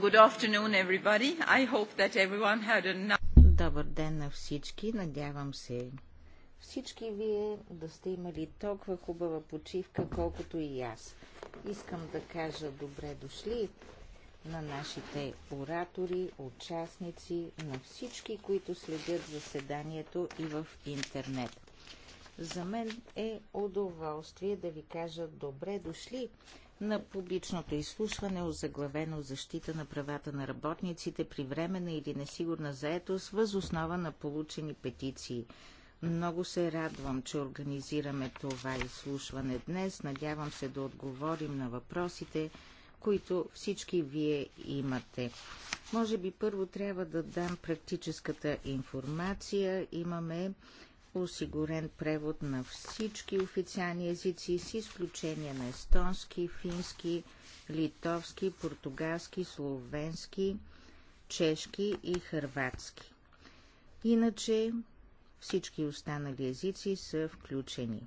good afternoon, everybody. I hope that everyone had a... Добър ден на всички. Надявам се всички вие да сте имали толкова хубава почивка, колкото и аз. Искам да кажа добре дошли на нашите оратори, участници, на всички, които следят заседанието и в интернет. За мен е удоволствие да ви кажа добре дошли на публичното изслушване, озаглавено защита на правата на работниците при времена или несигурна заетост, въз основа на получени петиции. Много се радвам, че организираме това изслушване днес. Надявам се да отговорим на въпросите, които всички вие имате. Може би първо трябва да дам практическата информация. Имаме осигурен превод на всички официални езици, с изключение на естонски, фински, литовски, португалски, словенски, чешки и хърватски. Иначе всички останали езици са включени.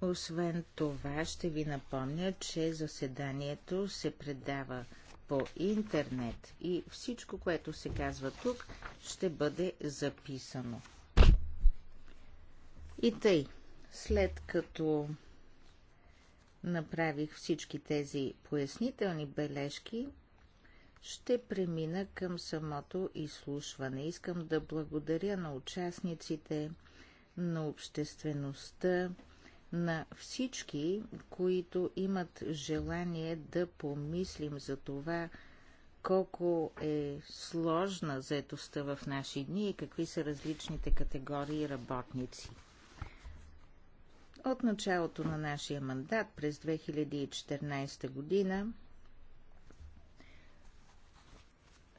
Освен това, ще ви напомня, че заседанието се предава по интернет и всичко, което се казва тук, ще бъде записано. И тъй, след като направих всички тези пояснителни бележки, ще премина към самото изслушване. Искам да благодаря на участниците, на обществеността, на всички, които имат желание да помислим за това, колко е сложна заетостта в наши дни и какви са различните категории работници. От началото на нашия мандат през 2014 година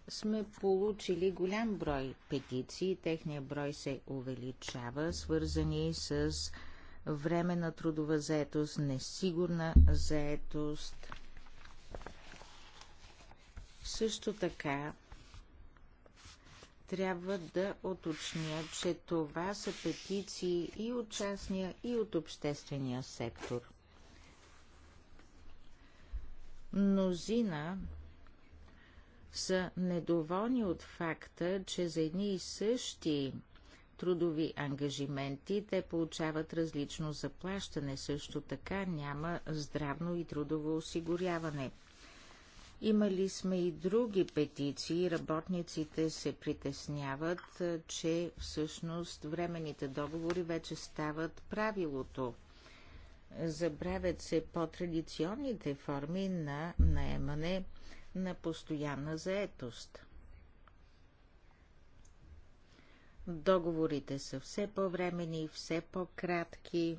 сме получили голям брой петиции, техния брой се увеличава, свързани с време на трудова заетост, несигурна заетост. Също така трябва да оточня, че това са петиции и от частния, и от обществения сектор. Мнозина са недоволни от факта, че за едни и същи трудови ангажименти, те получават различно заплащане, също така няма здравно и трудово осигуряване. Имали сме и други петиции. Работниците се притесняват, че всъщност временните договори вече стават правилото. Забравят се по-традиционните форми на наемане на постоянна заетост. Договорите са все по-времени, все по-кратки.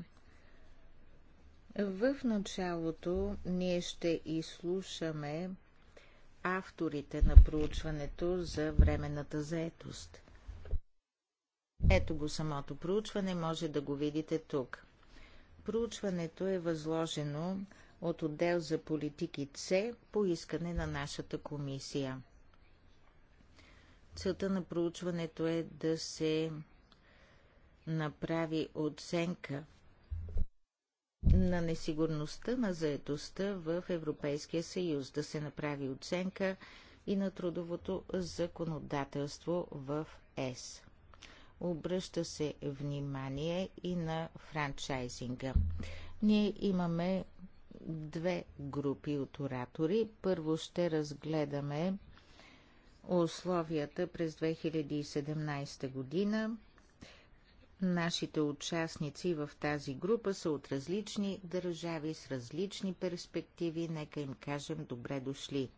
В началото ние ще изслушаме авторите на проучването за временната заетост. Ето го самото проучване, може да го видите тук. Проучването е възложено от отдел за политики С по искане на нашата комисия. Целта на проучването е да се направи оценка на несигурността на заедостта в Европейския съюз, да се направи оценка и на трудовото законодателство в ЕС. Обръща се внимание и на франчайзинга. Ние имаме две групи от оратори. Първо ще разгледаме условията през 2017 година. Нашите участници в тази група са от различни държави с различни перспективи. Нека им кажем добре дошли.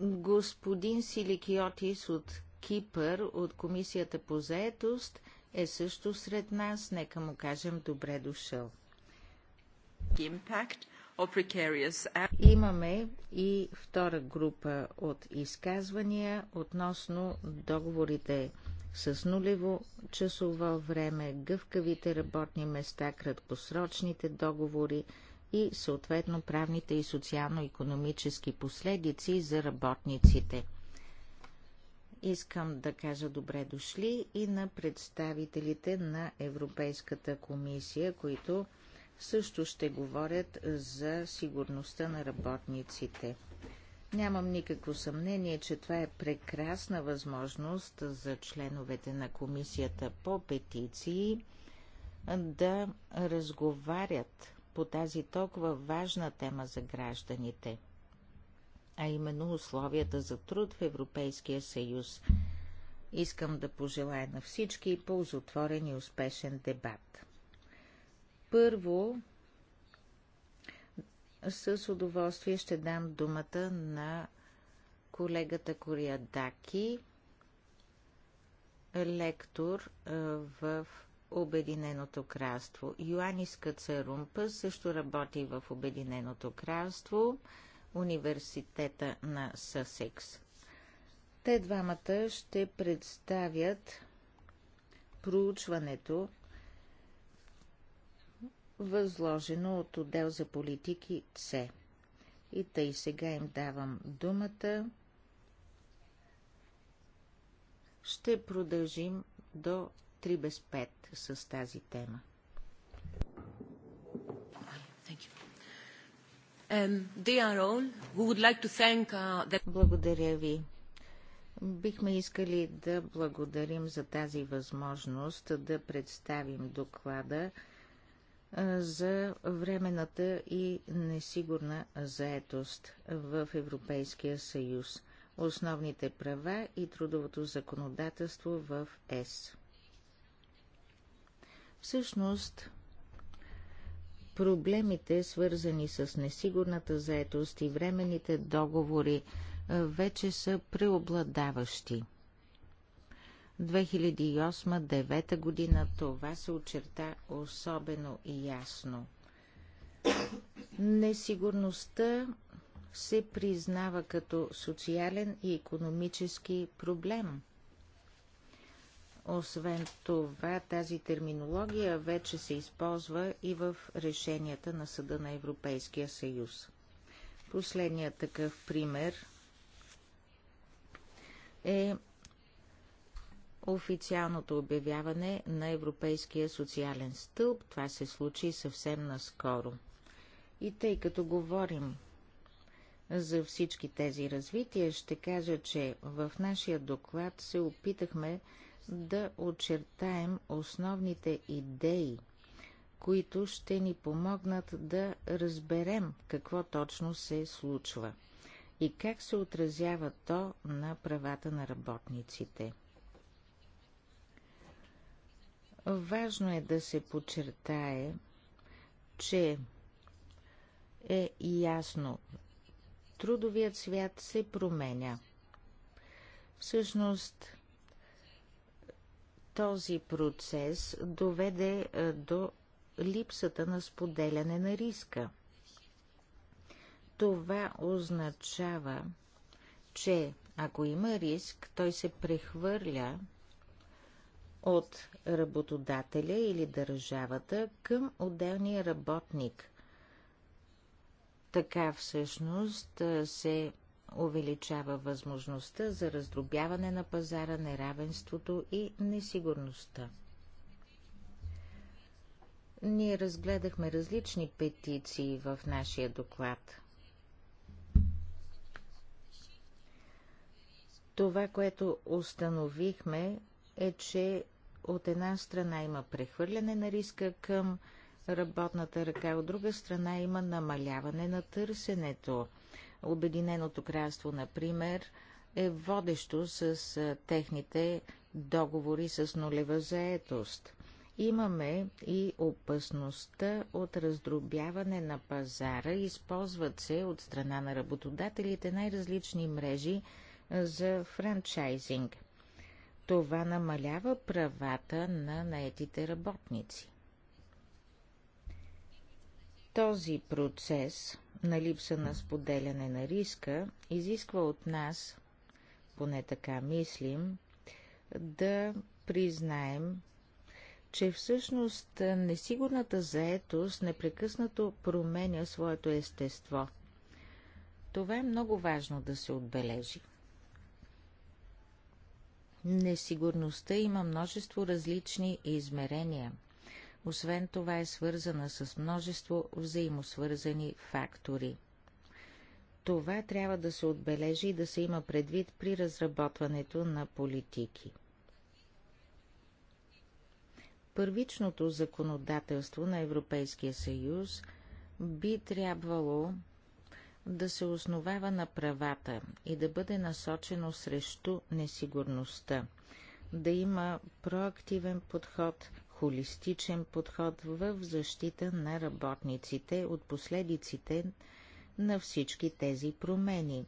Господин Силикиотис от Кипър, от Комисията по заетост, е също сред нас. Нека му кажем добре дошъл. Impact Имаме и втора група от изказвания относно договорите с нулево часово време, гъвкавите работни места, краткосрочните договори и съответно правните и социално-економически последици за работниците. Искам да кажа добре дошли и на представителите на Европейската комисия, които също ще говорят за сигурността на работниците. Нямам никакво съмнение, че това е прекрасна възможност за членовете на комисията по петиции да разговарят по тази толкова важна тема за гражданите, а именно условията за труд в Европейския съюз. Искам да пожелая на всички ползотворен и успешен дебат. Първо, с удоволствие ще дам думата на колегата Кория Даки, лектор в Обединеното кралство. Йоанис Кацарумпа също работи в Обединеното кралство, университета на Съсекс. Те двамата ще представят проучването възложено от отдел за политики С. И тъй сега им давам думата. Ще продължим до 3 без 5 с тази тема. Um, uh, Благодаря ви. Бихме искали да благодарим за тази възможност да представим доклада за времената и несигурна заетост в Европейския съюз, основните права и трудовото законодателство в ЕС. Всъщност, проблемите, свързани с несигурната заетост и временните договори, вече са преобладаващи – 2008-2009 година това се очерта особено ясно. Несигурността се признава като социален и економически проблем. Освен това, тази терминология вече се използва и в решенията на Съда на Европейския съюз. Последният такъв пример е официалното обявяване на Европейския социален стълб. Това се случи съвсем наскоро. И тъй като говорим за всички тези развития, ще кажа, че в нашия доклад се опитахме да очертаем основните идеи, които ще ни помогнат да разберем какво точно се случва и как се отразява то на правата на работниците. Важно е да се подчертае, че е ясно. Трудовият свят се променя. Всъщност, този процес доведе до липсата на споделяне на риска. Това означава, че ако има риск, той се прехвърля от работодателя или държавата към отделния работник. Така всъщност се увеличава възможността за раздробяване на пазара, неравенството и несигурността. Ние разгледахме различни петиции в нашия доклад. Това, което установихме, е, че от една страна има прехвърляне на риска към работната ръка, от друга страна има намаляване на търсенето. Обединеното кралство, например, е водещо с техните договори с нулева заетост. Имаме и опасността от раздробяване на пазара. Използват се от страна на работодателите най-различни мрежи за франчайзинг това намалява правата на наетите работници. Този процес на липса на споделяне на риска изисква от нас, поне така мислим, да признаем, че всъщност несигурната заетост непрекъснато променя своето естество. Това е много важно да се отбележи. Несигурността има множество различни измерения. Освен това е свързана с множество взаимосвързани фактори. Това трябва да се отбележи и да се има предвид при разработването на политики. Първичното законодателство на Европейския съюз би трябвало да се основава на правата и да бъде насочено срещу несигурността, да има проактивен подход, холистичен подход в защита на работниците от последиците на всички тези промени.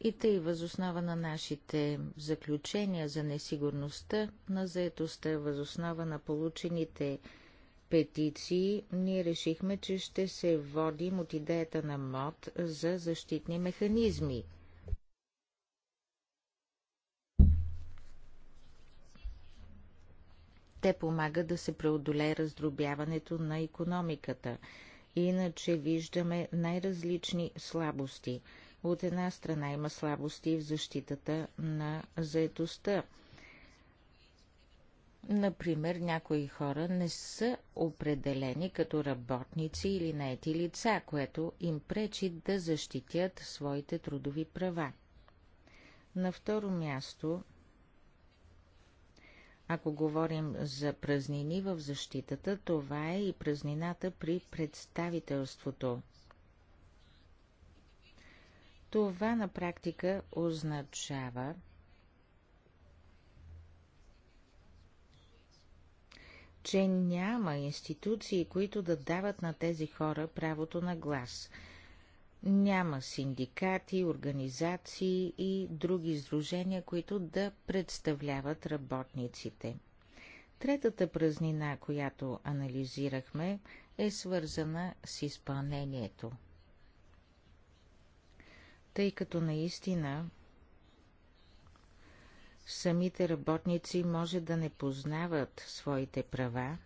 И тъй възоснова на нашите заключения за несигурността на заетостта, възоснова на получените петиции, ние решихме, че ще се водим от идеята на МОД за защитни механизми. Те помагат да се преодолее раздробяването на економиката. Иначе виждаме най-различни слабости. От една страна има слабости в защитата на заетостта. Например, някои хора не са определени като работници или наети лица, което им пречи да защитят своите трудови права. На второ място, ако говорим за празнини в защитата, това е и празнината при представителството. Това на практика означава, че няма институции, които да дават на тези хора правото на глас. Няма синдикати, организации и други сдружения, които да представляват работниците. Третата празнина, която анализирахме, е свързана с изпълнението. Тъй като наистина самите работници може да не познават своите права,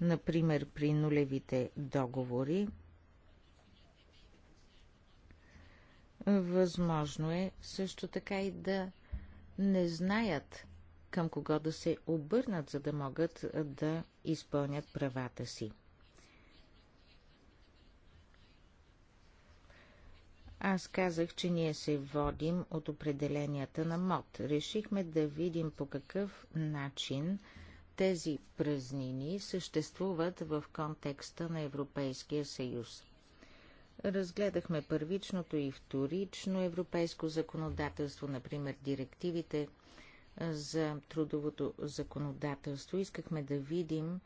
например при нулевите договори, Възможно е също така и да не знаят към кого да се обърнат, за да могат да изпълнят правата си. Аз казах, че ние се водим от определенията на МОД. Решихме да видим по какъв начин тези празнини съществуват в контекста на Европейския съюз. Разгледахме първичното и вторично европейско законодателство, например директивите за трудовото законодателство. Искахме да видим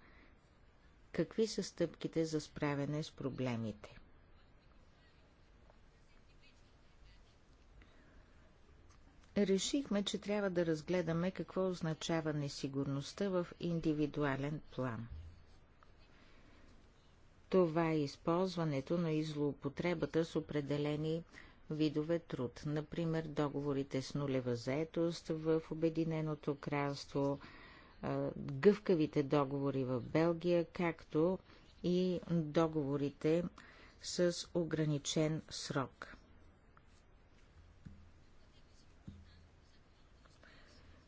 какви са стъпките за справяне с проблемите. решихме, че трябва да разгледаме какво означава несигурността в индивидуален план. Това е използването, на излоупотребата с определени видове труд, например договорите с нулева заетост в Обединеното кралство, гъвкавите договори в Белгия, както и договорите с ограничен срок.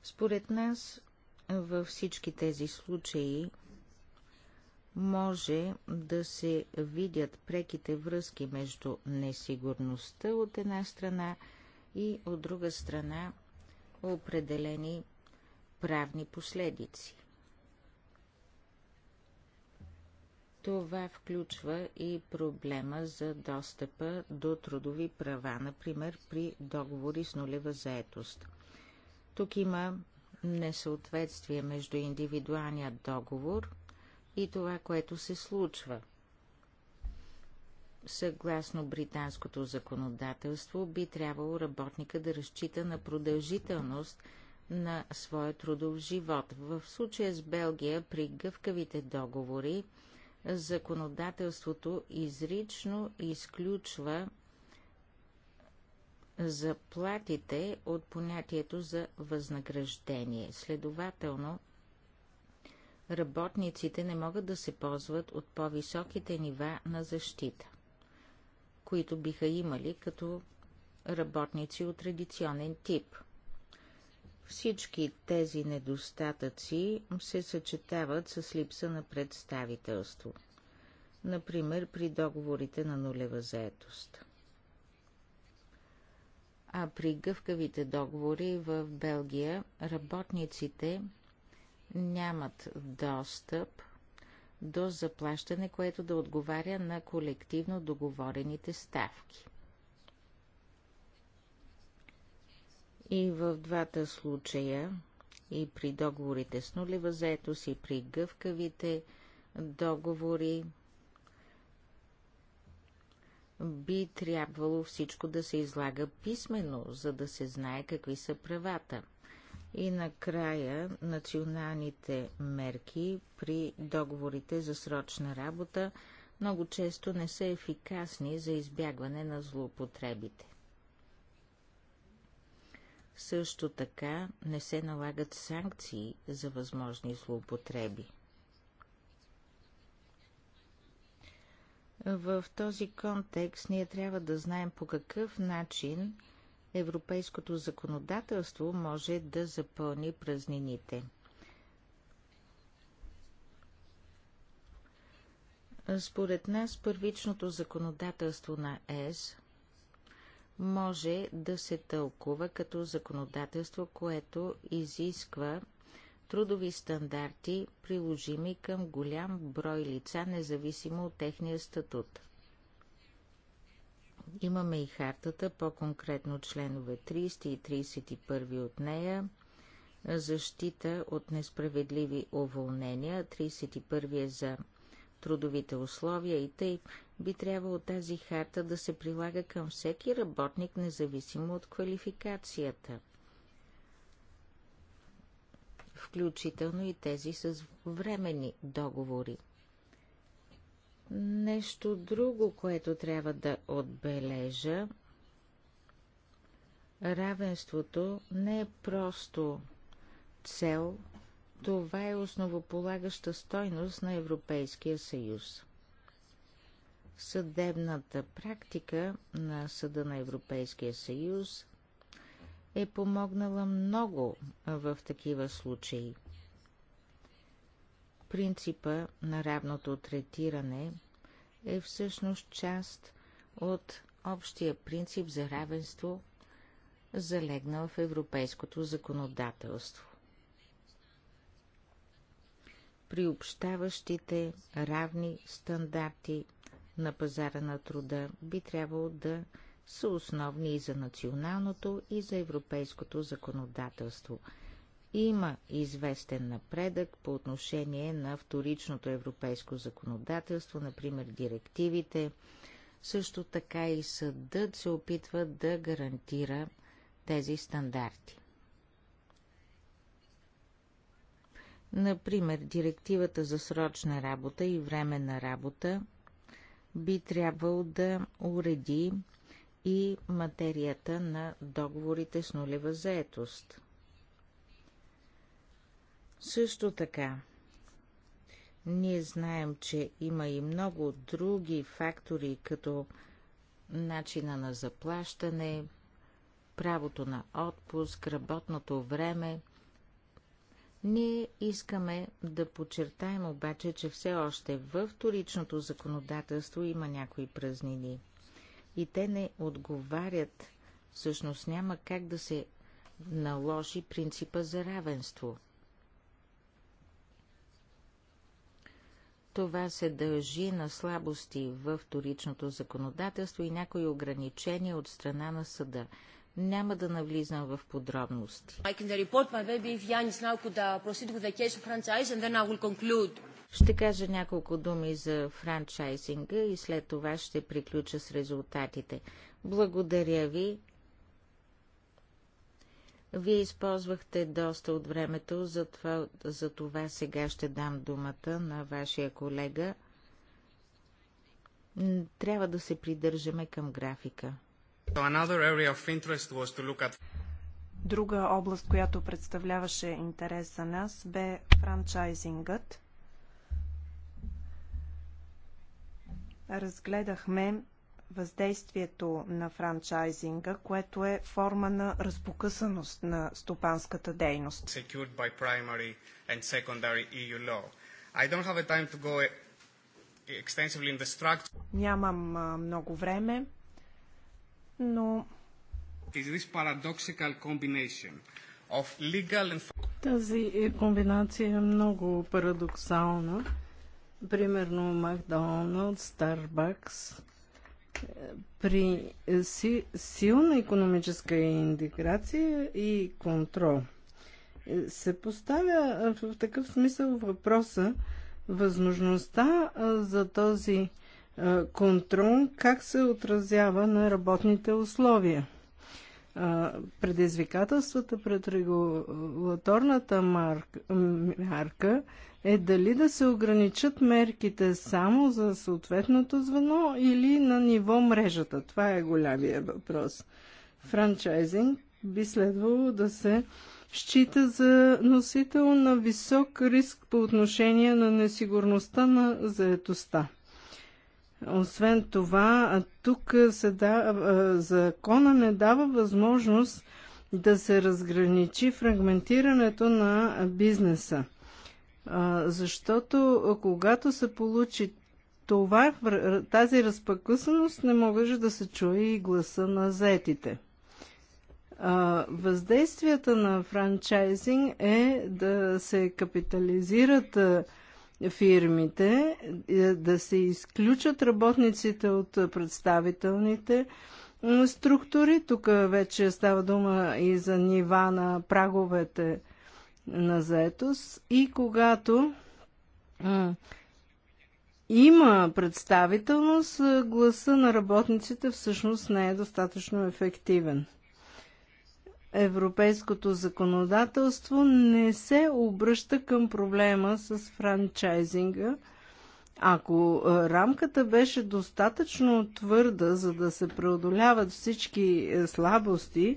Според нас във всички тези случаи може да се видят преките връзки между несигурността от една страна и от друга страна определени правни последици. Това включва и проблема за достъпа до трудови права, например при договори с нулева заетост – тук има несъответствие между индивидуалния договор и това, което се случва. Съгласно британското законодателство, би трябвало работника да разчита на продължителност на своя трудов живот. В случая с Белгия, при гъвкавите договори, законодателството изрично изключва заплатите от понятието за възнаграждение. Следователно, работниците не могат да се ползват от по-високите нива на защита, които биха имали като работници от традиционен тип. Всички тези недостатъци се съчетават с липса на представителство, например при договорите на нулева заетост. А при гъвкавите договори в Белгия работниците нямат достъп до заплащане, което да отговаря на колективно договорените ставки. И в двата случая, и при договорите с нулева заетост, и при гъвкавите договори, би трябвало всичко да се излага писменно, за да се знае какви са правата. И накрая националните мерки при договорите за срочна работа много често не са ефикасни за избягване на злоупотребите. Също така не се налагат санкции за възможни злоупотреби. В този контекст ние трябва да знаем по какъв начин европейското законодателство може да запълни празнините. Според нас първичното законодателство на ЕС може да се тълкува като законодателство, което изисква трудови стандарти, приложими към голям брой лица, независимо от техния статут. Имаме и хартата, по-конкретно членове 30 и 31 от нея, защита от несправедливи уволнения, 31 е за трудовите условия и тъй би трябвало тази харта да се прилага към всеки работник, независимо от квалификацията – включително и тези с времени договори. Нещо друго, което трябва да отбележа, равенството не е просто цел, това е основополагаща стойност на Европейския съюз. Съдебната практика на Съда на Европейския съюз е помогнала много в такива случаи. Принципа на равното третиране е всъщност част от общия принцип за равенство, залегнал в европейското законодателство. Приобщаващите равни стандарти на пазара на труда би трябвало да са основни и за националното, и за европейското законодателство. Има известен напредък по отношение на вторичното европейско законодателство, например директивите. Също така и съдът се опитва да гарантира тези стандарти. Например, директивата за срочна работа и временна работа би трябвало да уреди и материята на договорите с нулева заетост. Също така, ние знаем, че има и много други фактори, като начина на заплащане, правото на отпуск, работното време. Ние искаме да подчертаем обаче, че все още във вторичното законодателство има някои празнини – и те не отговарят. Всъщност няма как да се наложи принципа за равенство. Това се дължи на слабости в вторичното законодателство и някои ограничения от страна на съда. Няма да навлизам в подробности. I can report my baby if now could uh, proceed with the case of franchise and then I will conclude. Ще кажа няколко думи за франчайзинга и след това ще приключа с резултатите. Благодаря ви. Вие използвахте доста от времето, затова, затова сега ще дам думата на вашия колега. Трябва да се придържаме към графика. Друга област, която представляваше интерес за нас, бе франчайзингът. разгледахме въздействието на франчайзинга, което е форма на разпокъсаност на стопанската дейност. E Нямам много време, но тази е комбинация е много парадоксална Примерно Макдоналд, Старбакс, е, при си, силна економическа интеграция и контрол е, се поставя е, в такъв смисъл въпроса възможността за този контрол как се отразява на работните условия предизвикателствата пред регулаторната марка е дали да се ограничат мерките само за съответното звено или на ниво мрежата. Това е голямия въпрос. Франчайзинг би следвало да се счита за носител на висок риск по отношение на несигурността на заетостта. Освен това, тук се да, закона не дава възможност да се разграничи фрагментирането на бизнеса. Защото когато се получи това, тази разпакъсаност, не може да се чуе и гласа на заетите. Въздействията на франчайзинг е да се капитализират фирмите, е, да се изключат работниците от представителните структури. Тук вече става дума и за нива на праговете на заетост. И когато има представителност, гласа на работниците всъщност не е достатъчно ефективен европейското законодателство не се обръща към проблема с франчайзинга. Ако е, рамката беше достатъчно твърда, за да се преодоляват всички е, слабости,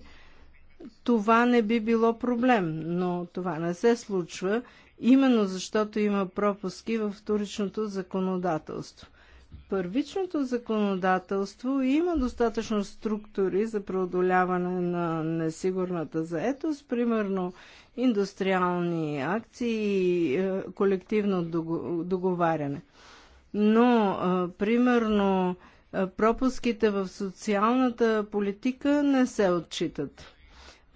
това не би било проблем, но това не се случва, именно защото има пропуски в вторичното законодателство първичното законодателство има достатъчно структури за преодоляване на несигурната заетост, примерно индустриални акции и е, колективно договаряне. Но, е, примерно, е, пропуските в социалната политика не се отчитат.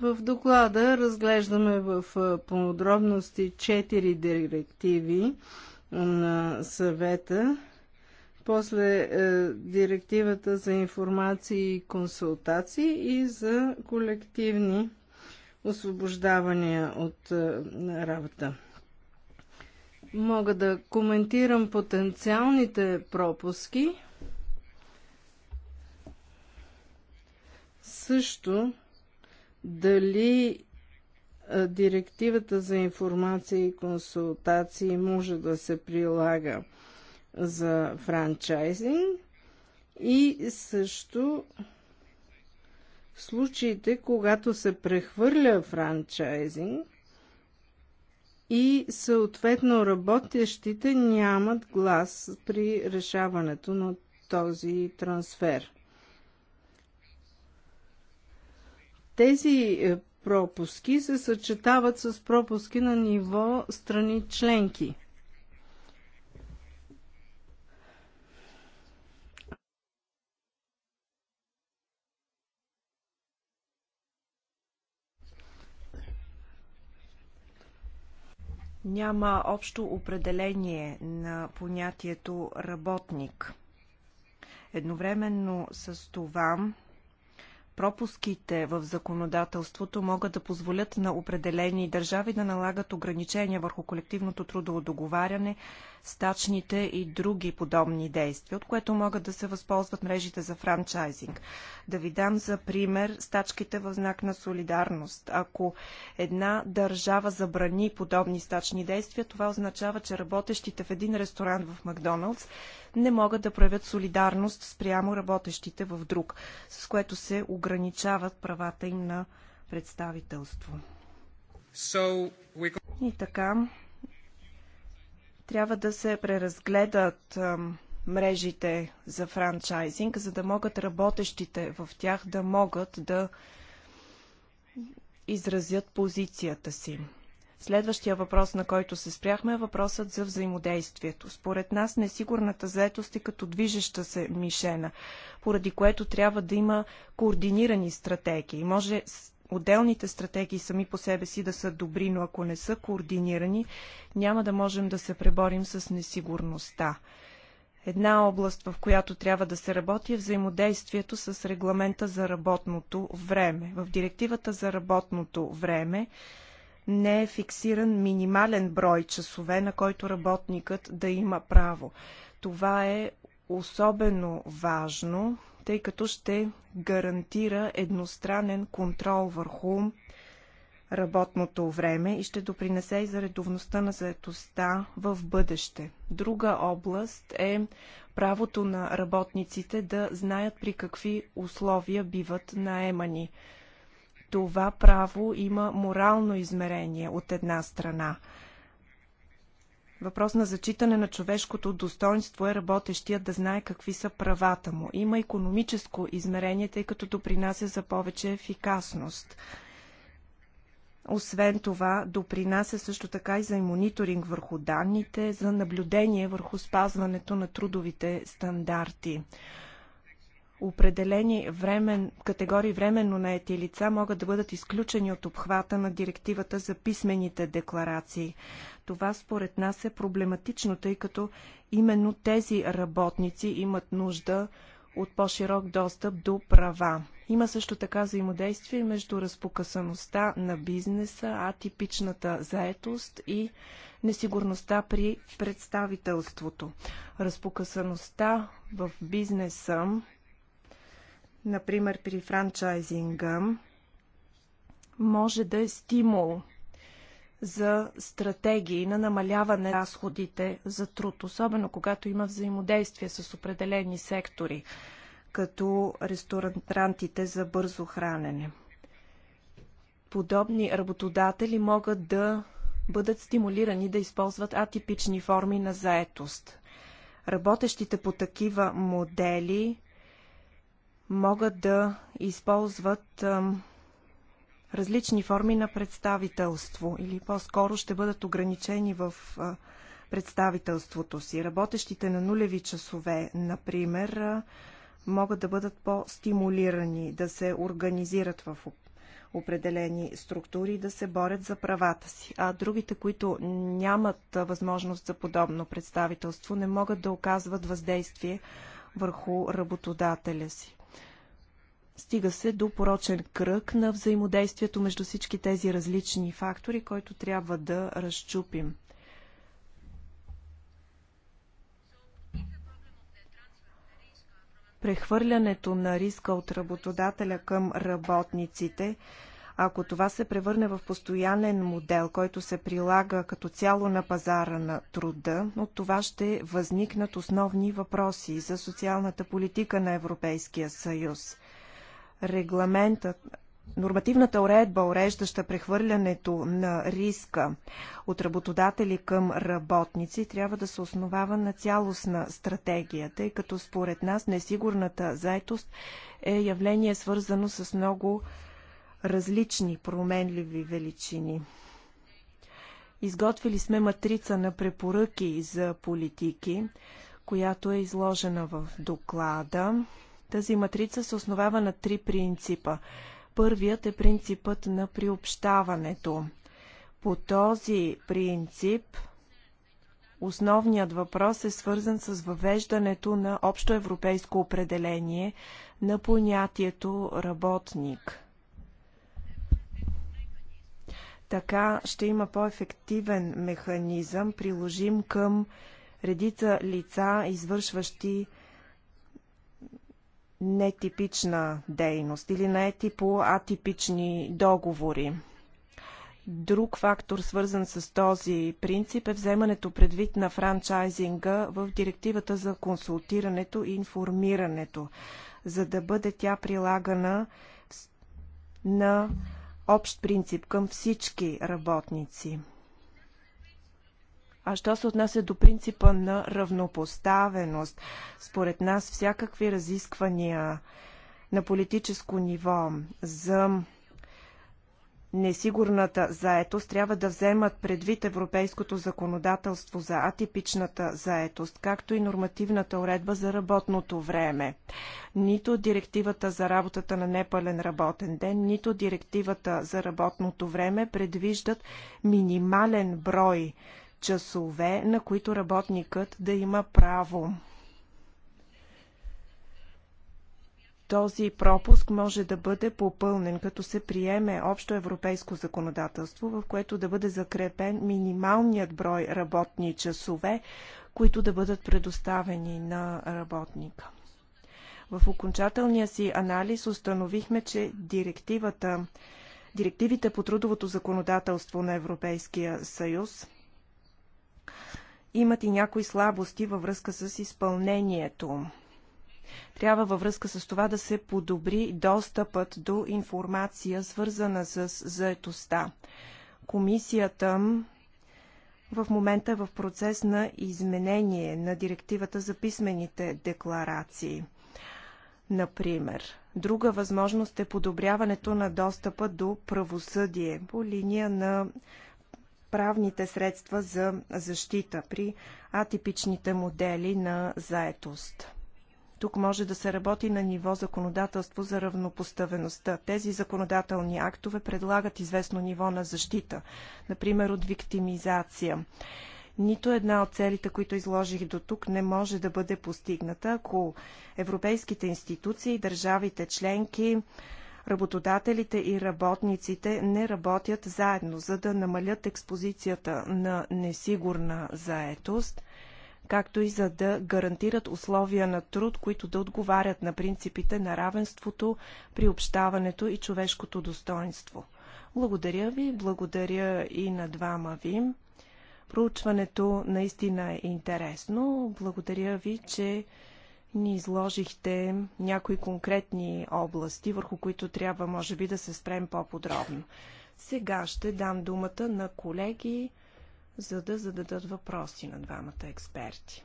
В доклада разглеждаме в подробности четири директиви на съвета после е, директивата за информации и консултации и за колективни освобождавания от е, работа. Мога да коментирам потенциалните пропуски. Също дали е, директивата за информация и консултации може да се прилага за франчайзинг и също в случаите, когато се прехвърля франчайзинг и съответно работещите нямат глас при решаването на този трансфер. Тези е, пропуски се съчетават с пропуски на ниво страни членки. Няма общо определение на понятието работник. Едновременно с това пропуските в законодателството могат да позволят на определени държави да налагат ограничения върху колективното трудово договаряне стачните и други подобни действия, от което могат да се възползват мрежите за франчайзинг. Да ви дам за пример стачките в знак на солидарност. Ако една държава забрани подобни стачни действия, това означава, че работещите в един ресторант в Макдоналдс не могат да проявят солидарност спрямо работещите в друг, с което се ограничават правата им на представителство. So, we... И така, трябва да се преразгледат мрежите за франчайзинг, за да могат работещите в тях да могат да изразят позицията си. Следващия въпрос, на който се спряхме, е въпросът за взаимодействието. Според нас несигурната заетост е като движеща се мишена, поради което трябва да има координирани стратегии. Може отделните стратегии сами по себе си да са добри, но ако не са координирани, няма да можем да се преборим с несигурността. Една област, в която трябва да се работи е взаимодействието с регламента за работното време. В директивата за работното време не е фиксиран минимален брой часове, на който работникът да има право. Това е особено важно тъй като ще гарантира едностранен контрол върху работното време и ще допринесе и за редовността на заетостта в бъдеще. Друга област е правото на работниците да знаят при какви условия биват наемани. Това право има морално измерение от една страна – Въпрос на зачитане на човешкото достоинство е работещия да знае какви са правата му. Има економическо измерение, тъй като допринася за повече ефикасност. Освен това, допринася също така и за мониторинг върху данните, за наблюдение върху спазването на трудовите стандарти определени времен, категории временно наети лица могат да бъдат изключени от обхвата на директивата за писмените декларации. Това според нас е проблематично, тъй като именно тези работници имат нужда от по-широк достъп до права. Има също така взаимодействие между разпокъсаността на бизнеса, атипичната заетост и несигурността при представителството. Разпокъсаността в бизнеса например при франчайзинга, може да е стимул за стратегии на намаляване на разходите за труд, особено когато има взаимодействие с определени сектори, като ресторантите за бързо хранене. Подобни работодатели могат да бъдат стимулирани да използват атипични форми на заетост. Работещите по такива модели могат да използват различни форми на представителство или по-скоро ще бъдат ограничени в представителството си. Работещите на нулеви часове, например, могат да бъдат по-стимулирани да се организират в определени структури и да се борят за правата си. А другите, които нямат възможност за подобно представителство, не могат да оказват въздействие върху работодателя си. Стига се до порочен кръг на взаимодействието между всички тези различни фактори, който трябва да разчупим. Прехвърлянето на риска от работодателя към работниците ако това се превърне в постоянен модел, който се прилага като цяло на пазара на труда, от това ще възникнат основни въпроси за социалната политика на Европейския съюз регламентът, нормативната уредба, уреждаща прехвърлянето на риска от работодатели към работници, трябва да се основава на цялостна стратегия, тъй като според нас несигурната заетост е явление свързано с много различни променливи величини. Изготвили сме матрица на препоръки за политики, която е изложена в доклада. Тази матрица се основава на три принципа. Първият е принципът на приобщаването. По този принцип основният въпрос е свързан с въвеждането на общо европейско определение на понятието работник. Така ще има по-ефективен механизъм, приложим към редица лица, извършващи нетипична дейност или не е типо атипични договори. Друг фактор, свързан с този принцип, е вземането предвид на франчайзинга в директивата за консултирането и информирането, за да бъде тя прилагана на общ принцип към всички работници. А що се отнася до принципа на равнопоставеност, според нас всякакви разисквания на политическо ниво за несигурната заетост трябва да вземат предвид европейското законодателство за атипичната заетост, както и нормативната уредба за работното време. Нито директивата за работата на непълен работен ден, нито директивата за работното време предвиждат минимален брой часове, на които работникът да има право. Този пропуск може да бъде попълнен, като се приеме общо европейско законодателство, в което да бъде закрепен минималният брой работни часове, които да бъдат предоставени на работника. В окончателния си анализ установихме, че директивата, директивите по трудовото законодателство на Европейския съюз имат и някои слабости във връзка с изпълнението. Трябва във връзка с това да се подобри достъпът до информация, свързана с заетостта. Комисията в момента е в процес на изменение на директивата за писмените декларации. Например, друга възможност е подобряването на достъпа до правосъдие по линия на правните средства за защита при атипичните модели на заетост. Тук може да се работи на ниво законодателство за равнопоставеността. Тези законодателни актове предлагат известно ниво на защита, например от виктимизация. Нито една от целите, които изложих до тук, не може да бъде постигната, ако европейските институции, и държавите членки, работодателите и работниците не работят заедно, за да намалят експозицията на несигурна заетост, както и за да гарантират условия на труд, които да отговарят на принципите на равенството, приобщаването и човешкото достоинство. Благодаря ви, благодаря и на двама ви. Проучването наистина е интересно. Благодаря ви, че ни изложихте някои конкретни области, върху които трябва, може би, да се спрем по-подробно. Сега ще дам думата на колеги, за да зададат въпроси на двамата експерти.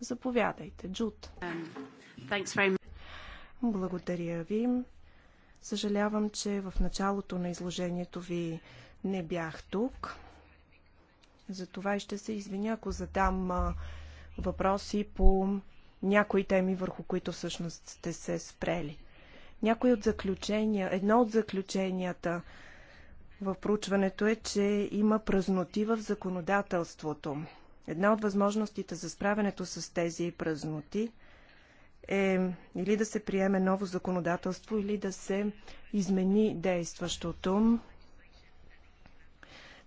Заповядайте, Джуд. Благодаря ви. Съжалявам, че в началото на изложението ви не бях тук. Затова и ще се извиня, ако задам въпроси по някои теми, върху които всъщност сте се спрели. Някои от заключения, едно от заключенията в проучването е, че има празноти в законодателството. Една от възможностите за справянето с тези празноти е или да се приеме ново законодателство, или да се измени действащото.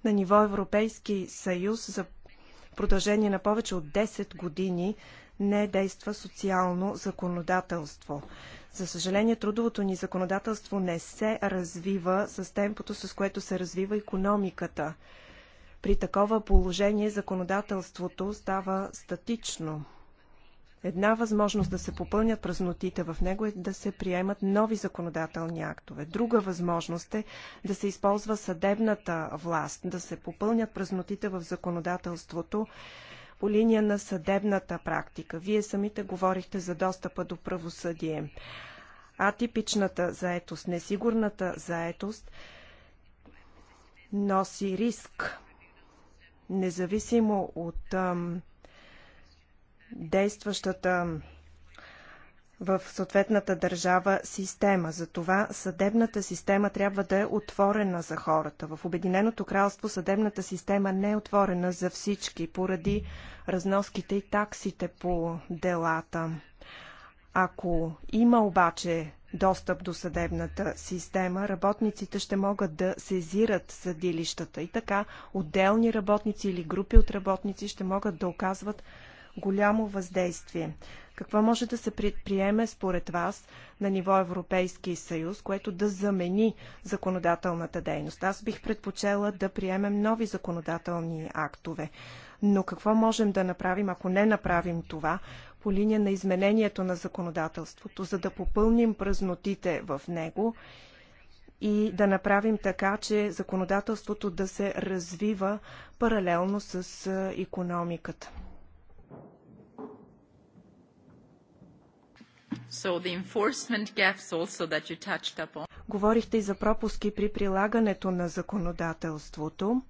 На ниво Европейски съюз за продължение на повече от 10 години не действа социално законодателство. За съжаление, трудовото ни законодателство не се развива с темпото, с което се развива економиката. При такова положение законодателството става статично. Една възможност да се попълнят празнотите в него е да се приемат нови законодателни актове. Друга възможност е да се използва съдебната власт, да се попълнят празнотите в законодателството по линия на съдебната практика. Вие самите говорихте за достъпа до правосъдие. Атипичната заетост, несигурната заетост носи риск. Независимо от ам, действащата в съответната държава система. Затова съдебната система трябва да е отворена за хората. В Обединеното кралство съдебната система не е отворена за всички, поради разноските и таксите по делата. Ако има обаче достъп до съдебната система, работниците ще могат да сезират съдилищата и така отделни работници или групи от работници ще могат да оказват голямо въздействие. Какво може да се предприеме според вас на ниво Европейски съюз, което да замени законодателната дейност? Аз бих предпочела да приемем нови законодателни актове. Но какво можем да направим, ако не направим това, по линия на изменението на законодателството, за да попълним празнотите в него и да направим така, че законодателството да се развива паралелно с економиката? Говорихте и за пропуски при прилагането на законодателството.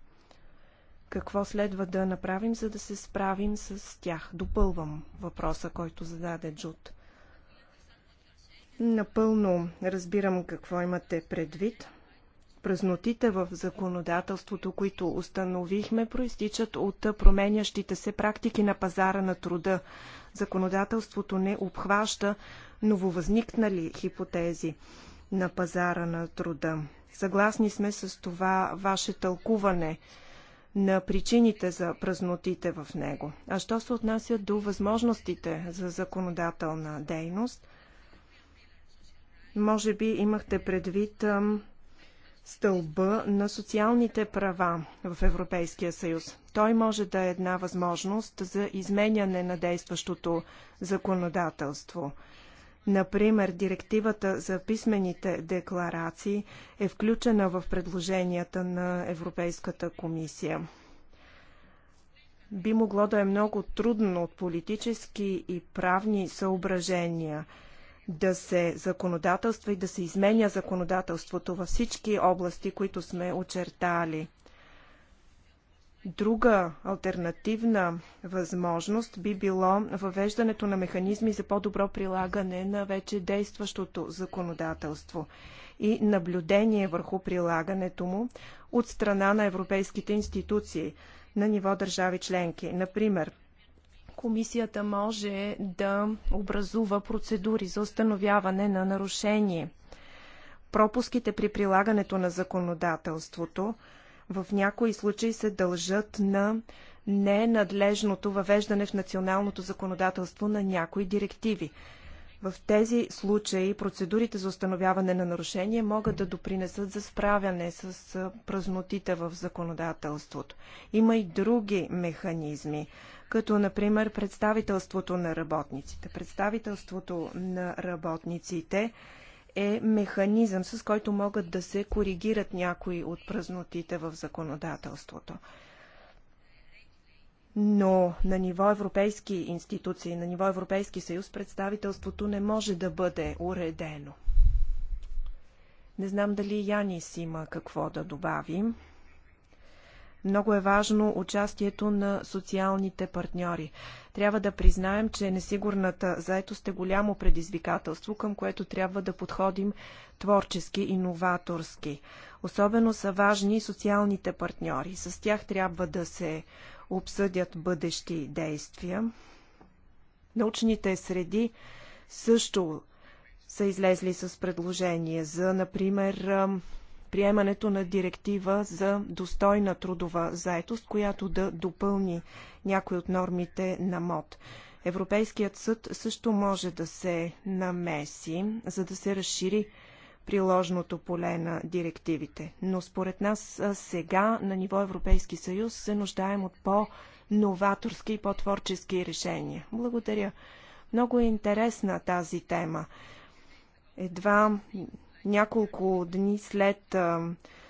Какво следва да направим, за да се справим с тях? Допълвам въпроса, който зададе Джуд. Напълно разбирам какво имате предвид. Празнотите в законодателството, които установихме, проистичат от променящите се практики на пазара на труда законодателството не обхваща нововъзникнали хипотези на пазара на труда. Съгласни сме с това ваше тълкуване на причините за празнотите в него. А що се отнася до възможностите за законодателна дейност, може би имахте предвид ам, стълба на социалните права в Европейския съюз. Той може да е една възможност за изменяне на действащото законодателство. Например, директивата за писмените декларации е включена в предложенията на Европейската комисия. Би могло да е много трудно от политически и правни съображения – да се законодателства и да се изменя законодателството във всички области, които сме очертали. Друга альтернативна възможност би било въвеждането на механизми за по-добро прилагане на вече действащото законодателство и наблюдение върху прилагането му от страна на европейските институции на ниво държави членки. Например, комисията може да образува процедури за установяване на нарушение. Пропуските при прилагането на законодателството в някои случаи се дължат на ненадлежното въвеждане в националното законодателство на някои директиви. В тези случаи процедурите за установяване на нарушение могат да допринесат за справяне с празнотите в законодателството. Има и други механизми като например представителството на работниците. Представителството на работниците е механизъм, с който могат да се коригират някои от празнотите в законодателството. Но на ниво европейски институции, на ниво Европейски съюз, представителството не може да бъде уредено. Не знам дали Янис има какво да добавим. Много е важно участието на социалните партньори. Трябва да признаем, че несигурната заетост е голямо предизвикателство, към което трябва да подходим творчески и новаторски. Особено са важни социалните партньори. С тях трябва да се обсъдят бъдещи действия. Научните среди също са излезли с предложение за, например, приемането на директива за достойна трудова заетост, която да допълни някои от нормите на МОД. Европейският съд също може да се намеси, за да се разшири приложното поле на директивите. Но според нас сега на ниво Европейски съюз се нуждаем от по-новаторски и по-творчески решения. Благодаря. Много е интересна тази тема. Едва няколко дни след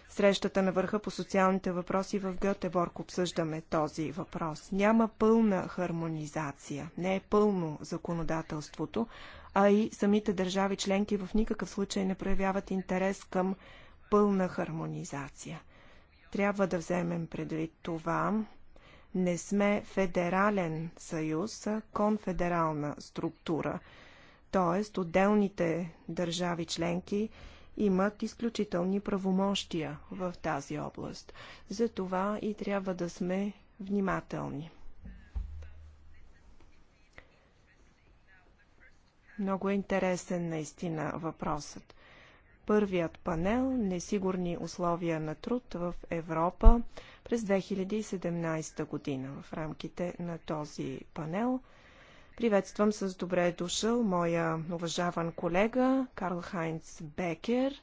срещата на върха по социалните въпроси в Гьотеборг обсъждаме този въпрос. Няма пълна хармонизация, не е пълно законодателството, а и самите държави членки в никакъв случай не проявяват интерес към пълна хармонизация. Трябва да вземем предвид това. Не сме федерален съюз, а конфедерална структура – т.е. отделните държави членки имат изключителни правомощия в тази област. За това и трябва да сме внимателни. Много е интересен наистина въпросът. Първият панел Несигурни условия на труд в Европа през 2017 година. В рамките на този панел – Приветствам с добре дошъл моя уважаван колега Карл Хайнц Бекер,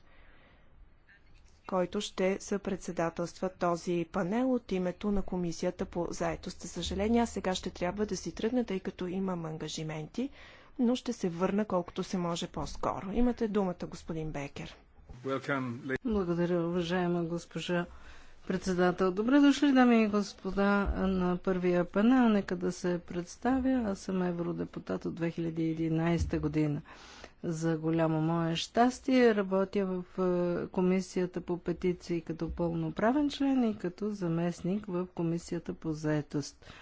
който ще съпредседателства този панел от името на Комисията по заетост. съжаление, аз сега ще трябва да си тръгна, тъй като имам ангажименти, но ще се върна колкото се може по-скоро. Имате думата, господин Бекер. Благодаря, уважаема госпожа председател. Добре дошли, дами и господа, на първия панел. Нека да се представя. Аз съм евродепутат от 2011 година. За голямо мое щастие работя в е, Комисията по петиции като пълноправен член и като заместник в Комисията по заетост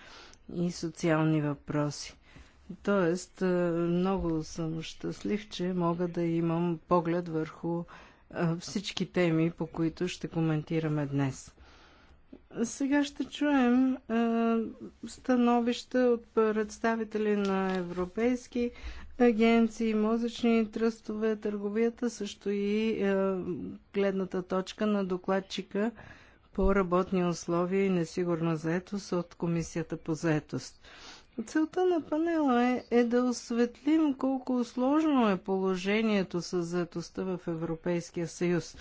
и социални въпроси. Тоест, е, много съм щастлив, че мога да имам поглед върху е, всички теми, по които ще коментираме днес. Сега ще чуем е, становища от представители на европейски агенции, мозъчни тръстове, търговията, също и е, гледната точка на докладчика по работни условия и несигурна заетост от Комисията по заетост. Целта на панела е, е да осветлим колко сложно е положението с заетостта в Европейския съюз,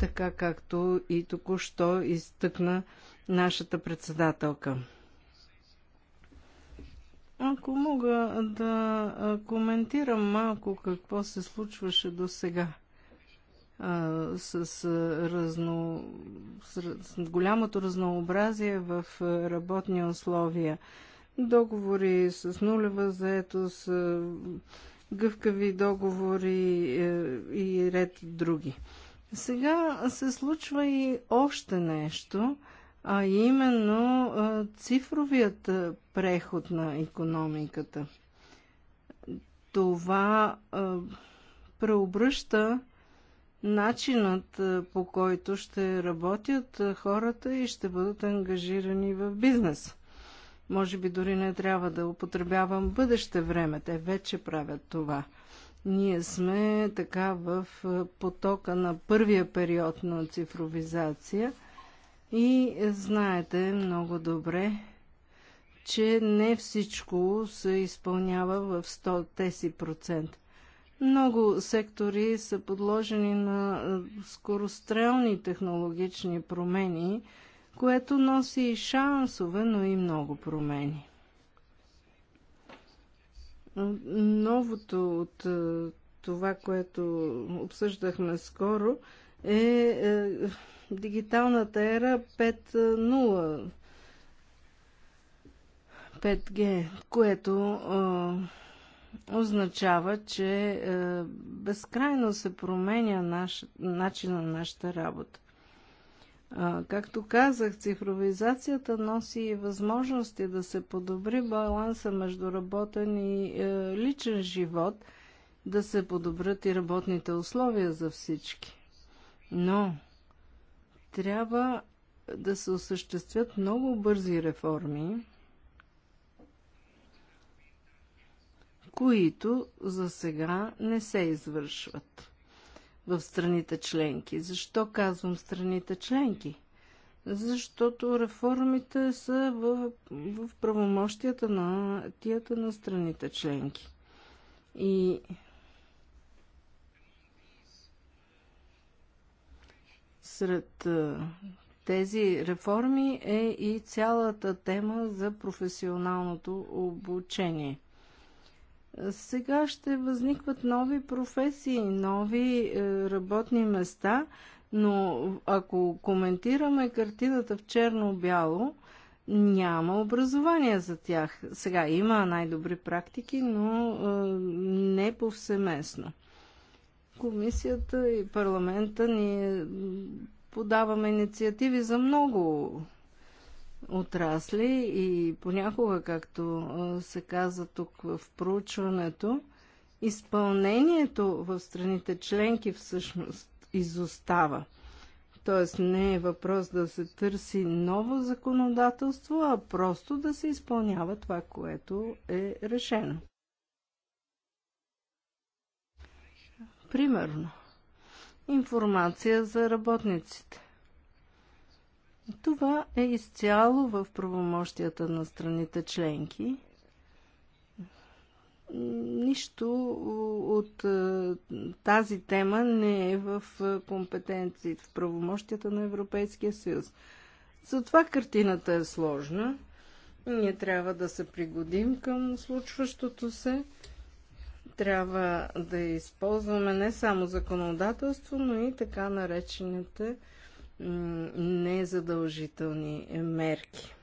така както и току-що изтъкна нашата председателка. Ако мога да коментирам малко какво се случваше до сега с, разно, с голямото разнообразие в работни условия. Договори с нулева заетост, гъвкави договори е, и ред други. Сега се случва и още нещо – а именно цифровият преход на економиката. Това преобръща начинът по който ще работят хората и ще бъдат ангажирани в бизнес. Може би дори не трябва да употребявам бъдеще време. Те вече правят това. Ние сме така в потока на първия период на цифровизация – и знаете много добре, че не всичко се изпълнява в 100 процент. Много сектори са подложени на скорострелни технологични промени, което носи и шансове, но и много промени. Новото от това, което обсъждахме скоро, е, е дигиталната ера 5.0 5G, което а, означава, че а, безкрайно се променя наш, начина на нашата работа. А, както казах, цифровизацията носи и възможности да се подобри баланса между работен и а, личен живот, да се подобрят и работните условия за всички. Но трябва да се осъществят много бързи реформи, които за сега не се извършват в страните членки. Защо казвам страните членки? Защото реформите са в, в правомощията на тията на страните членки. И Сред тези реформи е и цялата тема за професионалното обучение. Сега ще възникват нови професии, нови е, работни места, но ако коментираме картината в черно-бяло, няма образование за тях. Сега има най-добри практики, но е, не повсеместно. Комисията и парламента ни подаваме инициативи за много отрасли и понякога, както се каза тук в проучването, изпълнението в страните членки всъщност изостава. Тоест не е въпрос да се търси ново законодателство, а просто да се изпълнява това, което е решено. Примерно, информация за работниците. Това е изцяло в правомощията на страните членки. Нищо от е, тази тема не е в е, компетенции, в правомощията на Европейския съюз. Затова картината е сложна. Ние трябва да се пригодим към случващото се трябва да използваме не само законодателство, но и така наречените незадължителни мерки.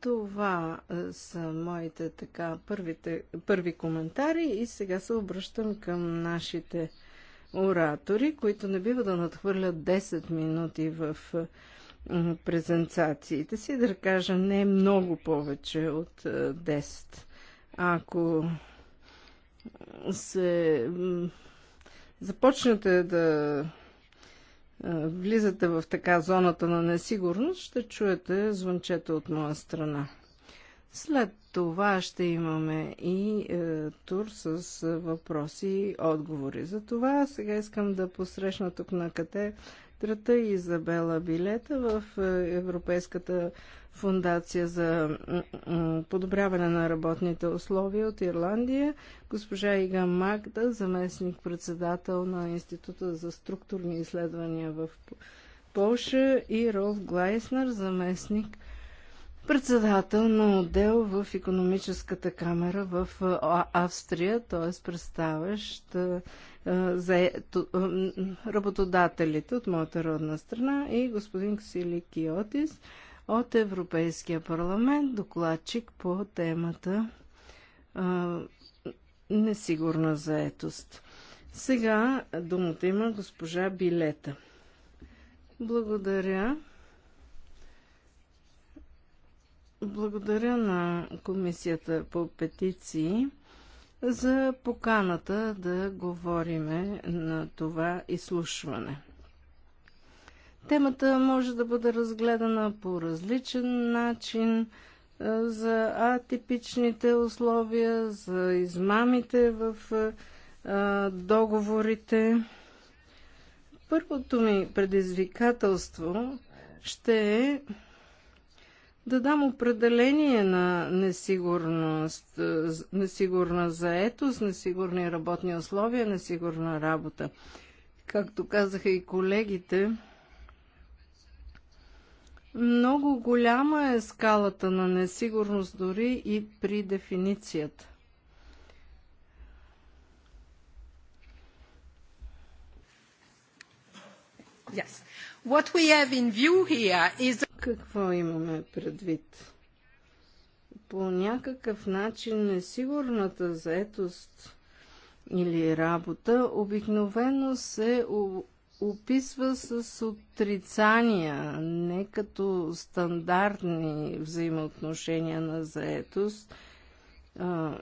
Това е, са моите така първите, първи коментари и сега се обръщам към нашите оратори, които не бива да надхвърлят 10 минути в е, презентациите си, да кажа не много повече от 10. Е, ако се започнете да влизате в така зоната на несигурност, ще чуете звънчета от моя страна. След това ще имаме и е, тур с е, въпроси и отговори. За това сега искам да посрещна тук на Кате сестрата Изабела Билета в е, Европейската фундация за подобряване на работните условия от Ирландия, госпожа Ига Магда, заместник-председател на Института за структурни изследвания в Полша и Ролф Глайснер, заместник председател на отдел в економическата камера в е, Австрия, т.е. представящ е, за работодателите от моята родна страна и господин Ксили Киотис от Европейския парламент, докладчик по темата несигурна заетост. Сега думата има госпожа Билета. Благодаря. Благодаря на Комисията по петиции за поканата да говориме на това изслушване. Темата може да бъде разгледана по различен начин е, за атипичните условия, за измамите в е, е, договорите. Първото ми предизвикателство ще е да дам определение на несигурност, е, несигурна заетост, несигурни работни условия, несигурна работа. Както казаха и колегите, много голяма е скалата на несигурност дори и при дефиницията. Yes. What we have in view here is... Какво имаме предвид? По някакъв начин несигурната заетост или работа обикновено се описва с отрицания, не като стандартни взаимоотношения на заетост, а,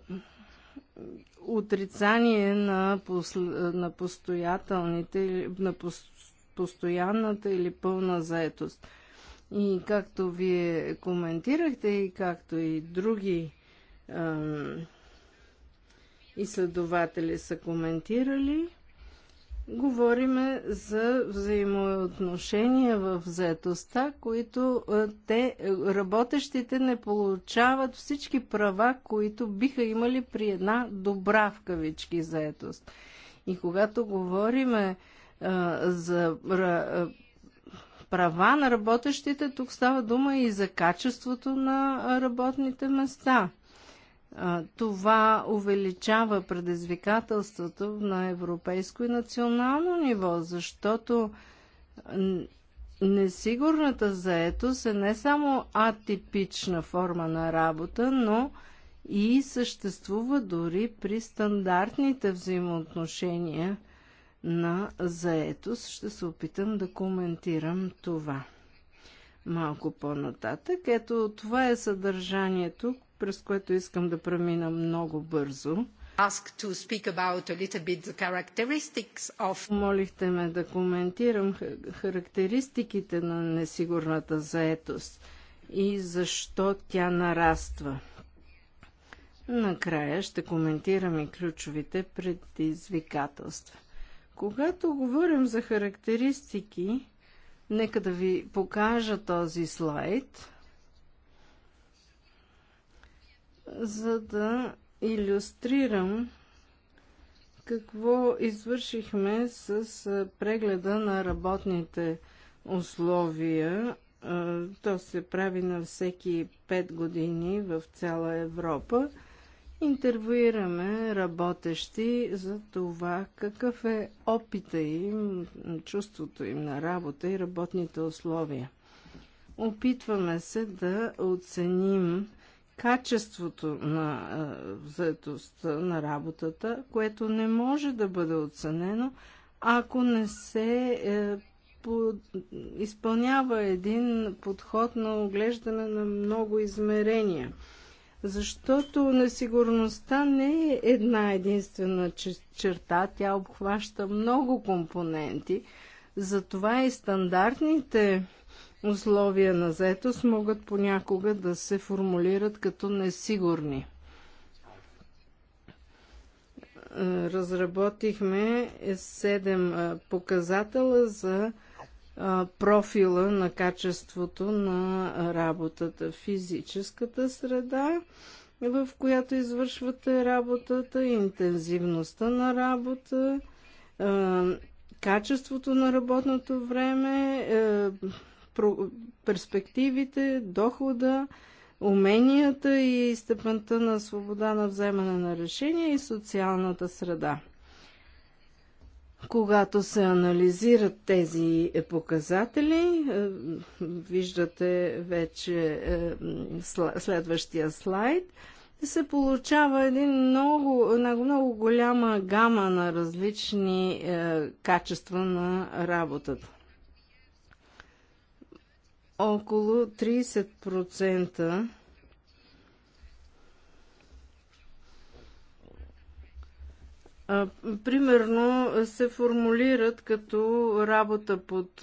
отрицание на, посл... на постоятелните, на постоянната или пълна заетост. И както вие коментирахте и както и други ам, изследователи са коментирали, говориме за взаимоотношения в заетостта, които те, работещите, не получават всички права, които биха имали при една добра в кавички заетост. И когато говориме за права на работещите, тук става дума и за качеството на работните места. Това увеличава предизвикателството на европейско и национално ниво, защото несигурната заетост е не само атипична форма на работа, но и съществува дори при стандартните взаимоотношения – на заетост. Ще се опитам да коментирам това малко по-нататък. Ето това е съдържанието, през което искам да премина много бързо. Of... Молихте ме да коментирам характеристиките на несигурната заетост и защо тя нараства. Накрая ще коментирам и ключовите предизвикателства. Когато говорим за характеристики, нека да ви покажа този слайд, за да иллюстрирам какво извършихме с прегледа на работните условия. То се прави на всеки 5 години в цяла Европа. Интервюираме работещи за това какъв е опита им, чувството им на работа и работните условия. Опитваме се да оценим качеството на заедостта на работата, което не може да бъде оценено, ако не се е, по, изпълнява един подход на оглеждане на много измерения – защото несигурността не е една единствена черта, тя обхваща много компоненти. Затова и стандартните условия на заетост могат понякога да се формулират като несигурни. Разработихме 7 показатела за профила на качеството на работата, физическата среда, в която извършвате работата, интензивността на работа, качеството на работното време, перспективите, дохода, уменията и степента на свобода на вземане на решения и социалната среда. Когато се анализират тези е, показатели, е, виждате вече е, следващия слайд, се получава един много, много голяма гама на различни качества на работата. Около 30% примерно се формулират като работа под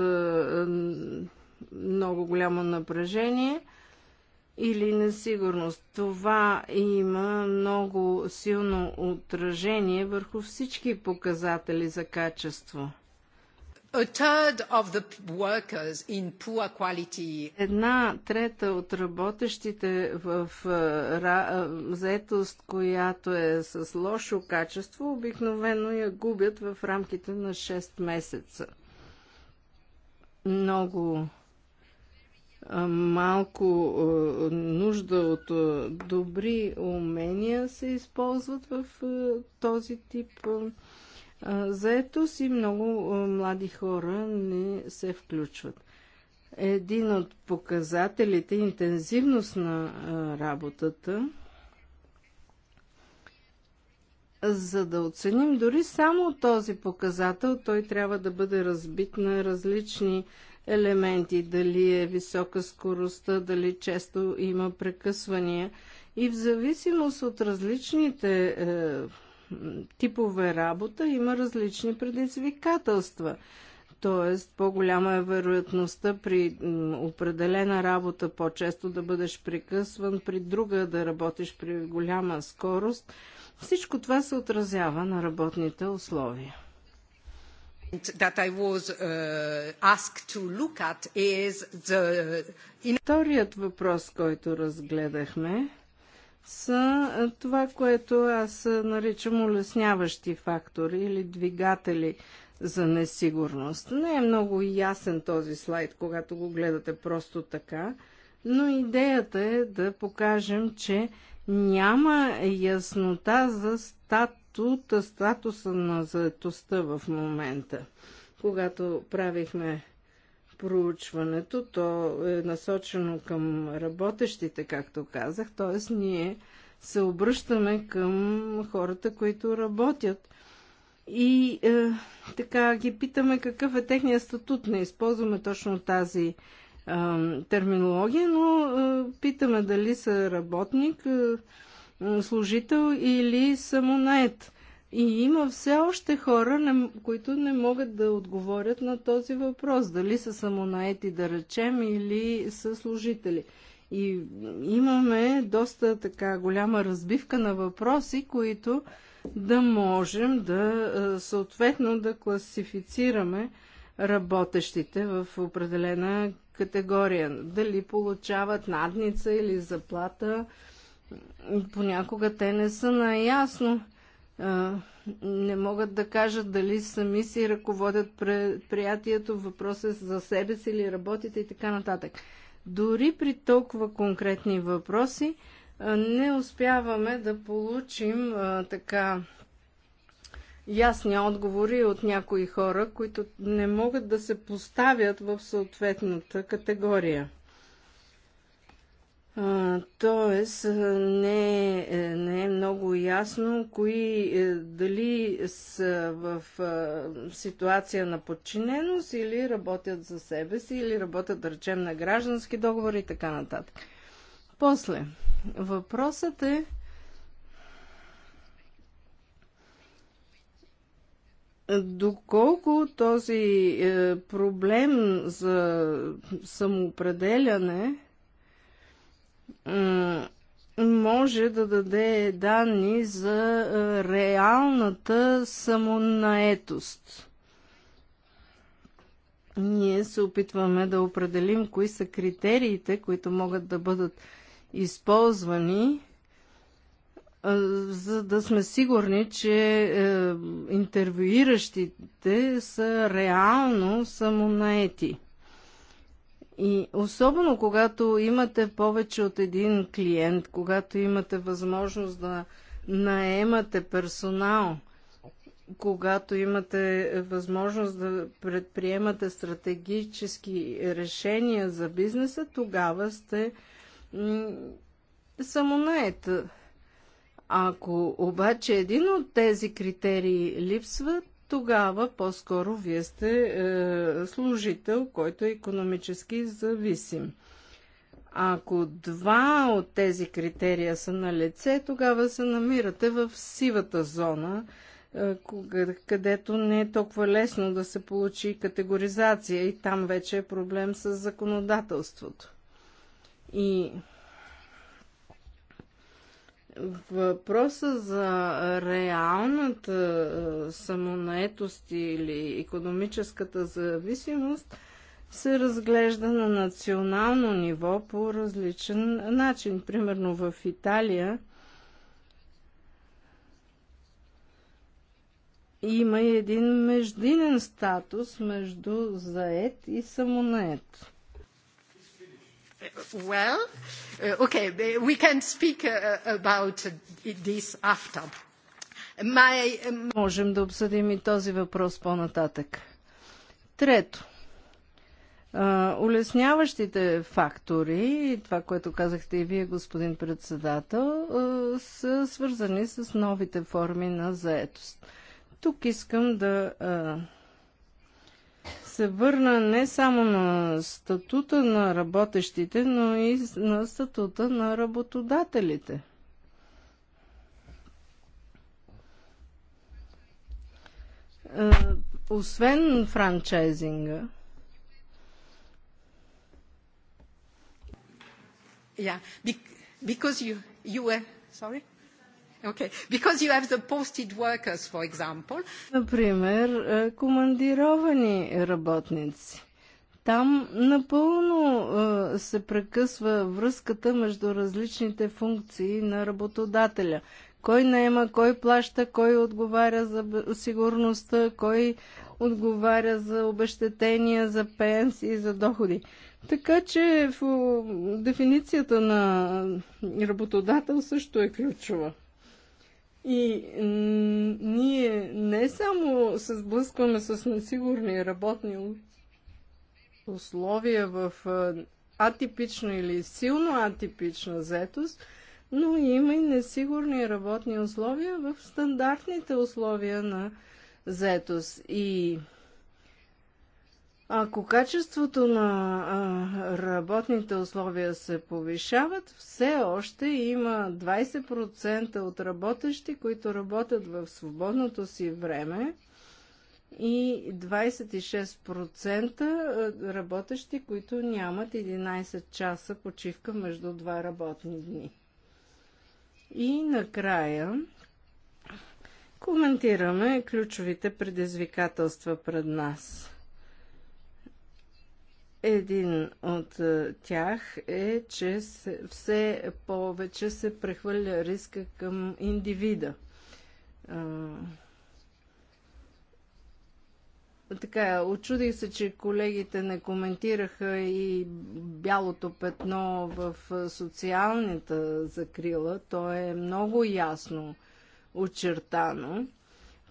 много голямо напрежение или несигурност. Това има много силно отражение върху всички показатели за качество. Една трета от работещите в заетост, която е с лошо качество, обикновено я губят в рамките на 6 месеца. Много малко нужда от добри умения се използват в този тип работа заетост и много млади хора не се включват. Един от показателите е интензивност на работата, за да оценим дори само този показател, той трябва да бъде разбит на различни елементи, дали е висока скоростта, дали често има прекъсвания. И в зависимост от различните е, типове работа има различни предизвикателства. Тоест, по-голяма е вероятността при определена работа по-често да бъдеш прекъсван, при друга да работиш при голяма скорост. Всичко това се отразява на работните условия. Was, uh, the... Вторият въпрос, който разгледахме, са е, това, което аз е, наричам улесняващи фактори или двигатели за несигурност. Не е много ясен този слайд, когато го гледате просто така, но идеята е да покажем, че няма яснота за статута, статуса на заетостта в момента. Когато правихме проучването. То е насочено към работещите, както казах, т.е. ние се обръщаме към хората, които работят. И е, така ги питаме какъв е техният статут. Не използваме точно тази е, терминология, но е, питаме дали са работник, е, служител или самонает. И има все още хора, които не могат да отговорят на този въпрос. Дали са самонаети, да речем, или са служители. И имаме доста така голяма разбивка на въпроси, които да можем да съответно да класифицираме работещите в определена категория. Дали получават надница или заплата, понякога те не са наясно не могат да кажат дали сами си ръководят предприятието, въпроса е за себе си или работите и така нататък. Дори при толкова конкретни въпроси не успяваме да получим така ясни отговори от някои хора, които не могат да се поставят в съответната категория. Тоест, не, е, не е много ясно кои е, дали са в ситуация на подчиненост или работят за себе си, или работят, да речем, на граждански договори и така нататък. После, въпросът е доколко този е, проблем за самоопределяне може да даде данни за е, реалната самонаетост. Ние се опитваме да определим кои са критериите, които могат да бъдат използвани, е, за да сме сигурни, че е, интервюиращите са реално самонаети. И особено когато имате повече от един клиент, когато имате възможност да наемате персонал, когато имате възможност да предприемате стратегически решения за бизнеса, тогава сте самонает. Ако обаче един от тези критерии липсва, тогава по-скоро вие сте е, служител, който е економически зависим. Ако два от тези критерия са на лице, тогава се намирате в сивата зона, е, където не е толкова лесно да се получи категоризация и там вече е проблем с законодателството. И Въпроса за реалната самонаетост или економическата зависимост се разглежда на национално ниво по различен начин. Примерно в Италия има един междинен статус между заед и самонаетост. Well, uh, okay, we can speak uh, uh, about this after. My... Um, Можем да обсъдим и този въпрос по-нататък. Трето. Улесняващите фактори, това, което казахте и вие, господин председател, са свързани с новите форми на заетост. Тук искам да се върна не само на статута на работещите, но и на статута на работодателите. Е, освен франчайзинга, Yeah, because you, you were, sorry? Okay. Because you have the posted workers, for example. Например, е, командировани работници. Там напълно е, се прекъсва връзката между различните функции на работодателя. Кой наема, кой плаща, кой отговаря за сигурността, кой отговаря за обещетения, за пенсии, за доходи. Така че в дефиницията на работодател също е ключова. И ние не само се сблъскваме с несигурни работни условия в атипична или силно атипична заетост, но има и несигурни работни условия в стандартните условия на заетост. И ако качеството на работните условия се повишават, все още има 20% от работещи, които работят в свободното си време и 26% работещи, които нямат 11 часа почивка между два работни дни. И накрая коментираме ключовите предизвикателства пред нас – един от е, тях е, че все повече се прехвърля риска към индивида. Така, очудих се, че колегите не коментираха и бялото петно в е, социалната закрила. То е много ясно очертано.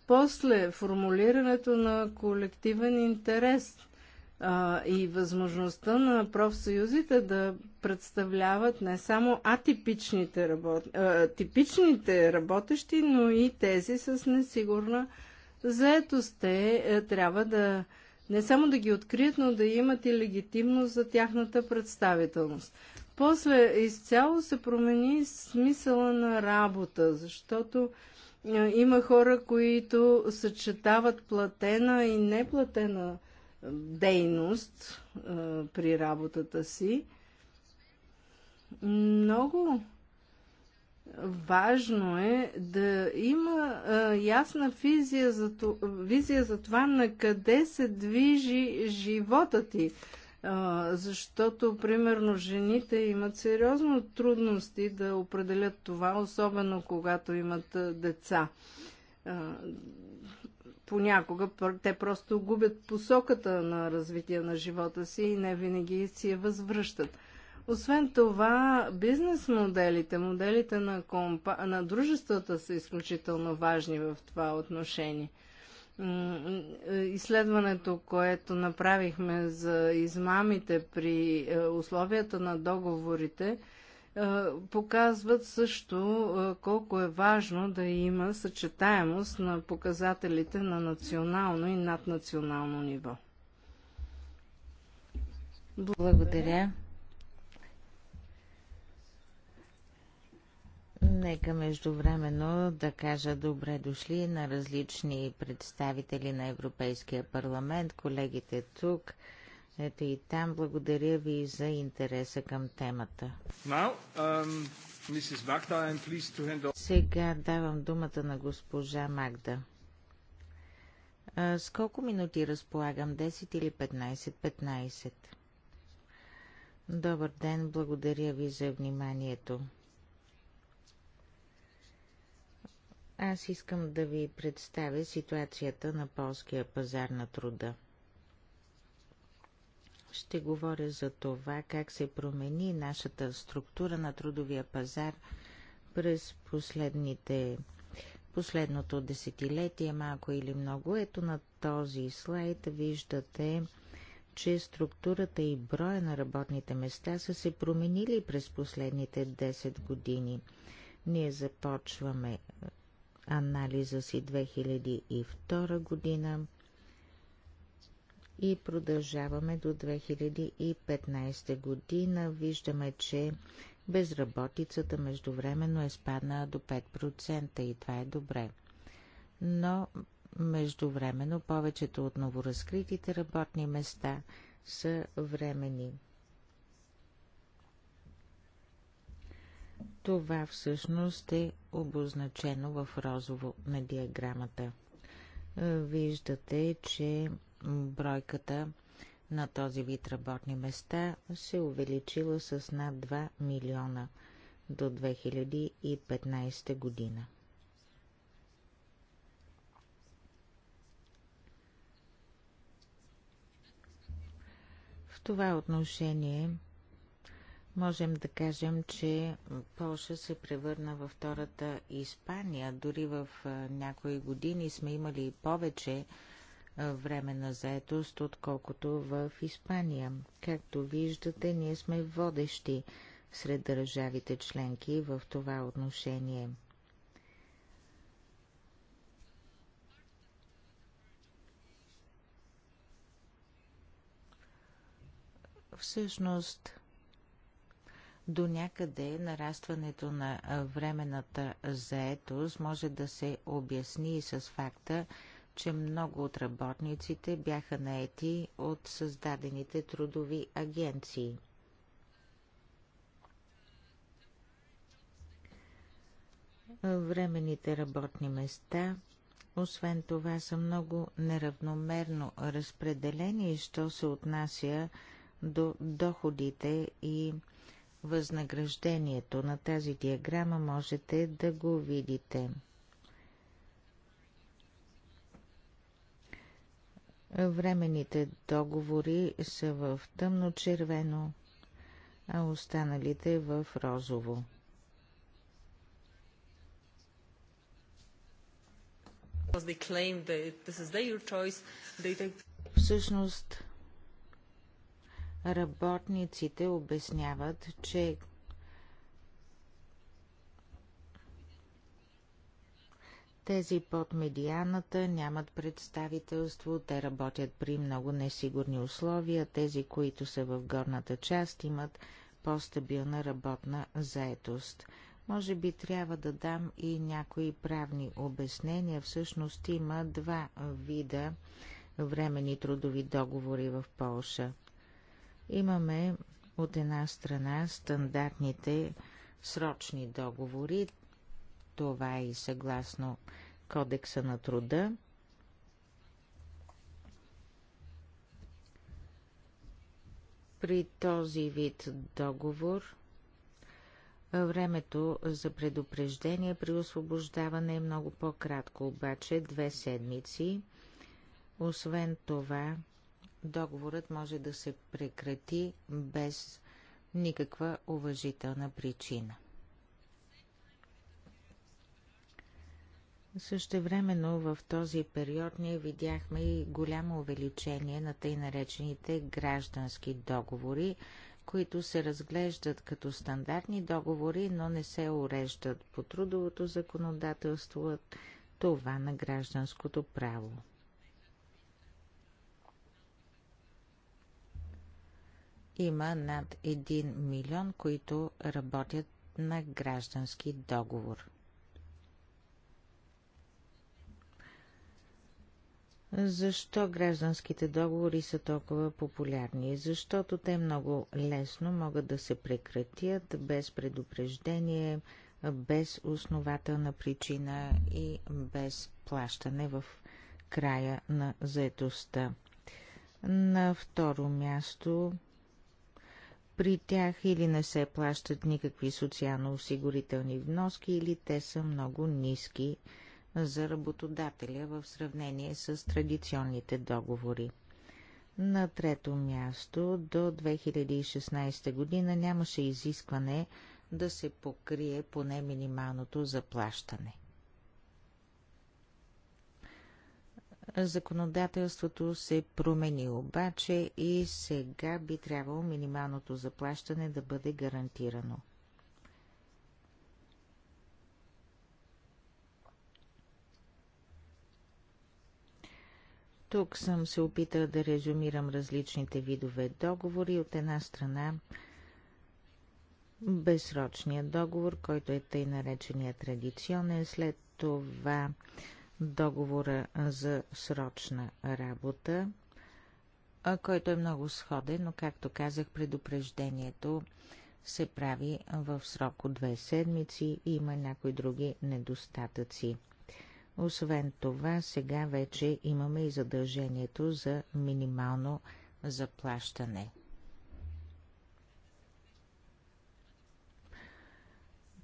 После формулирането на колективен интерес – а, и възможността на профсъюзите да представляват не само атипичните работ... а, типичните работещи, но и тези с несигурна заетост. Те е, трябва да не само да ги открият, но да имат и легитимност за тяхната представителност. После изцяло се промени смисъла на работа, защото е, има хора, които съчетават платена и неплатена дейност а, при работата си. Много важно е да има а, ясна визия за, то, визия за това на къде се движи живота ти. А, защото, примерно, жените имат сериозно трудности да определят това, особено когато имат деца. А, понякога те просто губят посоката на развитие на живота си и не винаги си я възвръщат. Освен това, бизнес моделите, моделите на, компа... на дружествата са изключително важни в това отношение. Изследването, което направихме за измамите при е, условията на договорите, показват също колко е важно да има съчетаемост на показателите на национално и наднационално ниво. Благодаря. Нека междувременно да кажа добре дошли на различни представители на Европейския парламент, колегите тук – ето и там благодаря ви за интереса към темата. Now, um, Magda, handle... Сега давам думата на госпожа Магда. А, с колко минути разполагам? 10 или 15? 15. Добър ден, благодаря ви за вниманието. Аз искам да ви представя ситуацията на полския пазар на труда – ще говоря за това, как се промени нашата структура на трудовия пазар през последните последното десетилетие, малко или много. Ето на този слайд виждате, че структурата и броя на работните места са се променили през последните 10 години. Ние започваме анализа си 2002 година и продължаваме до 2015 година. Виждаме, че безработицата междувременно е спаднала до 5% и това е добре. Но междувременно повечето от новоразкритите работни места са времени. Това всъщност е обозначено в розово на диаграмата. Виждате, че бройката на този вид работни места се е увеличила с над 2 милиона до 2015 година. В това отношение можем да кажем, че Польша се превърна във втората Испания. Дори в някои години сме имали повече Време на заетост, отколкото в Испания. Както виждате, ние сме водещи сред държавите членки в това отношение. Всъщност, до някъде нарастването на временната заетост може да се обясни и с факта, че много от работниците бяха наети от създадените трудови агенции. Времените работни места, освен това, са много неравномерно разпределени, що се отнася до доходите и възнаграждението. На тази диаграма можете да го видите. Времените договори са в тъмно-червено, а останалите в розово. Всъщност, работниците обясняват, че Тези под медианата нямат представителство, те работят при много несигурни условия, тези, които са в горната част, имат по-стабилна работна заетост. Може би трябва да дам и някои правни обяснения. Всъщност има два вида времени трудови договори в Полша. Имаме от една страна стандартните срочни договори. Това е и съгласно Кодекса на труда. При този вид договор времето за предупреждение при освобождаване е много по-кратко, обаче две седмици. Освен това, договорът може да се прекрати без никаква уважителна причина. Също времено в този период ние видяхме и голямо увеличение на тъй наречените граждански договори, които се разглеждат като стандартни договори, но не се уреждат по трудовото законодателство, това на гражданското право. Има над 1 милион, които работят на граждански договор. Защо гражданските договори са толкова популярни? Защото те много лесно могат да се прекратят без предупреждение, без основателна причина и без плащане в края на заетостта. На второ място при тях или не се плащат никакви социално-осигурителни вноски, или те са много ниски за работодателя в сравнение с традиционните договори. На трето място до 2016 година нямаше изискване да се покрие поне минималното заплащане. Законодателството се промени обаче и сега би трябвало минималното заплащане да бъде гарантирано – Тук съм се опитал да резюмирам различните видове договори. От една страна безсрочният договор, който е тъй наречения традиционен, след това договора за срочна работа, който е много сходен, но както казах, предупреждението се прави в срок от две седмици и има някои други недостатъци. Освен това, сега вече имаме и задължението за минимално заплащане.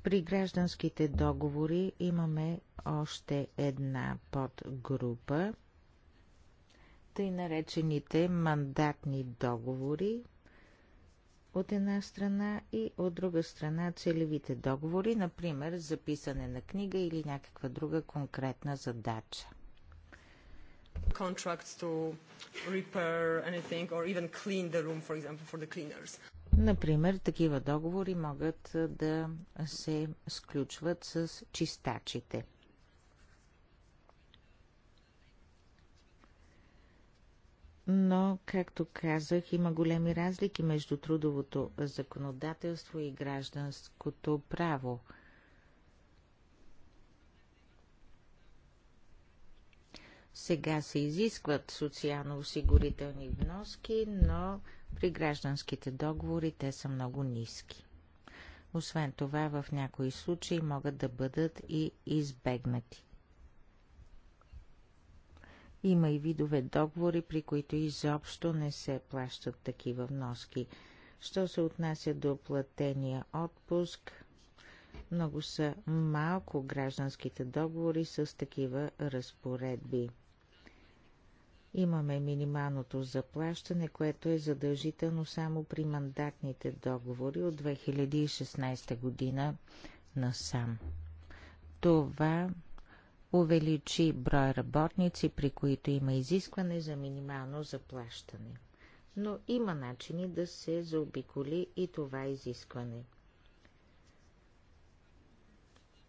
При гражданските договори имаме още една подгрупа, тъй наречените мандатни договори, от една страна и от друга страна целевите договори, например за писане на книга или някаква друга конкретна задача. например, такива договори могат да се сключват с чистачите. но, както казах, има големи разлики между трудовото законодателство и гражданското право. Сега се изискват социално-осигурителни вноски, но при гражданските договори те са много ниски. Освен това, в някои случаи могат да бъдат и избегнати. Има и видове договори, при които изобщо не се плащат такива вноски. Що се отнася до платения отпуск, много са малко гражданските договори с такива разпоредби. Имаме минималното заплащане, което е задължително само при мандатните договори от 2016 година насам. Това увеличи брой работници, при които има изискване за минимално заплащане. Но има начини да се заобиколи и това изискване.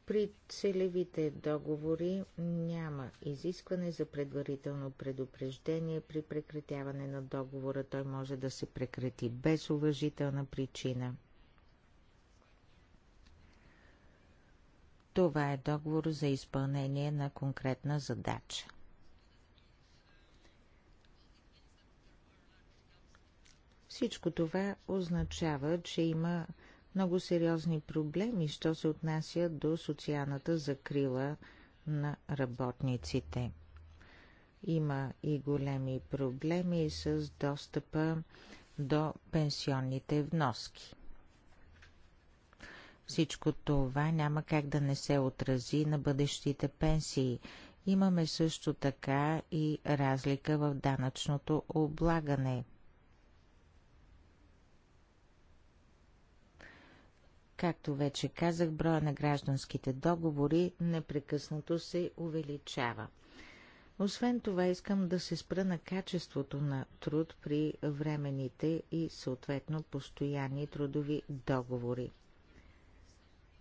При целевите договори няма изискване за предварително предупреждение при прекратяване на договора. Той може да се прекрати без уважителна причина. Това е договор за изпълнение на конкретна задача. Всичко това означава, че има много сериозни проблеми, що се отнася до социалната закрила на работниците. Има и големи проблеми с достъпа до пенсионните вноски. Всичко това няма как да не се отрази на бъдещите пенсии. Имаме също така и разлика в данъчното облагане. Както вече казах, броя на гражданските договори непрекъснато се увеличава. Освен това, искам да се спра на качеството на труд при времените и съответно постоянни трудови договори.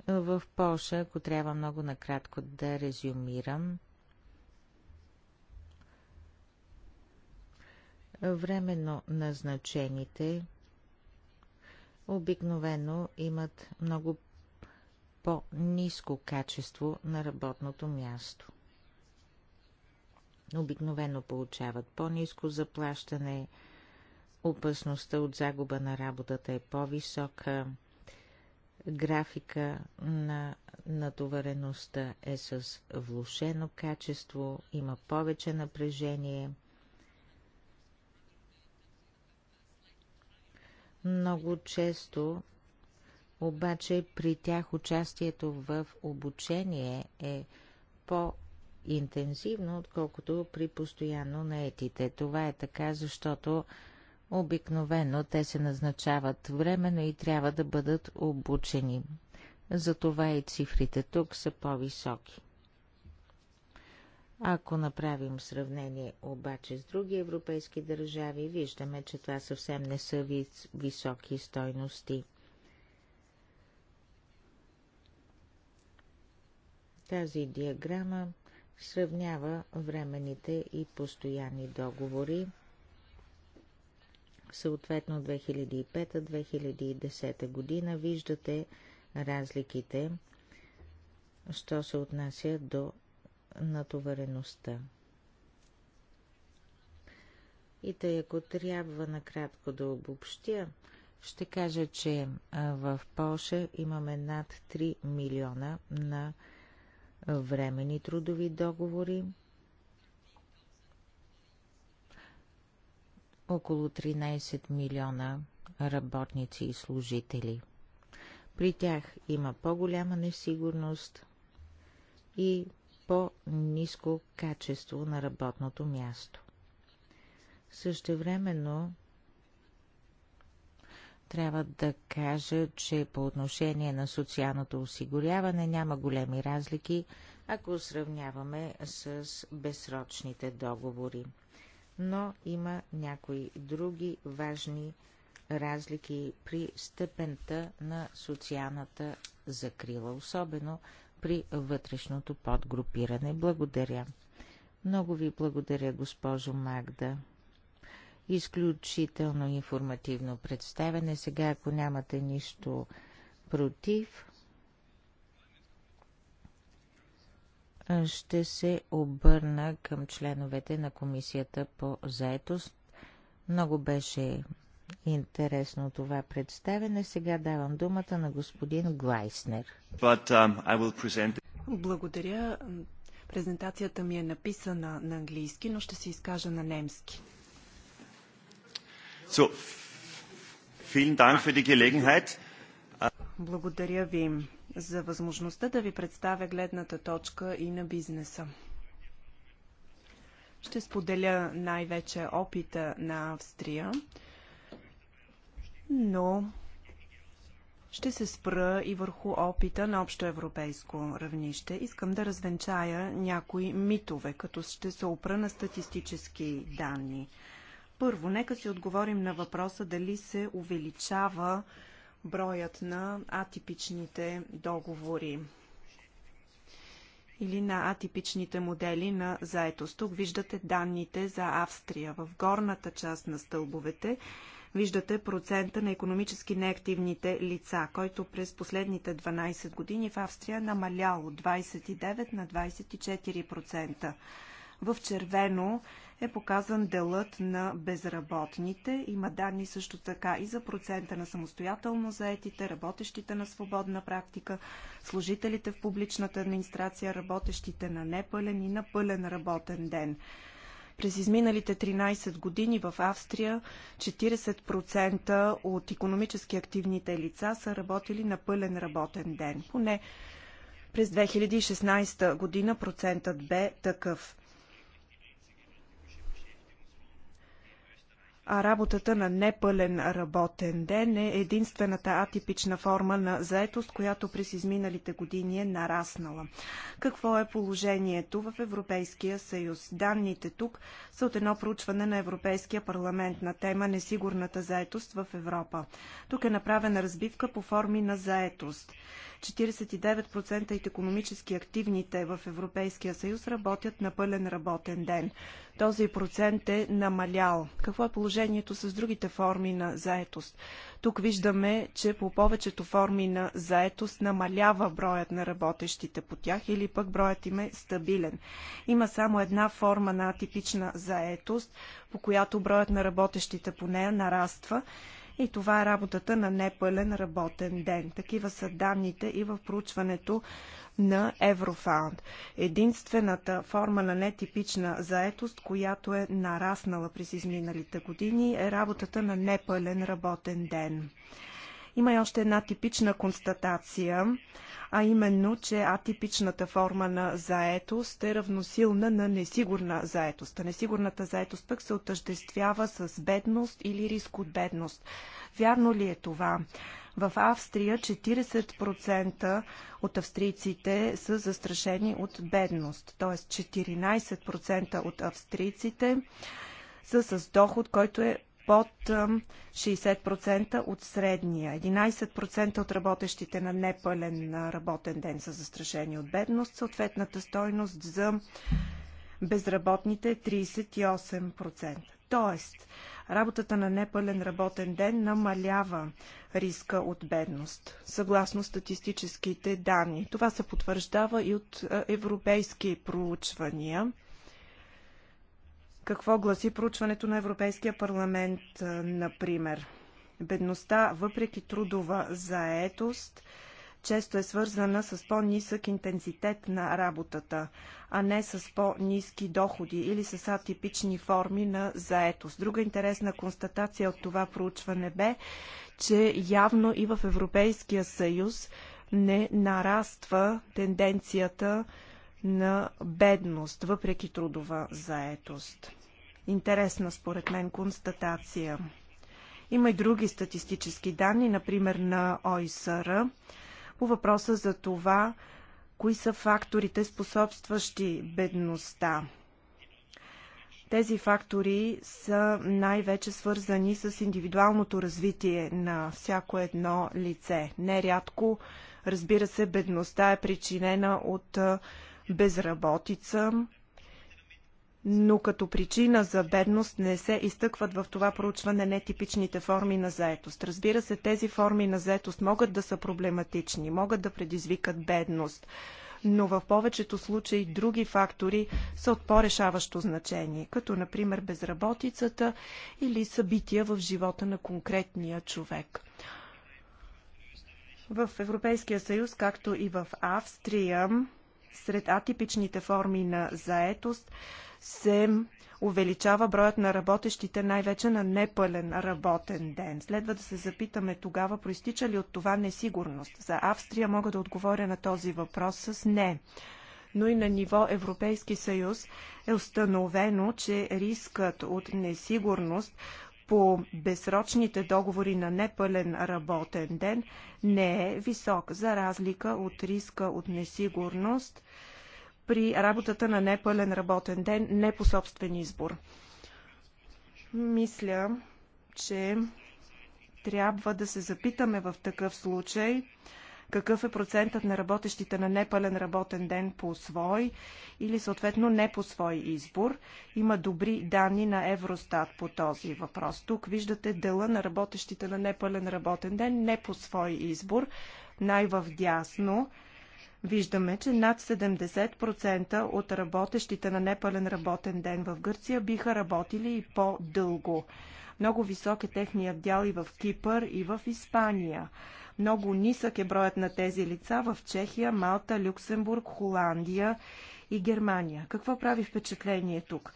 В Польша, ако трябва много накратко да резюмирам, временно назначените обикновено имат много по-низко качество на работното място. Обикновено получават по-низко заплащане, опасността от загуба на работата е по-висока – Графика на натовареността е с влушено качество, има повече напрежение. Много често обаче при тях участието в обучение е по-интензивно, отколкото при постоянно наетите. Това е така, защото Обикновено те се назначават временно и трябва да бъдат обучени. Затова и цифрите тук са по-високи. Ако направим сравнение обаче с други европейски държави, виждаме, че това съвсем не са високи стойности. Тази диаграма сравнява времените и постоянни договори съответно 2005-2010 година. Виждате разликите, що се отнася до натовареността. И тъй ако трябва накратко да обобщя, ще кажа, че в Польша имаме над 3 милиона на времени трудови договори, около 13 милиона работници и служители. При тях има по-голяма несигурност и по-низко качество на работното място. Същевременно трябва да кажа, че по отношение на социалното осигуряване няма големи разлики, ако сравняваме с безсрочните договори но има някои други важни разлики при степента на социалната закрила, особено при вътрешното подгрупиране. Благодаря. Много ви благодаря, госпожо Магда. Изключително информативно представяне. Сега, ако нямате нищо против, Е, ще се обърна към членовете на комисията по заетост. Много беше интересно това представене. Сега давам думата на господин Глайснер. But, um, I will present... Благодаря. Презентацията ми е написана на английски, но ще се изкажа на немски. So, vielen Dank für die Gelegenheit. Благодаря ви за възможността да ви представя гледната точка и на бизнеса. Ще споделя най-вече опита на Австрия, но ще се спра и върху опита на общо европейско равнище. Искам да развенчая някои митове, като ще се опра на статистически данни. Първо, нека си отговорим на въпроса дали се увеличава броят на атипичните договори или на атипичните модели на заетост. Тук виждате данните за Австрия. В горната част на стълбовете виждате процента на економически неактивните лица, който през последните 12 години в Австрия е намалял от 29 на 24%. В червено е показан делът на безработните. Има данни също така и за процента на самостоятелно заетите, работещите на свободна практика, служителите в публичната администрация, работещите на непълен и на пълен работен ден. През изминалите 13 години в Австрия 40% от економически активните лица са работили на пълен работен ден. Поне през 2016 година процентът бе такъв. а работата на непълен работен ден е единствената атипична форма на заетост, която през изминалите години е нараснала. Какво е положението в Европейския съюз? Данните тук са от едно проучване на Европейския парламент на тема Несигурната заетост в Европа. Тук е направена разбивка по форми на заетост. 49% от економически активните в Европейския съюз работят на пълен работен ден. Този процент е намалял. Какво е положението с другите форми на заетост? Тук виждаме, че по повечето форми на заетост намалява броят на работещите по тях или пък броят им е стабилен. Има само една форма на атипична заетост, по която броят на работещите по нея нараства и това е работата на непълен работен ден. Такива са данните и в проучването на Еврофаунд. Единствената форма на нетипична заетост, която е нараснала през изминалите години, е работата на непълен работен ден. Има и още една типична констатация, а именно, че атипичната форма на заетост е равносилна на несигурна заетост. А несигурната заетост пък се отъждествява с бедност или риск от бедност. Вярно ли е това? В Австрия 40% от австрийците са застрашени от бедност, т.е. 14% от австрийците са с доход, който е под 60% от средния. 11% от работещите на непълен работен ден са застрашени от бедност. Съответната стойност за безработните е 38%. Тоест, работата на непълен работен ден намалява риска от бедност, съгласно статистическите данни. Това се потвърждава и от европейски проучвания. Какво гласи проучването на Европейския парламент, например? Бедността, въпреки трудова заетост, често е свързана с по-нисък интензитет на работата, а не с по-низки доходи или с атипични форми на заетост. Друга интересна констатация от това проучване бе, че явно и в Европейския съюз не нараства тенденцията на бедност, въпреки трудова заетост. Интересна според мен констатация. Има и други статистически данни, например на ОИСР, по въпроса за това, кои са факторите способстващи бедността. Тези фактори са най-вече свързани с индивидуалното развитие на всяко едно лице. Нерядко, разбира се, бедността е причинена от безработица, но като причина за бедност не се изтъкват в това проучване нетипичните форми на заетост. Разбира се, тези форми на заетост могат да са проблематични, могат да предизвикат бедност, но в повечето случаи други фактори са от по-решаващо значение, като например безработицата или събития в живота на конкретния човек. В Европейския съюз, както и в Австрия, сред атипичните форми на заетост се увеличава броят на работещите най-вече на непълен работен ден. Следва да се запитаме тогава, проистича ли от това несигурност. За Австрия мога да отговоря на този въпрос с не. Но и на ниво Европейски съюз е установено, че рискът от несигурност по безсрочните договори на непълен работен ден не е висок, за разлика от риска от несигурност при работата на непълен работен ден, не по собствен избор. Мисля, че трябва да се запитаме в такъв случай какъв е процентът на работещите на непълен работен ден по свой или съответно не по свой избор. Има добри данни на Евростат по този въпрос. Тук виждате дела на работещите на непълен работен ден не по свой избор. Най-вдясно виждаме, че над 70% от работещите на непълен работен ден в Гърция биха работили и по-дълго. Много висок е техният дял и в Кипър, и в Испания. Много нисък е броят на тези лица в Чехия, Малта, Люксембург, Холандия и Германия. Какво прави впечатление тук?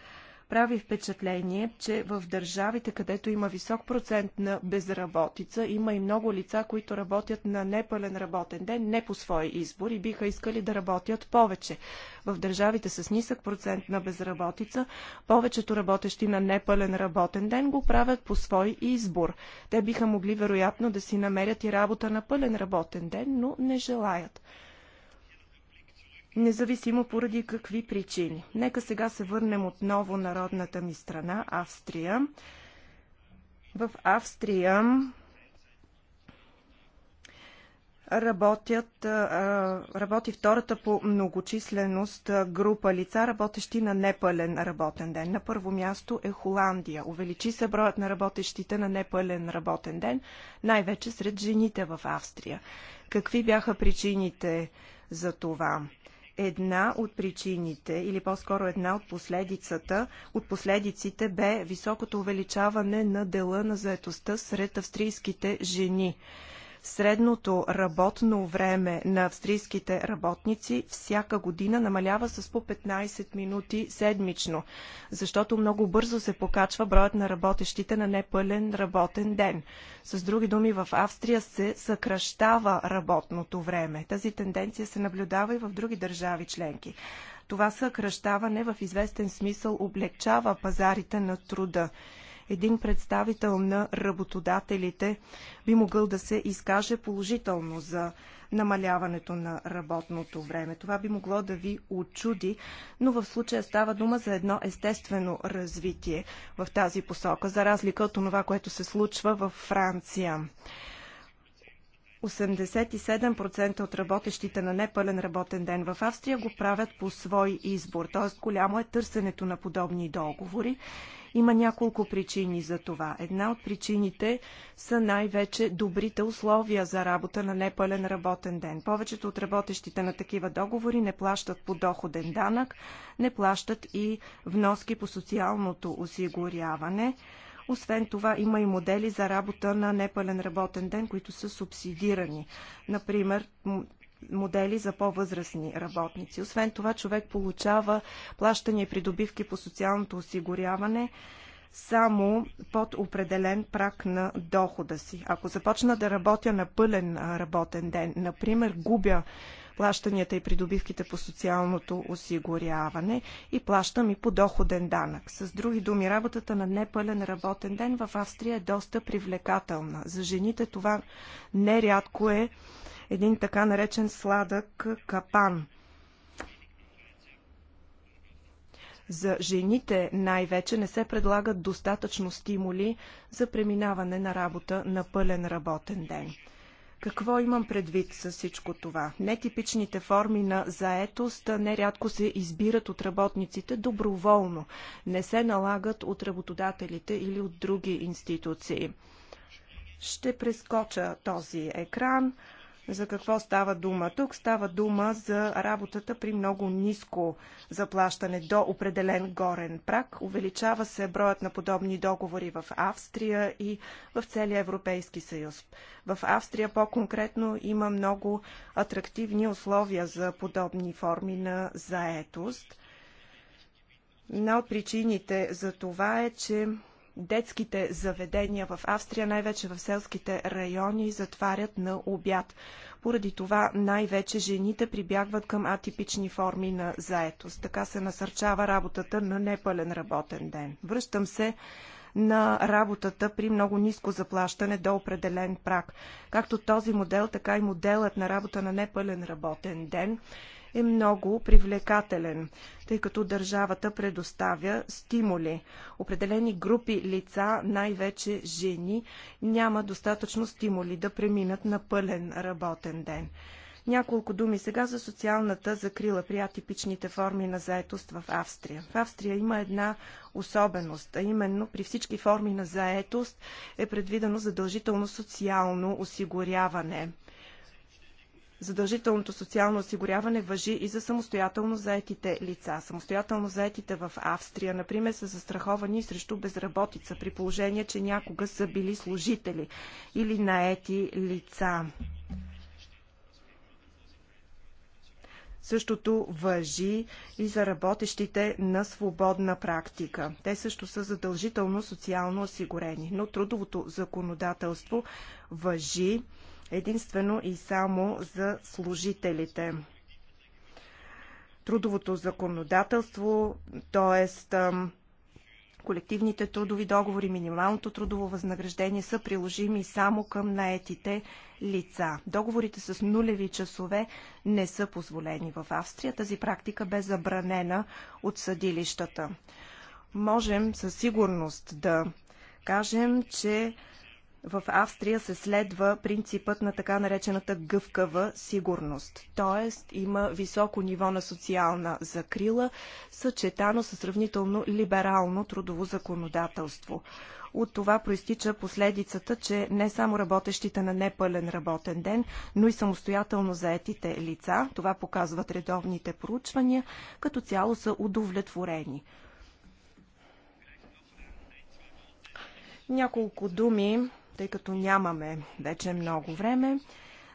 Прави впечатление, че в държавите, където има висок процент на безработица, има и много лица, които работят на непълен работен ден, не по свой избор и биха искали да работят повече. В държавите с нисък процент на безработица, повечето работещи на непълен работен ден го правят по свой избор. Те биха могли вероятно да си намерят и работа на пълен работен ден, но не желаят независимо поради какви причини. Нека сега се върнем отново народната ми страна, Австрия. В Австрия работят, работи втората по многочисленост група лица, работещи на непълен работен ден. На първо място е Холандия. Увеличи се броят на работещите на непълен работен ден, най-вече сред жените в Австрия. Какви бяха причините за това? една от причините, или по-скоро една от последицата, от последиците бе високото увеличаване на дела на заетостта сред австрийските жени. Средното работно време на австрийските работници всяка година намалява с по 15 минути седмично, защото много бързо се покачва броят на работещите на непълен работен ден. С други думи, в Австрия се съкръщава работното време. Тази тенденция се наблюдава и в други държави членки. Това съкръщаване в известен смисъл облегчава пазарите на труда един представител на работодателите би могъл да се изкаже положително за намаляването на работното време. Това би могло да ви очуди, но в случая става дума за едно естествено развитие в тази посока, за разлика от това, което се случва в Франция. 87% от работещите на непълен работен ден в Австрия го правят по свой избор, т.е. голямо е търсенето на подобни договори има няколко причини за това. Една от причините са най-вече добрите условия за работа на непълен работен ден. Повечето от работещите на такива договори не плащат по доходен данък, не плащат и вноски по социалното осигуряване. Освен това има и модели за работа на непълен работен ден, които са субсидирани. Например, модели за по-възрастни работници. Освен това, човек получава плащания и придобивки по социалното осигуряване само под определен прак на дохода си. Ако започна да работя на пълен работен ден, например, губя плащанията и придобивките по социалното осигуряване и плащам и по доходен данък. С други думи, работата на непълен работен ден в Австрия е доста привлекателна. За жените това нерядко е един така наречен сладък капан. За жените най-вече не се предлагат достатъчно стимули за преминаване на работа на пълен работен ден. Какво имам предвид с всичко това? Нетипичните форми на заетост нерядко се избират от работниците доброволно, не се налагат от работодателите или от други институции. Ще прескоча този екран. За какво става дума? Тук става дума за работата при много ниско заплащане до определен горен прак. Увеличава се броят на подобни договори в Австрия и в целия Европейски съюз. В Австрия по-конкретно има много атрактивни условия за подобни форми на заетост. Една от причините за това е, че детските заведения в Австрия, най-вече в селските райони, затварят на обяд. Поради това най-вече жените прибягват към атипични форми на заетост. Така се насърчава работата на непълен работен ден. Връщам се на работата при много ниско заплащане до определен прак. Както този модел, така и моделът на работа на непълен работен ден е много привлекателен, тъй като държавата предоставя стимули. Определени групи лица, най-вече жени, няма достатъчно стимули да преминат на пълен работен ден. Няколко думи сега за социалната закрила при атипичните форми на заетост в Австрия. В Австрия има една особеност, а именно при всички форми на заетост е предвидено задължително социално осигуряване задължителното социално осигуряване въжи и за самостоятелно заетите лица. Самостоятелно заетите в Австрия, например, са застраховани срещу безработица, при положение, че някога са били служители или наети лица. Същото въжи и за работещите на свободна практика. Те също са задължително социално осигурени, но трудовото законодателство въжи единствено и само за служителите. Трудовото законодателство, т.е. колективните трудови договори, минималното трудово възнаграждение са приложими само към наетите лица. Договорите с нулеви часове не са позволени в Австрия. Тази практика бе забранена от съдилищата. Можем със сигурност да кажем, че в Австрия се следва принципът на така наречената гъвкава сигурност. Тоест има високо ниво на социална закрила, съчетано с сравнително либерално трудово законодателство. От това проистича последицата, че не само работещите на непълен работен ден, но и самостоятелно заетите лица, това показват редовните проучвания, като цяло са удовлетворени. Няколко думи тъй като нямаме вече много време,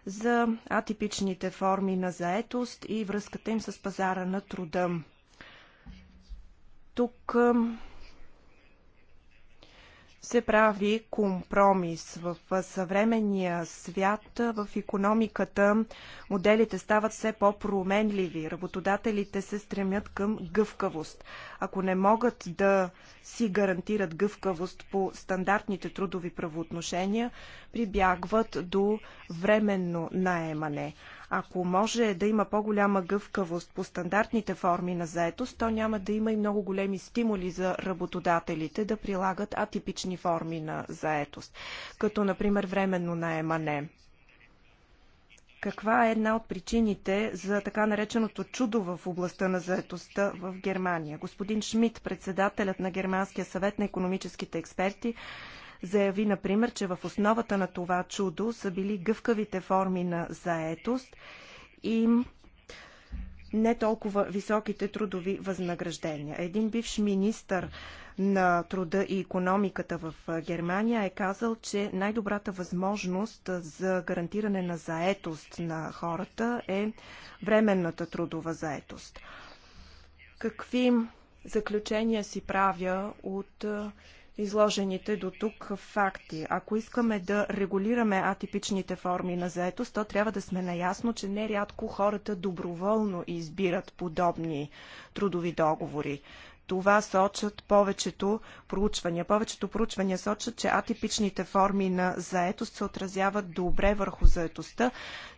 за атипичните форми на заетост и връзката им с пазара на труда. Тук се прави компромис. В съвременния свят, в економиката, моделите стават все по-променливи. Работодателите се стремят към гъвкавост. Ако не могат да си гарантират гъвкавост по стандартните трудови правоотношения, прибягват до временно наемане. Ако може да има по-голяма гъвкавост по стандартните форми на заетост, то няма да има и много големи стимули за работодателите да прилагат атипични форми на заетост, като например временно наемане. Каква е една от причините за така нареченото чудо в областта на заетостта в Германия? Господин Шмидт, председателят на Германския съвет на економическите експерти, заяви, например, че в основата на това чудо са били гъвкавите форми на заетост и не толкова високите трудови възнаграждения. Един бивш министър на труда и економиката в Германия е казал, че най-добрата възможност за гарантиране на заетост на хората е временната трудова заетост. Какви заключения си правя от изложените до тук факти. Ако искаме да регулираме атипичните форми на заетост, то трябва да сме наясно, че нерядко хората доброволно избират подобни трудови договори. Това сочат повечето проучвания. Повечето проучвания сочат, че атипичните форми на заетост се отразяват добре върху заетостта,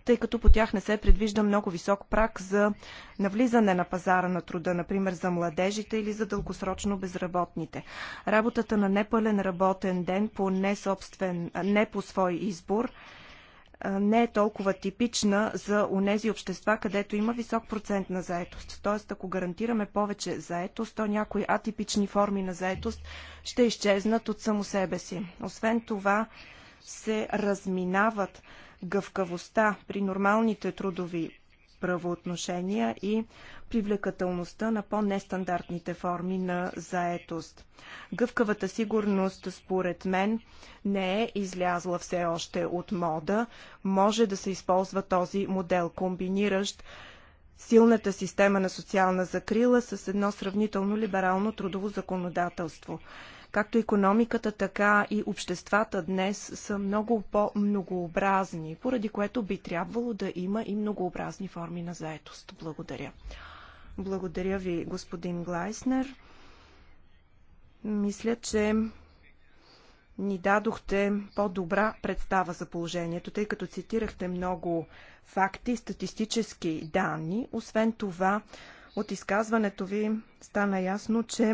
тъй като по тях не се предвижда много висок прак за навлизане на пазара на труда, например за младежите или за дългосрочно безработните. Работата на непълен работен ден по не, собствен, не по свой избор – не е толкова типична за онези общества, където има висок процент на заетост. Тоест, ако гарантираме повече заетост, то някои атипични форми на заетост ще изчезнат от само себе си. Освен това, се разминават гъвкавостта при нормалните трудови правоотношения и привлекателността на по-нестандартните форми на заетост. Гъвкавата сигурност, според мен, не е излязла все още от мода. Може да се използва този модел, комбиниращ силната система на социална закрила с едно сравнително либерално трудово законодателство. Както економиката, така и обществата днес са много по-многообразни, поради което би трябвало да има и многообразни форми на заетост. Благодаря. Благодаря ви, господин Глайснер. Мисля, че ни дадохте по-добра представа за положението, тъй като цитирахте много факти, статистически данни. Освен това, от изказването ви стана ясно, че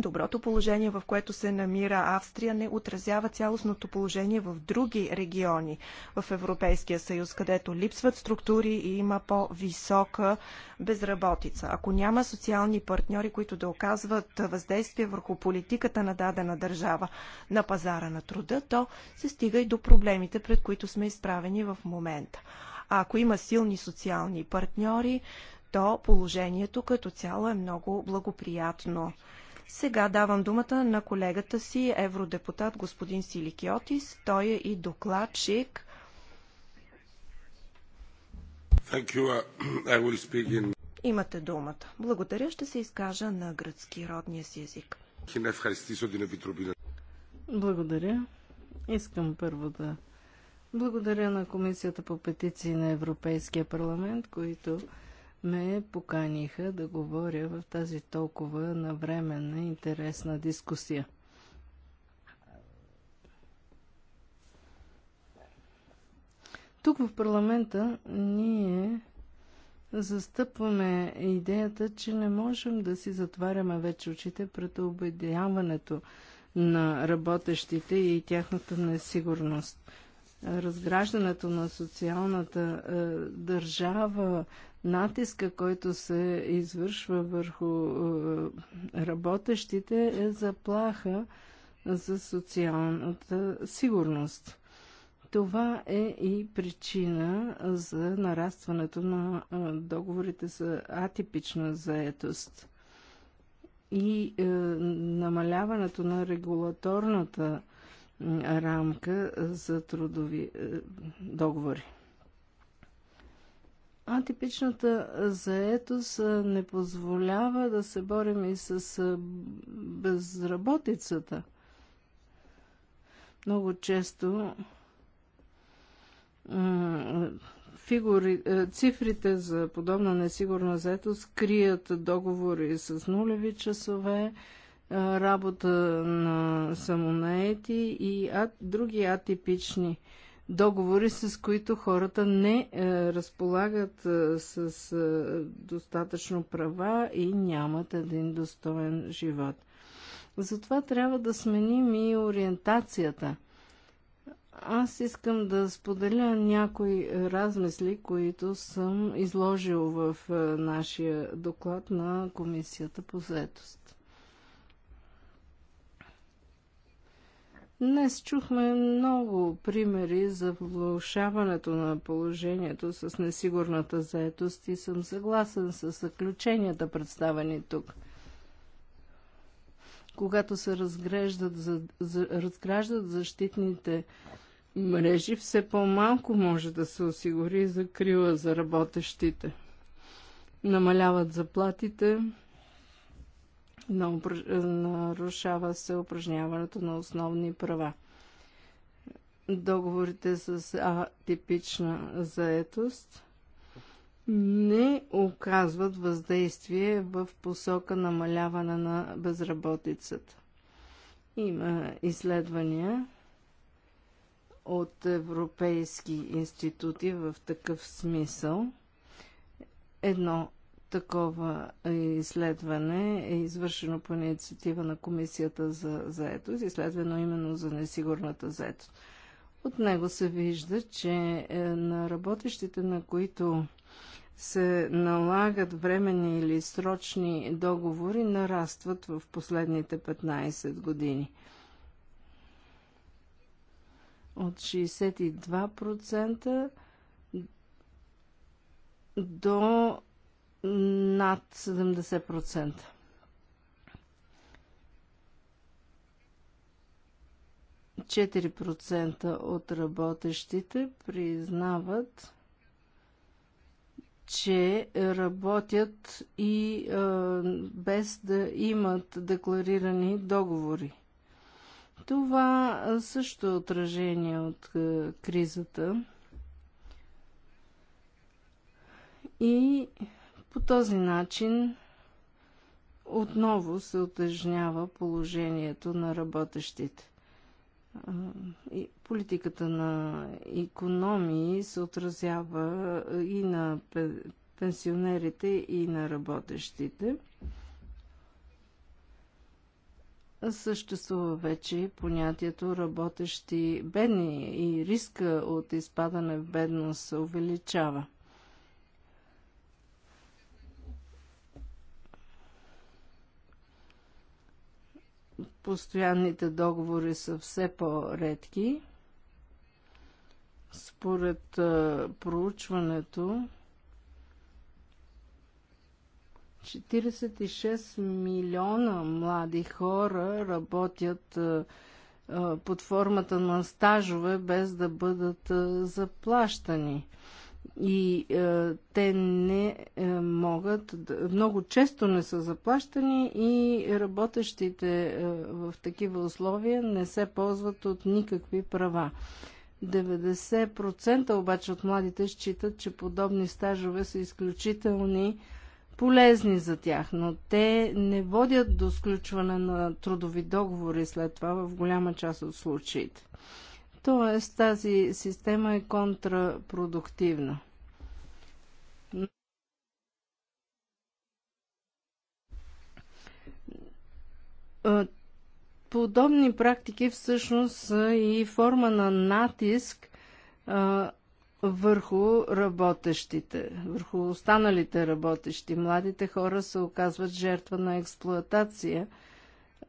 Доброто положение, в което се намира Австрия, не отразява цялостното положение в други региони в Европейския съюз, където липсват структури и има по-висока безработица. Ако няма социални партньори, които да оказват въздействие върху политиката на дадена държава на пазара на труда, то се стига и до проблемите, пред които сме изправени в момента. А ако има силни социални партньори, то положението като цяло е много благоприятно. Сега давам думата на колегата си, евродепутат господин Силикиотис. Той е и докладчик. Uh, in... Имате думата. Благодаря, ще се изкажа на гръцки родния си език. Благодаря. Искам първо да благодаря на Комисията по петиции на Европейския парламент, които ме поканиха да говоря в тази толкова навременна интересна дискусия. Тук в парламента ние застъпваме идеята, че не можем да си затваряме вече очите пред обедяването на работещите и тяхната несигурност. Разграждането на социалната е, държава, натиска, който се извършва върху е, работещите, е заплаха за социалната сигурност. Това е и причина за нарастването на е, договорите за атипична заетост и е, намаляването на регулаторната рамка за трудови е, договори. Атипичната заетост не позволява да се борим и с безработицата. Много често фигури, е, цифрите за подобна несигурна заетост крият договори с нулеви часове, работа на самонаети и други атипични договори, с които хората не е, разполагат е, с е, достатъчно права и нямат един достоен живот. Затова трябва да сменим и ориентацията. Аз искам да споделя някои размисли, които съм изложил в нашия доклад на Комисията по заетост. Днес чухме много примери за влушаването на положението с несигурната заетост и съм съгласен с заключенията представени тук. Когато се разграждат, за, за, разграждат защитните мрежи, все по-малко може да се осигури закрила за работещите. Намаляват заплатите, нарушава се упражняването на основни права. Договорите с атипична заетост не оказват въздействие в посока намаляване на безработицата. Има изследвания от европейски институти в такъв смисъл. Едно Такова изследване е извършено по инициатива на Комисията за заетост, изследвано именно за несигурната заетост. От него се вижда, че е, на работещите, на които се налагат временни или срочни договори, нарастват в последните 15 години. От 62% до над 70%. 4% от работещите признават, че работят и а, без да имат декларирани договори. Това също е отражение от а, кризата. И по този начин отново се отъжнява положението на работещите. И политиката на економии се отразява и на пенсионерите, и на работещите. Съществува вече понятието работещи бедни и риска от изпадане в бедност се увеличава. Постоянните договори са все по-редки. Според а, проучването, 46 милиона млади хора работят а, а, под формата на стажове без да бъдат заплащани и е, те не е, могат, много често не са заплащани и работещите е, в такива условия не се ползват от никакви права. 90% обаче от младите считат, че подобни стажове са изключителни полезни за тях, но те не водят до сключване на трудови договори след това в голяма част от случаите. Тоест тази система е контрапродуктивна. Подобни практики всъщност са и форма на натиск а, върху работещите, върху останалите работещи. Младите хора се оказват жертва на експлоатация –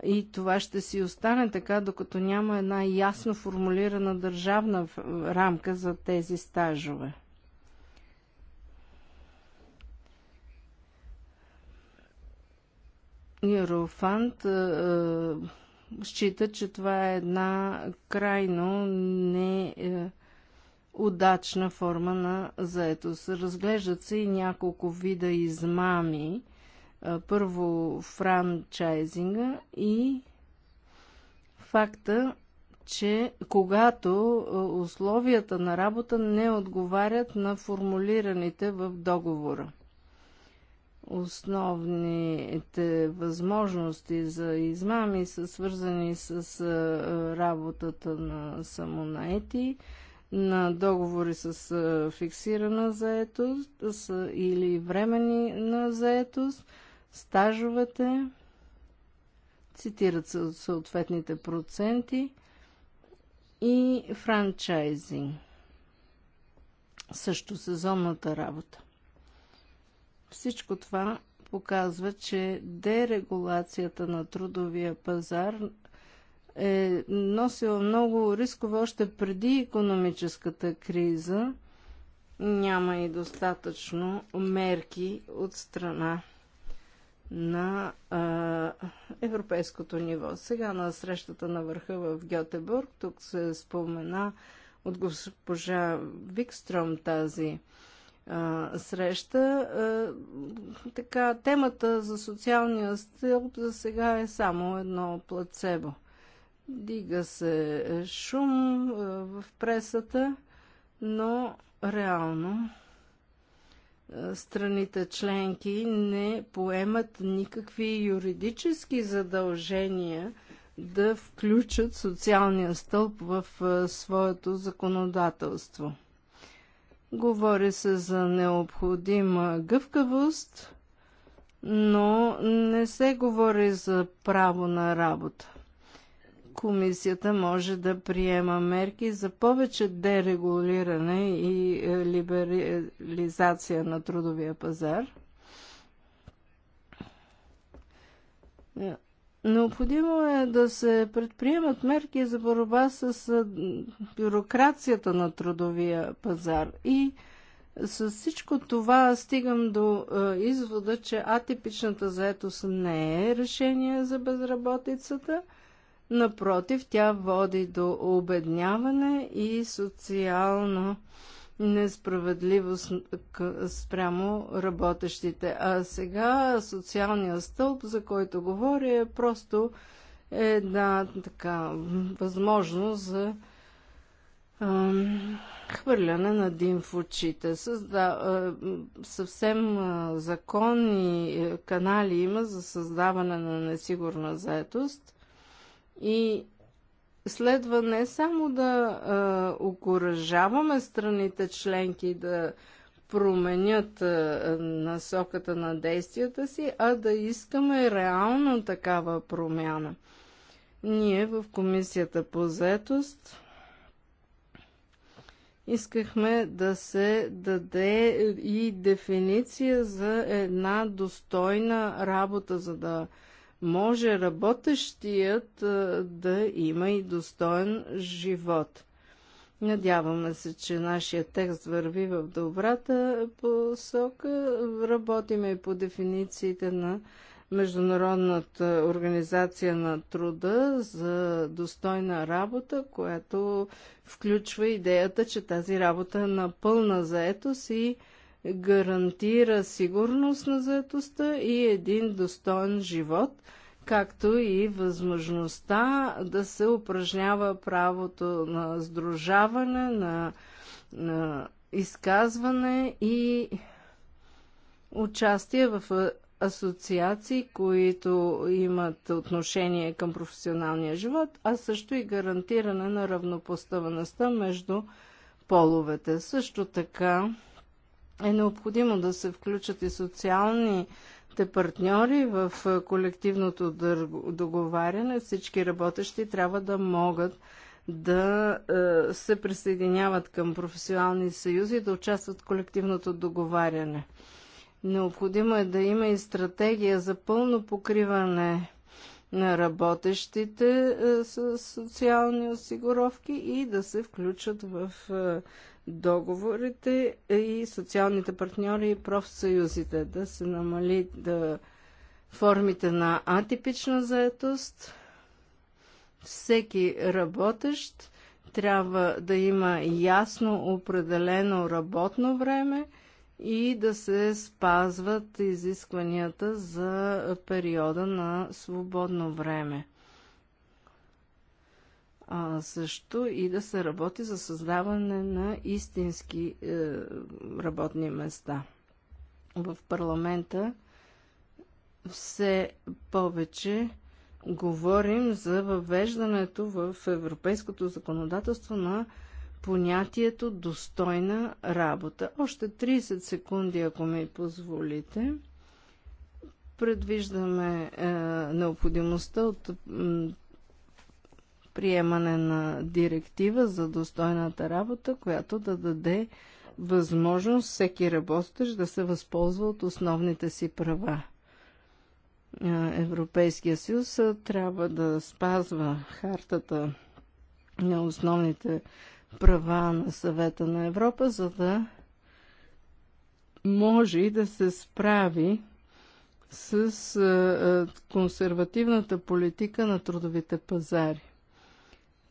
и това ще си остане така, докато няма една ясно формулирана държавна рамка за тези стажове. Ерофант е, счита, че това е една крайно не е, удачна форма на заетост. Разглеждат се и няколко вида измами – първо франчайзинга и факта, че когато условията на работа не отговарят на формулираните в договора. Основните възможности за измами са свързани с работата на самонаети, на договори с фиксирана заетост или времени на заетост – стажовете, цитират се съответните проценти и франчайзинг. Също сезонната работа. Всичко това показва, че дерегулацията на трудовия пазар е носила много рискове още преди економическата криза. Няма и достатъчно мерки от страна на а, европейското ниво. Сега на срещата на върха в Гьотебург, тук се спомена от госпожа Викстром тази а, среща. А, така, темата за социалния стълб за сега е само едно плацебо. Дига се шум а, в пресата, но реално страните членки не поемат никакви юридически задължения да включат социалния стълб в своето законодателство. Говори се за необходима гъвкавост, но не се говори за право на работа комисията може да приема мерки за повече дерегулиране и е, либерализация на трудовия пазар. Е, необходимо е да се предприемат мерки за борба с е, бюрокрацията на трудовия пазар. И с всичко това стигам до извода, че атипичната заетост не е решение за безработицата – Напротив, тя води до обедняване и социална несправедливост спрямо работещите. А сега социалният стълб, за който говоря, е просто една така възможност за хвърляне на дим в очите. Създа... Съвсем законни е, канали има за създаване на несигурна заетост – и следва не само да а, окоръжаваме страните членки да променят а, насоката на действията си, а да искаме реално такава промяна. Ние в Комисията по заетост искахме да се даде и дефиниция за една достойна работа, за да може работещият да има и достоен живот. Надяваме се, че нашия текст върви в добрата посока. Работиме и по дефинициите на Международната организация на труда за достойна работа, която включва идеята, че тази работа е на пълна заетост и гарантира сигурност на заетостта и един достоен живот, както и възможността да се упражнява правото на сдружаване, на, на изказване и участие в асоциации, които имат отношение към професионалния живот, а също и гарантиране на равнопоставеността между половете. Също така е необходимо да се включат и социални социалните партньори в колективното договаряне, всички работещи трябва да могат да се присъединяват към професионални съюзи и да участват в колективното договаряне. Необходимо е да има и стратегия за пълно покриване на работещите с социални осигуровки и да се включат в договорите и социалните партньори и профсъюзите, да се намали да формите на атипична заетост. Всеки работещ трябва да има ясно определено работно време и да се спазват изискванията за периода на свободно време а, също и да се работи за създаване на истински е, работни места. В парламента все повече говорим за въвеждането в европейското законодателство на понятието достойна работа. Още 30 секунди, ако ми позволите. Предвиждаме е, необходимостта от приемане на директива за достойната работа, която да даде възможност всеки работещ да се възползва от основните си права. Европейския съюз трябва да спазва хартата на основните права на съвета на Европа, за да може и да се справи с консервативната политика на трудовите пазари.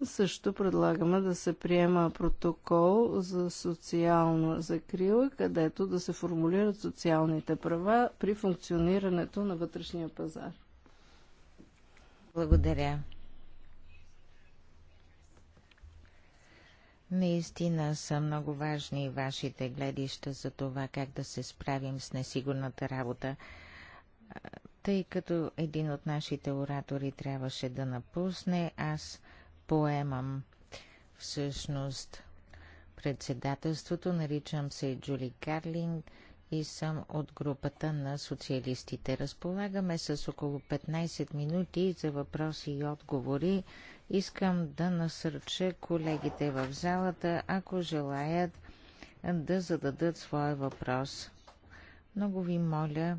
Също предлагаме да се приема протокол за социална закрила, където да се формулират социалните права при функционирането на вътрешния пазар. Благодаря. Наистина са много важни вашите гледища за това как да се справим с несигурната работа. Тъй като един от нашите оратори трябваше да напусне, аз поемам. Всъщност, председателството наричам се Джули Карлин и съм от групата на социалистите. Разполагаме с около 15 минути за въпроси и отговори. Искам да насърча колегите в залата, ако желаят да зададат своя въпрос. Много ви моля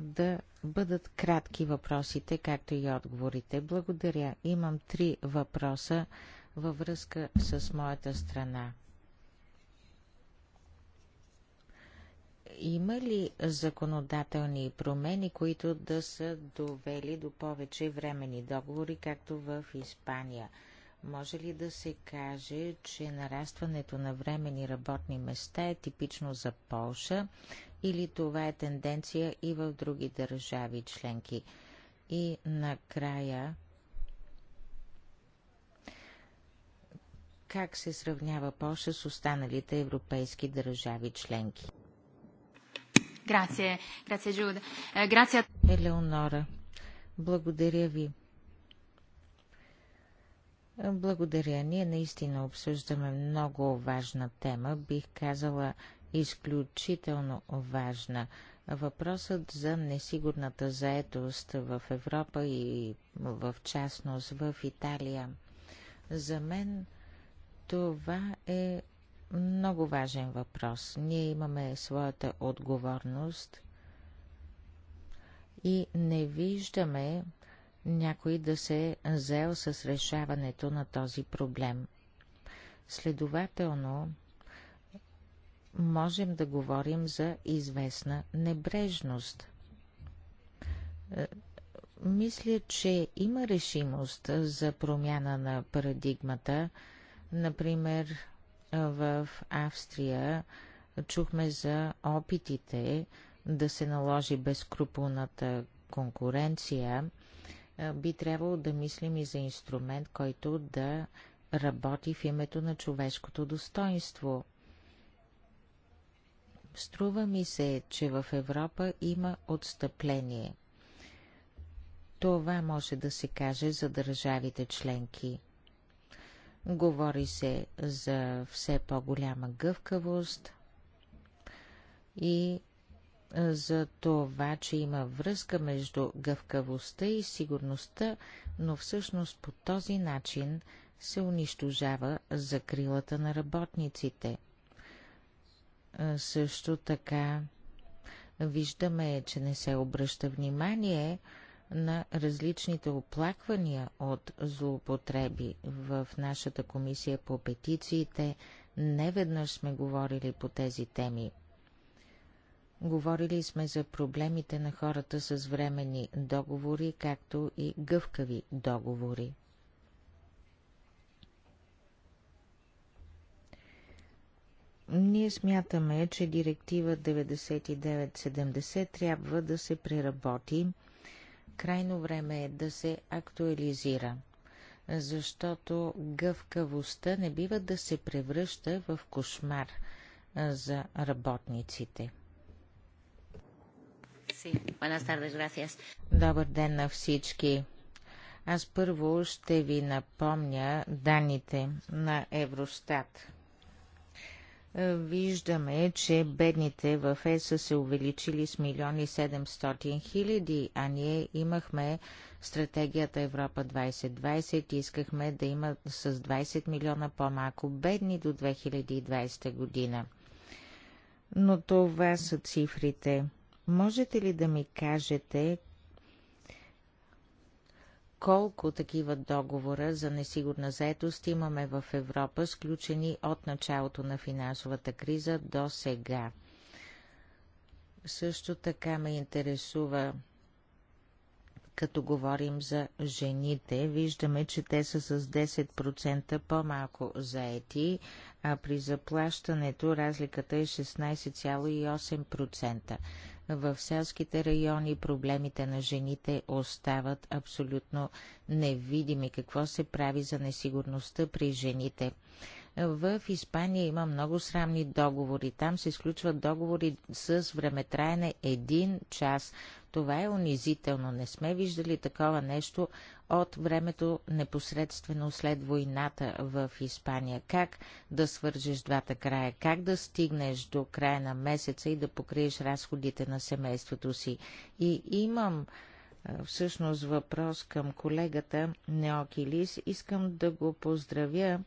да бъдат кратки въпросите, както и отговорите. Благодаря. Имам три въпроса във връзка с моята страна. Има ли законодателни промени, които да са довели до повече времени договори, както в Испания? Може ли да се каже, че нарастването на времени работни места е типично за Полша или това е тенденция и в други държави членки. И накрая, как се сравнява Польша с останалите европейски държави членки? Грация, грация, Джуд. Е, грация... Елеонора, благодаря ви. Благодаря. Ние наистина обсъждаме много важна тема. Бих казала, изключително важна. Въпросът за несигурната заетост в Европа и в частност в Италия. За мен това е много важен въпрос. Ние имаме своята отговорност и не виждаме някой да се взел с решаването на този проблем. Следователно, можем да говорим за известна небрежност. Е, мисля, че има решимост за промяна на парадигмата. Например, в Австрия чухме за опитите да се наложи безкрупулната конкуренция. Е, би трябвало да мислим и за инструмент, който да работи в името на човешкото достоинство – Струва ми се, че в Европа има отстъпление. Това може да се каже за държавите членки. Говори се за все по-голяма гъвкавост и за това, че има връзка между гъвкавостта и сигурността, но всъщност по този начин се унищожава закрилата на работниците. Също така виждаме, че не се обръща внимание на различните оплаквания от злоупотреби в нашата комисия по петициите. Неведнъж сме говорили по тези теми. Говорили сме за проблемите на хората с временни договори, както и гъвкави договори. Ние смятаме, че директива 9970 трябва да се преработи. Крайно време е да се актуализира, защото гъвкавостта не бива да се превръща в кошмар за работниците. Добър ден на всички! Аз първо ще ви напомня данните на Евростат. Е, виждаме, че бедните в ЕС са се увеличили с милиони 700 хиляди, а ние имахме стратегията Европа 2020 и искахме да има с 20 милиона по-малко бедни до 2020 година. Но това са цифрите. Можете ли да ми кажете колко такива договора за несигурна заетост имаме в Европа, сключени от началото на финансовата криза до сега. Също така ме интересува, като говорим за жените, виждаме, че те са с 10% по-малко заети, а при заплащането разликата е 16,8% в селските райони проблемите на жените остават абсолютно невидими. Какво се прави за несигурността при жените? В Испания има много срамни договори. Там се изключват договори с времетраене един час. Това е унизително. Не сме виждали такова нещо от времето непосредствено след войната в Испания. Как да свържеш двата края? Как да стигнеш до края на месеца и да покриеш разходите на семейството си? И имам всъщност въпрос към колегата Неокилис. Искам да го поздравя,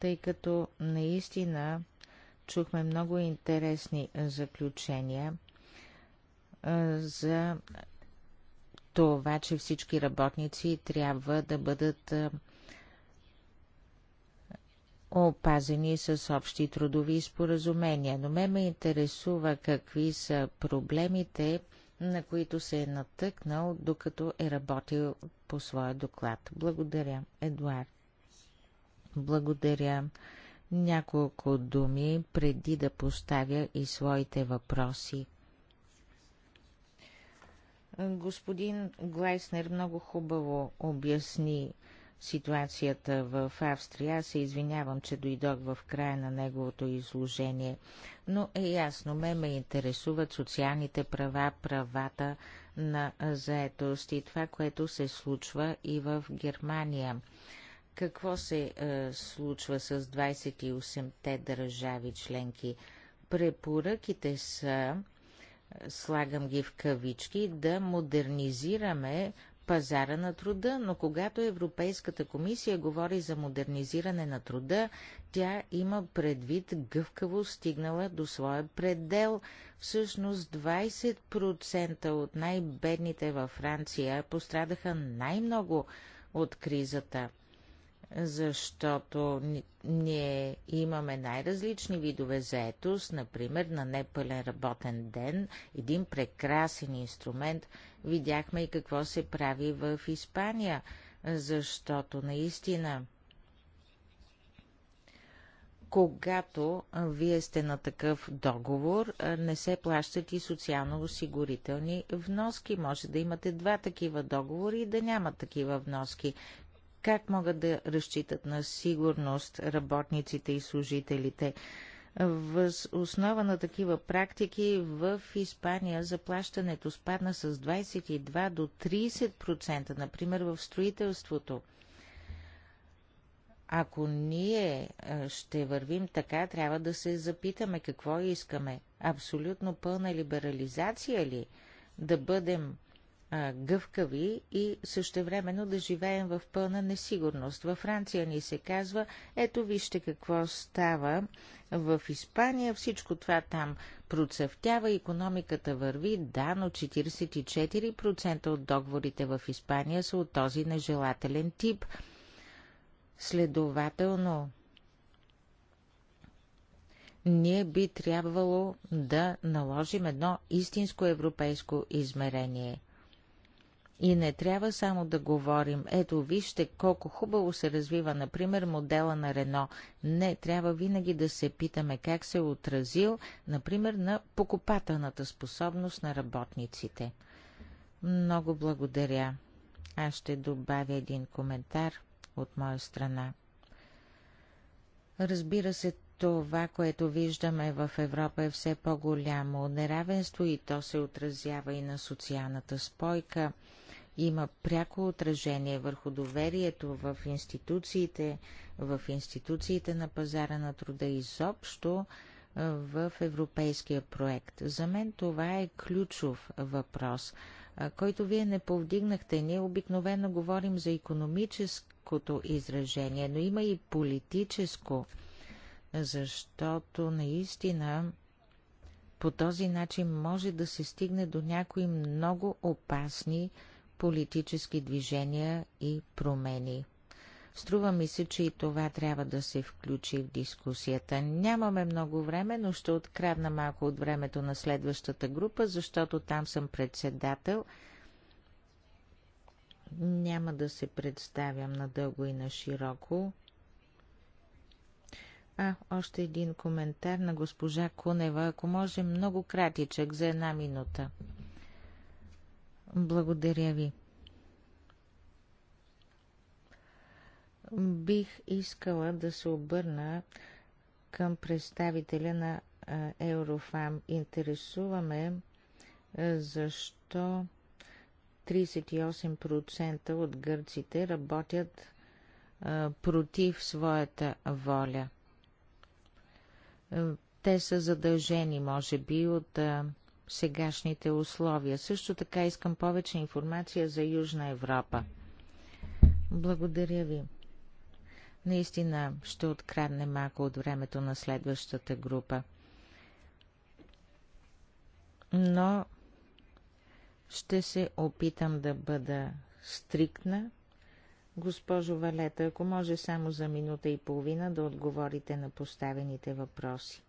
тъй като наистина чухме много интересни заключения за това, че всички работници трябва да бъдат опазени с общи трудови споразумения. Но ме ме интересува какви са проблемите, на които се е натъкнал, докато е работил по своя доклад. Благодаря, Едуард. Благодаря. Няколко думи преди да поставя и своите въпроси. Господин Глайснер много хубаво обясни ситуацията в Австрия. Аз се извинявам, че дойдох в края на неговото изложение, но е ясно, ме ме интересуват социалните права, правата на заетост и това, което се случва и в Германия. Какво се е, случва с 28-те държави членки? Препоръките са слагам ги в кавички, да модернизираме пазара на труда, но когато Европейската комисия говори за модернизиране на труда, тя има предвид гъвкаво стигнала до своя предел. Всъщност 20% от най-бедните във Франция пострадаха най-много от кризата – защото ние имаме най-различни видове заетост, например на непълен работен ден, един прекрасен инструмент. Видяхме и какво се прави в Испания, защото наистина, когато вие сте на такъв договор, не се плащат и социално-осигурителни вноски. Може да имате два такива договори и да няма такива вноски. Как могат да разчитат на сигурност работниците и служителите? Въз основа на такива практики в Испания заплащането спадна с 22 до 30%, например в строителството. Ако ние ще вървим така, трябва да се запитаме какво искаме. Абсолютно пълна либерализация ли? Да бъдем гъвкави и същевременно да живеем в пълна несигурност. Във Франция ни се казва, ето вижте какво става в Испания, всичко това там процъфтява, економиката върви, да, но 44% от договорите в Испания са от този нежелателен тип. Следователно, ние би трябвало да наложим едно истинско европейско измерение – и не трябва само да говорим, ето вижте колко хубаво се развива, например, модела на Рено. Не, трябва винаги да се питаме как се е отразил, например, на покупателната способност на работниците. Много благодаря. Аз ще добавя един коментар от моя страна. Разбира се, това, което виждаме в Европа е все по-голямо неравенство и то се отразява и на социалната спойка – има пряко отражение върху доверието в институциите, в институциите на пазара на труда изобщо в европейския проект. За мен това е ключов въпрос, който вие не повдигнахте. Ние обикновено говорим за економическото изражение, но има и политическо, защото наистина по този начин може да се стигне до някои много опасни политически движения и промени. Струва ми се, че и това трябва да се включи в дискусията. Нямаме много време, но ще открадна малко от времето на следващата група, защото там съм председател. Няма да се представям надълго и на широко. А, още един коментар на госпожа Кунева, ако може много кратичък, за една минута. Благодаря ви. Бих искала да се обърна към представителя на Еврофам. Интересуваме защо 38% от гърците работят против своята воля. Те са задължени, може би, от сегашните условия. Също така искам повече информация за Южна Европа. Благодаря ви. Наистина ще открадне малко от времето на следващата група. Но ще се опитам да бъда стриктна. Госпожо Валета, ако може само за минута и половина да отговорите на поставените въпроси.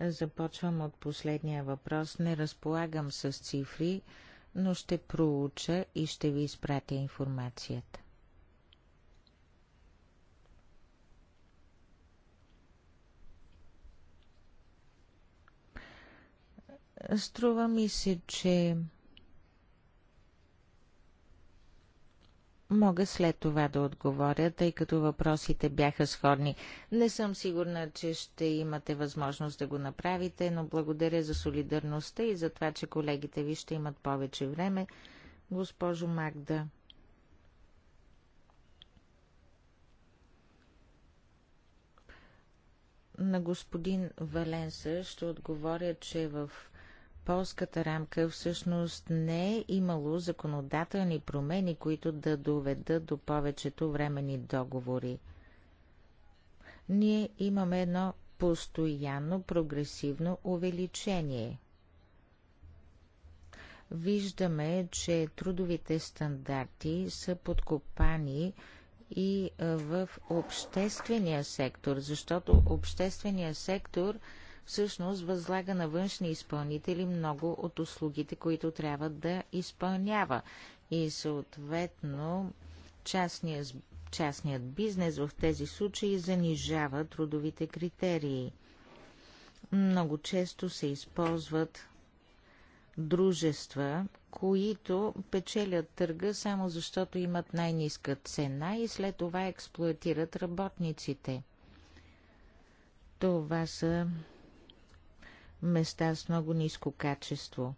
Започвам от последния въпрос. Не разполагам с цифри, но ще проуча и ще ви изпратя информацията. Струва ми се, че Мога след това да отговоря, тъй като въпросите бяха сходни. Не съм сигурна, че ще имате възможност да го направите, но благодаря за солидарността и за това, че колегите ви ще имат повече време. Госпожо Магда. На господин Валенса ще отговоря, че в полската рамка всъщност не е имало законодателни промени, които да доведат до повечето времени договори. Ние имаме едно постоянно прогресивно увеличение. Виждаме, че трудовите стандарти са подкопани и в обществения сектор, защото обществения сектор – всъщност възлага на външни изпълнители много от услугите, които трябва да изпълнява. И съответно частният, частният бизнес в тези случаи занижава трудовите критерии. Много често се използват дружества, които печелят търга само защото имат най-ниска цена и след това експлуатират работниците. Това са места с много ниско качество.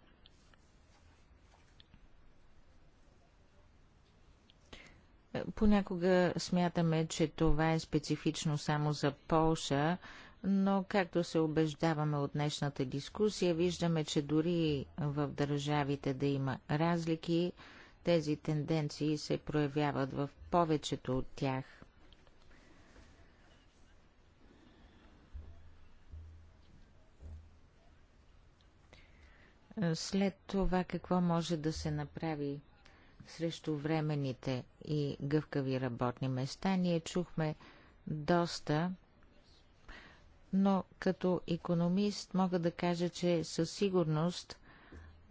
Понякога смятаме, че това е специфично само за Полша, но както се убеждаваме от днешната дискусия, виждаме, че дори в държавите да има разлики, тези тенденции се проявяват в повечето от тях – Е, след това какво може да се направи срещу времените и гъвкави работни места, ние чухме доста, но като економист мога да кажа, че със сигурност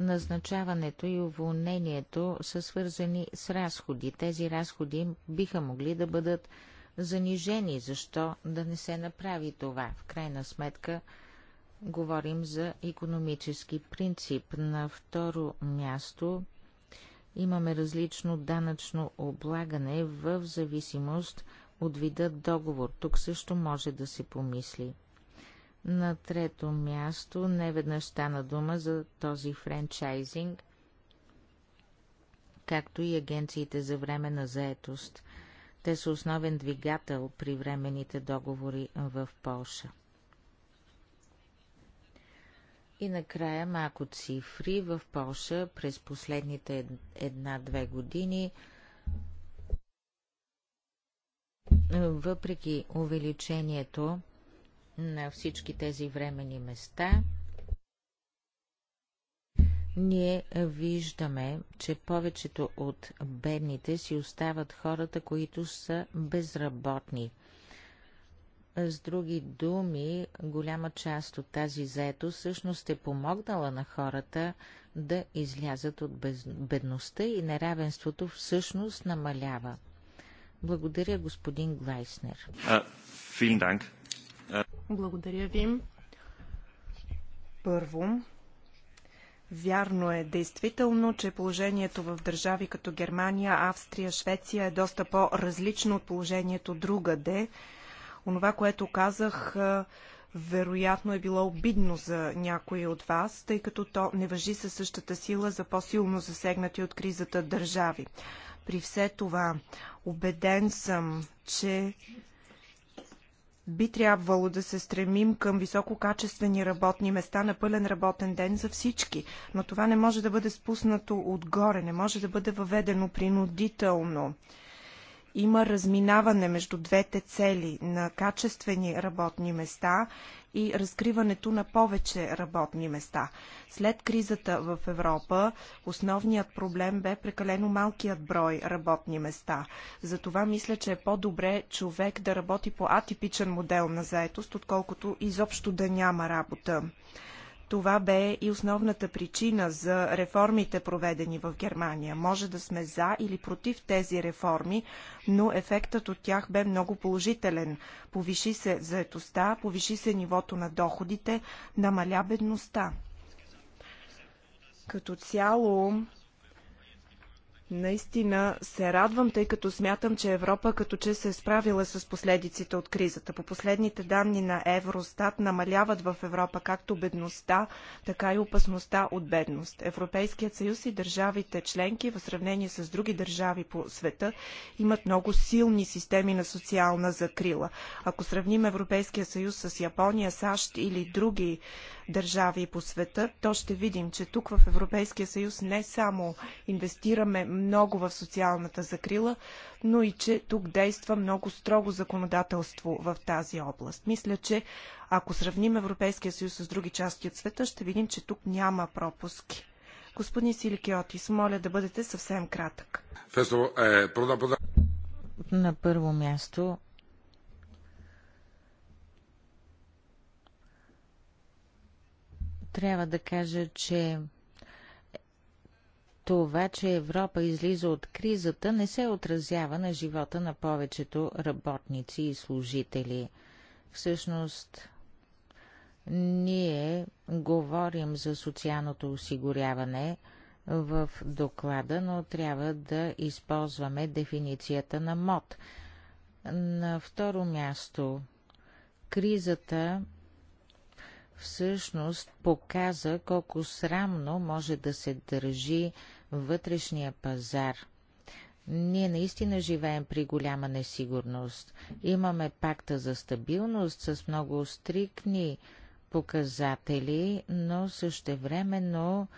назначаването и уволнението са свързани с разходи. Тези разходи биха могли да бъдат занижени. Защо да не се направи това? В крайна сметка – говорим за економически принцип. На второ място имаме различно данъчно облагане в зависимост от вида договор. Тук също може да се помисли. На трето място неведнъж стана дума за този франчайзинг, както и агенциите за време на заетост. Те са основен двигател при времените договори в Польша. И накрая малко цифри в Польша през последните една-две години. Въпреки увеличението на всички тези времени места, ние виждаме, че повечето от бедните си остават хората, които са безработни – с други думи, голяма част от тази заето всъщност е помогнала на хората да излязат от бедността и неравенството всъщност намалява. Благодаря, господин Глайснер. Благодаря ви. Първо, Вярно е, действително, че положението в държави като Германия, Австрия, Швеция е доста по-различно от положението другаде. Онова, което казах, вероятно е било обидно за някои от вас, тъй като то не въжи със същата сила за по-силно засегнати от кризата държави. При все това, убеден съм, че би трябвало да се стремим към висококачествени работни места на пълен работен ден за всички, но това не може да бъде спуснато отгоре, не може да бъде въведено принудително има разминаване между двете цели на качествени работни места и разкриването на повече работни места. След кризата в Европа основният проблем бе прекалено малкият брой работни места. Затова мисля, че е по-добре човек да работи по атипичен модел на заетост, отколкото изобщо да няма работа. Това бе и основната причина за реформите, проведени в Германия. Може да сме за или против тези реформи, но ефектът от тях бе много положителен. Повиши се заетостта, повиши се нивото на доходите, намаля бедността. Като цяло, Наистина се радвам, тъй като смятам, че Европа като че се е справила с последиците от кризата. По последните данни на Евростат намаляват в Европа както бедността, така и опасността от бедност. Европейският съюз и държавите членки в сравнение с други държави по света имат много силни системи на социална закрила. Ако сравним Европейския съюз с Япония, САЩ или други държави по света, то ще видим, че тук в Европейския съюз не само инвестираме много в социалната закрила, но и че тук действа много строго законодателство в тази област. Мисля, че ако сравним Европейския съюз с други части от света, ще видим, че тук няма пропуски. Господин Силикиотис, моля да бъдете съвсем кратък. Е, На първо място трябва да кажа, че това, че Европа излиза от кризата, не се отразява на живота на повечето работници и служители. Всъщност, ние говорим за социалното осигуряване в доклада, но трябва да използваме дефиницията на МОД. На второ място, кризата всъщност показа колко срамно може да се държи вътрешния пазар. Ние наистина живеем при голяма несигурност. Имаме пакта за стабилност с много стрикни показатели, но същевременно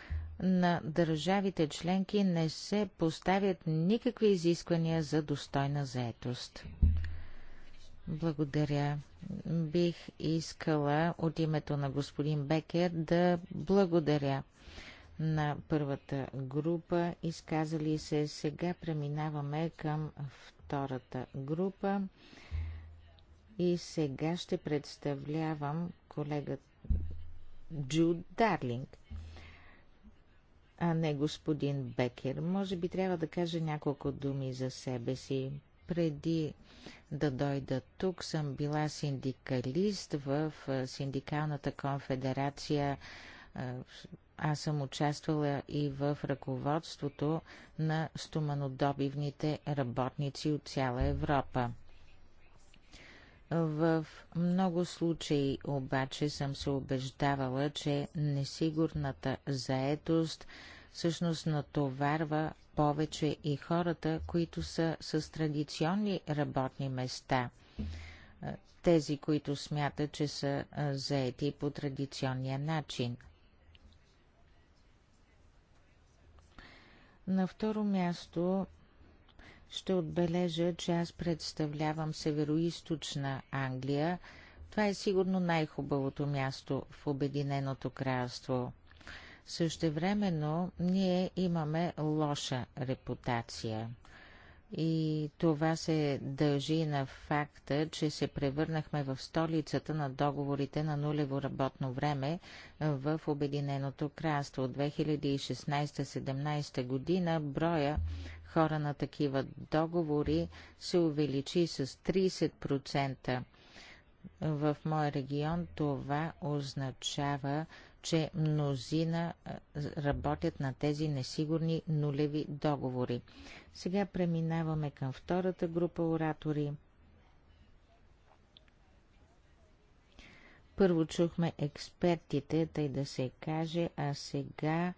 на държавите членки не се поставят никакви изисквания за достойна заетост. Благодаря. Бих искала от името на господин Бекер да благодаря на първата група. Изказали се сега преминаваме към втората група. И сега ще представлявам колега Джуд Дарлинг, а не господин Бекер. Може би трябва да кажа няколко думи за себе си. Преди да дойда тук съм била синдикалист в Синдикалната конфедерация. Аз съм участвала и в ръководството на стоманодобивните работници от цяла Европа. В много случаи обаче съм се убеждавала, че несигурната заетост – всъщност натоварва повече и хората, които са с традиционни работни места. Тези, които смятат, че са заети по традиционния начин. На второ място ще отбележа, че аз представлявам Североизточна Англия. Това е сигурно най-хубавото място в Обединеното кралство – Същевременно ние имаме лоша репутация. И това се дължи на факта, че се превърнахме в столицата на договорите на нулево работно време в Обединеното кралство. От 2016-17 година броя хора на такива договори се увеличи с 30%. В моя регион това означава, че мнозина работят на тези несигурни нулеви договори. Сега преминаваме към втората група оратори. Първо чухме експертите, тъй да се каже, а сега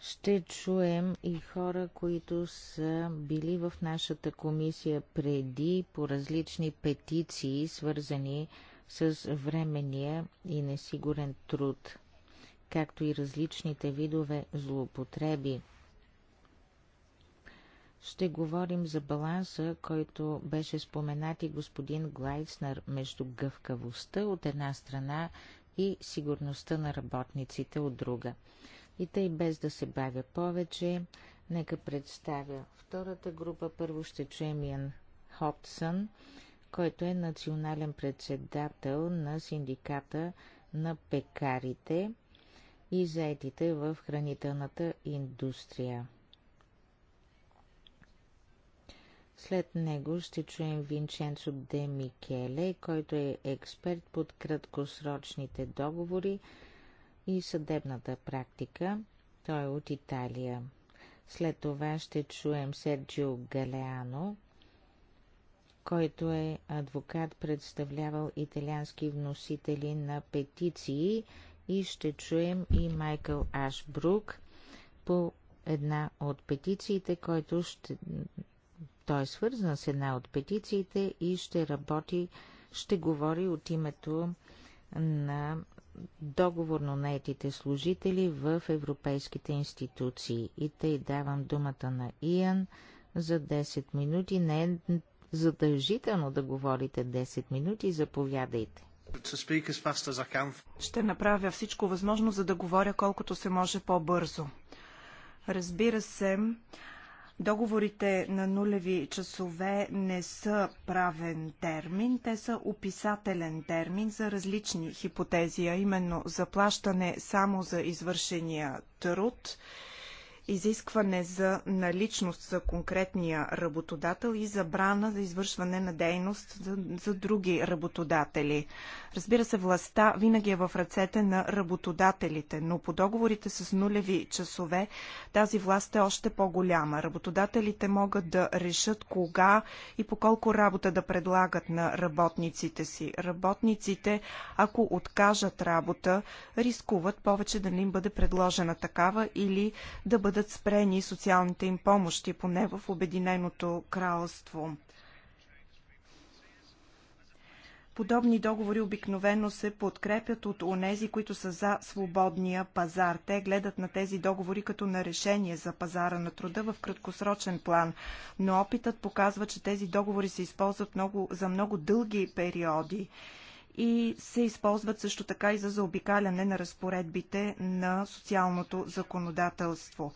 ще чуем и хора, които са били в нашата комисия преди по различни петиции, свързани с с времения и несигурен труд, както и различните видове злоупотреби. Ще говорим за баланса, който беше споменат и господин Глайцнер между гъвкавостта от една страна и сигурността на работниците от друга. И тъй без да се бавя повече, нека представя втората група. Първо ще чуем Ян Хобсън, който е национален председател на синдиката на пекарите и заетите в хранителната индустрия. След него ще чуем Винченцо Де Микеле, който е експерт под краткосрочните договори и съдебната практика. Той е от Италия. След това ще чуем Серджио Галеано, който е адвокат, представлявал италиански вносители на петиции и ще чуем и Майкъл Ашбрук по една от петициите, който ще... Той е свързан с една от петициите и ще работи, ще говори от името на договорно наетите служители в европейските институции. И тъй давам думата на Иан за 10 минути. Не е задължително да говорите 10 минути. Заповядайте. Ще направя всичко възможно, за да говоря колкото се може по-бързо. Разбира се, Договорите на нулеви часове не са правен термин, те са описателен термин за различни хипотези, а именно заплащане само за извършения труд, изискване за наличност за конкретния работодател и забрана за извършване на дейност за, за други работодатели. Разбира се, властта винаги е в ръцете на работодателите, но по договорите с нулеви часове тази власт е още по-голяма. Работодателите могат да решат кога и по колко работа да предлагат на работниците си. Работниците, ако откажат работа, рискуват повече да не им бъде предложена такава или да бъде бъдат спрени социалните им помощи, поне в Обединеното кралство. Подобни договори обикновено се подкрепят от онези, които са за свободния пазар. Те гледат на тези договори като на решение за пазара на труда в краткосрочен план. Но опитът показва, че тези договори се използват много, за много дълги периоди и се използват също така и за заобикаляне на разпоредбите на социалното законодателство.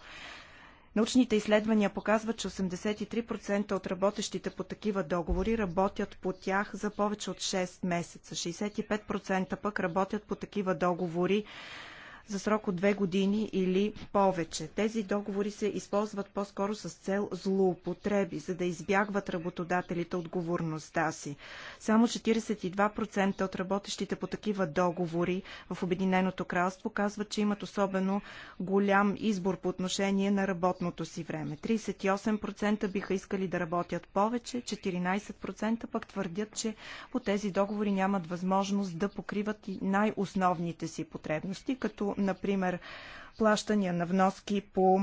Научните изследвания показват, че 83% от работещите по такива договори работят по тях за повече от 6 месеца. 65% пък работят по такива договори за срок от две години или повече. Тези договори се използват по-скоро с цел злоупотреби, за да избягват работодателите отговорността си. Само 42% от работещите по такива договори в Обединеното кралство казват, че имат особено голям избор по отношение на работното си време. 38% биха искали да работят повече, 14% пък твърдят, че по тези договори нямат възможност да покриват и най-основните си потребности, като например плащания на вноски по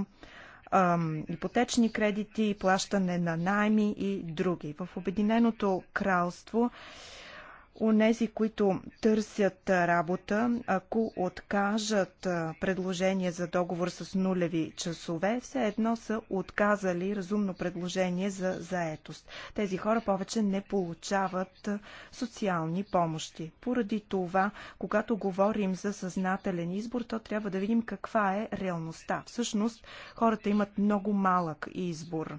ам, ипотечни кредити, плащане на найми и други. В Обединеното кралство Онези, които търсят работа, ако откажат предложение за договор с нулеви часове, все едно са отказали разумно предложение за заетост. Тези хора повече не получават социални помощи. Поради това, когато говорим за съзнателен избор, то трябва да видим каква е реалността. Всъщност, хората имат много малък избор.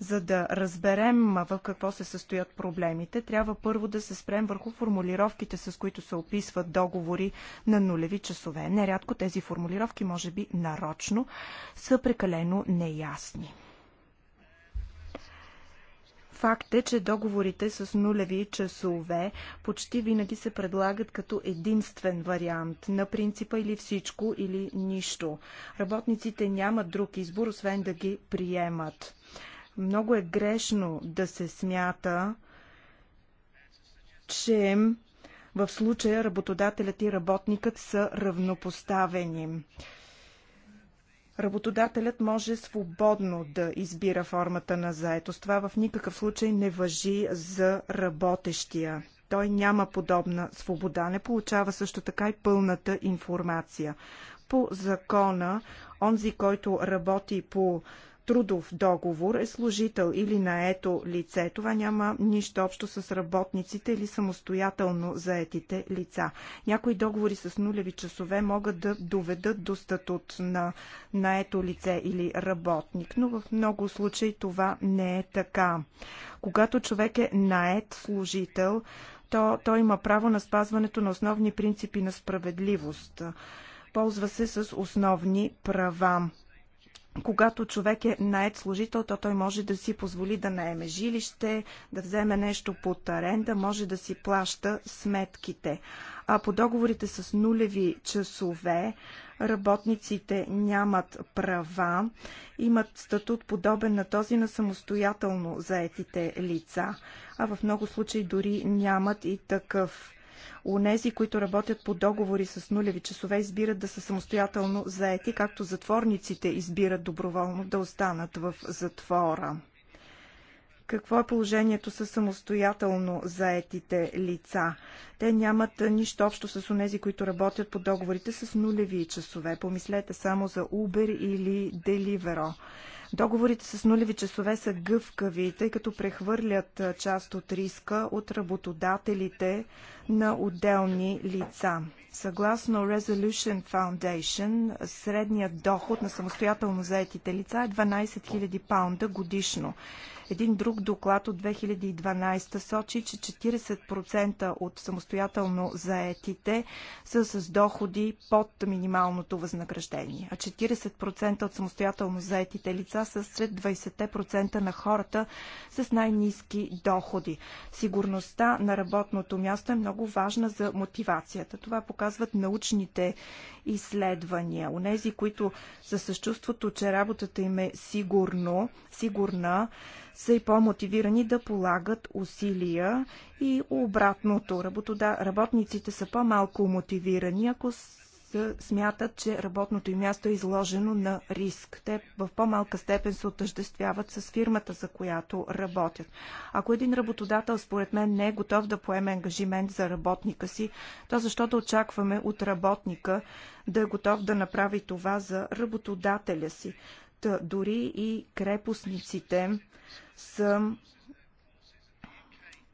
За да разберем в какво се състоят проблемите, трябва първо да се спрем върху формулировките, с които се описват договори на нулеви часове. Нерядко тези формулировки, може би нарочно, са прекалено неясни. Факт е, че договорите с нулеви часове почти винаги се предлагат като единствен вариант на принципа или всичко или нищо. Работниците нямат друг избор, освен да ги приемат. Много е грешно да се смята, че в случая работодателят и работникът са равнопоставени. Работодателят може свободно да избира формата на заетост. Това в никакъв случай не въжи за работещия. Той няма подобна свобода, не получава също така и пълната информация. По закона, онзи, който работи по трудов договор е служител или наето лице. Това няма нищо общо с работниците или самостоятелно заетите лица. Някои договори с нулеви часове могат да доведат до статут на наето лице или работник, но в много случаи това не е така. Когато човек е наед служител, то той има право на спазването на основни принципи на справедливост. Ползва се с основни права когато човек е наед служител, то той може да си позволи да наеме жилище, да вземе нещо под аренда, може да си плаща сметките. А по договорите с нулеви часове работниците нямат права, имат статут подобен на този на самостоятелно заетите лица, а в много случаи дори нямат и такъв. Унези, които работят по договори с нулеви часове, избират да са самостоятелно заети, както затворниците избират доброволно да останат в затвора. Какво е положението с самостоятелно заетите лица? Те нямат нищо общо с онези, които работят по договорите с нулеви часове. Помислете само за Uber или Deliveroo. Договорите с нулеви часове са гъвкави, тъй като прехвърлят част от риска от работодателите на отделни лица. Съгласно Resolution Foundation, средният доход на самостоятелно заетите лица е 12 000 паунда годишно. Един друг доклад от 2012 сочи, че 40% от самостоятелно самостоятелно заетите са с доходи под минималното възнаграждение, а 40% от самостоятелно заетите лица са сред 20% на хората с най-низки доходи. Сигурността на работното място е много важна за мотивацията. Това показват научните изследвания. Онези, които са с чувството, че работата им е сигурно, сигурна, са и по-мотивирани да полагат усилия и обратното. Работниците са по-малко мотивирани, ако смятат, че работното им място е изложено на риск. Те в по-малка степен се отъждествяват с фирмата, за която работят. Ако един работодател, според мен, не е готов да поеме ангажимент за работника си, то защо да очакваме от работника да е готов да направи това за работодателя си? Та дори и крепостниците са,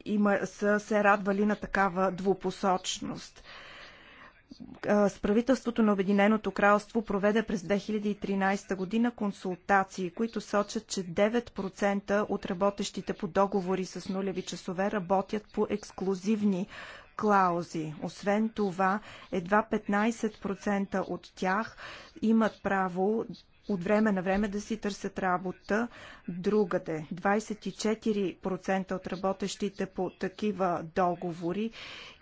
има, са се радвали на такава двупосочност с правителството на Обединеното кралство проведе през 2013 година консултации, които сочат, че 9% от работещите по договори с нулеви часове работят по ексклюзивни клаузи. Освен това, едва 15% от тях имат право от време на време да си търсят работа другаде. 24% от работещите по такива договори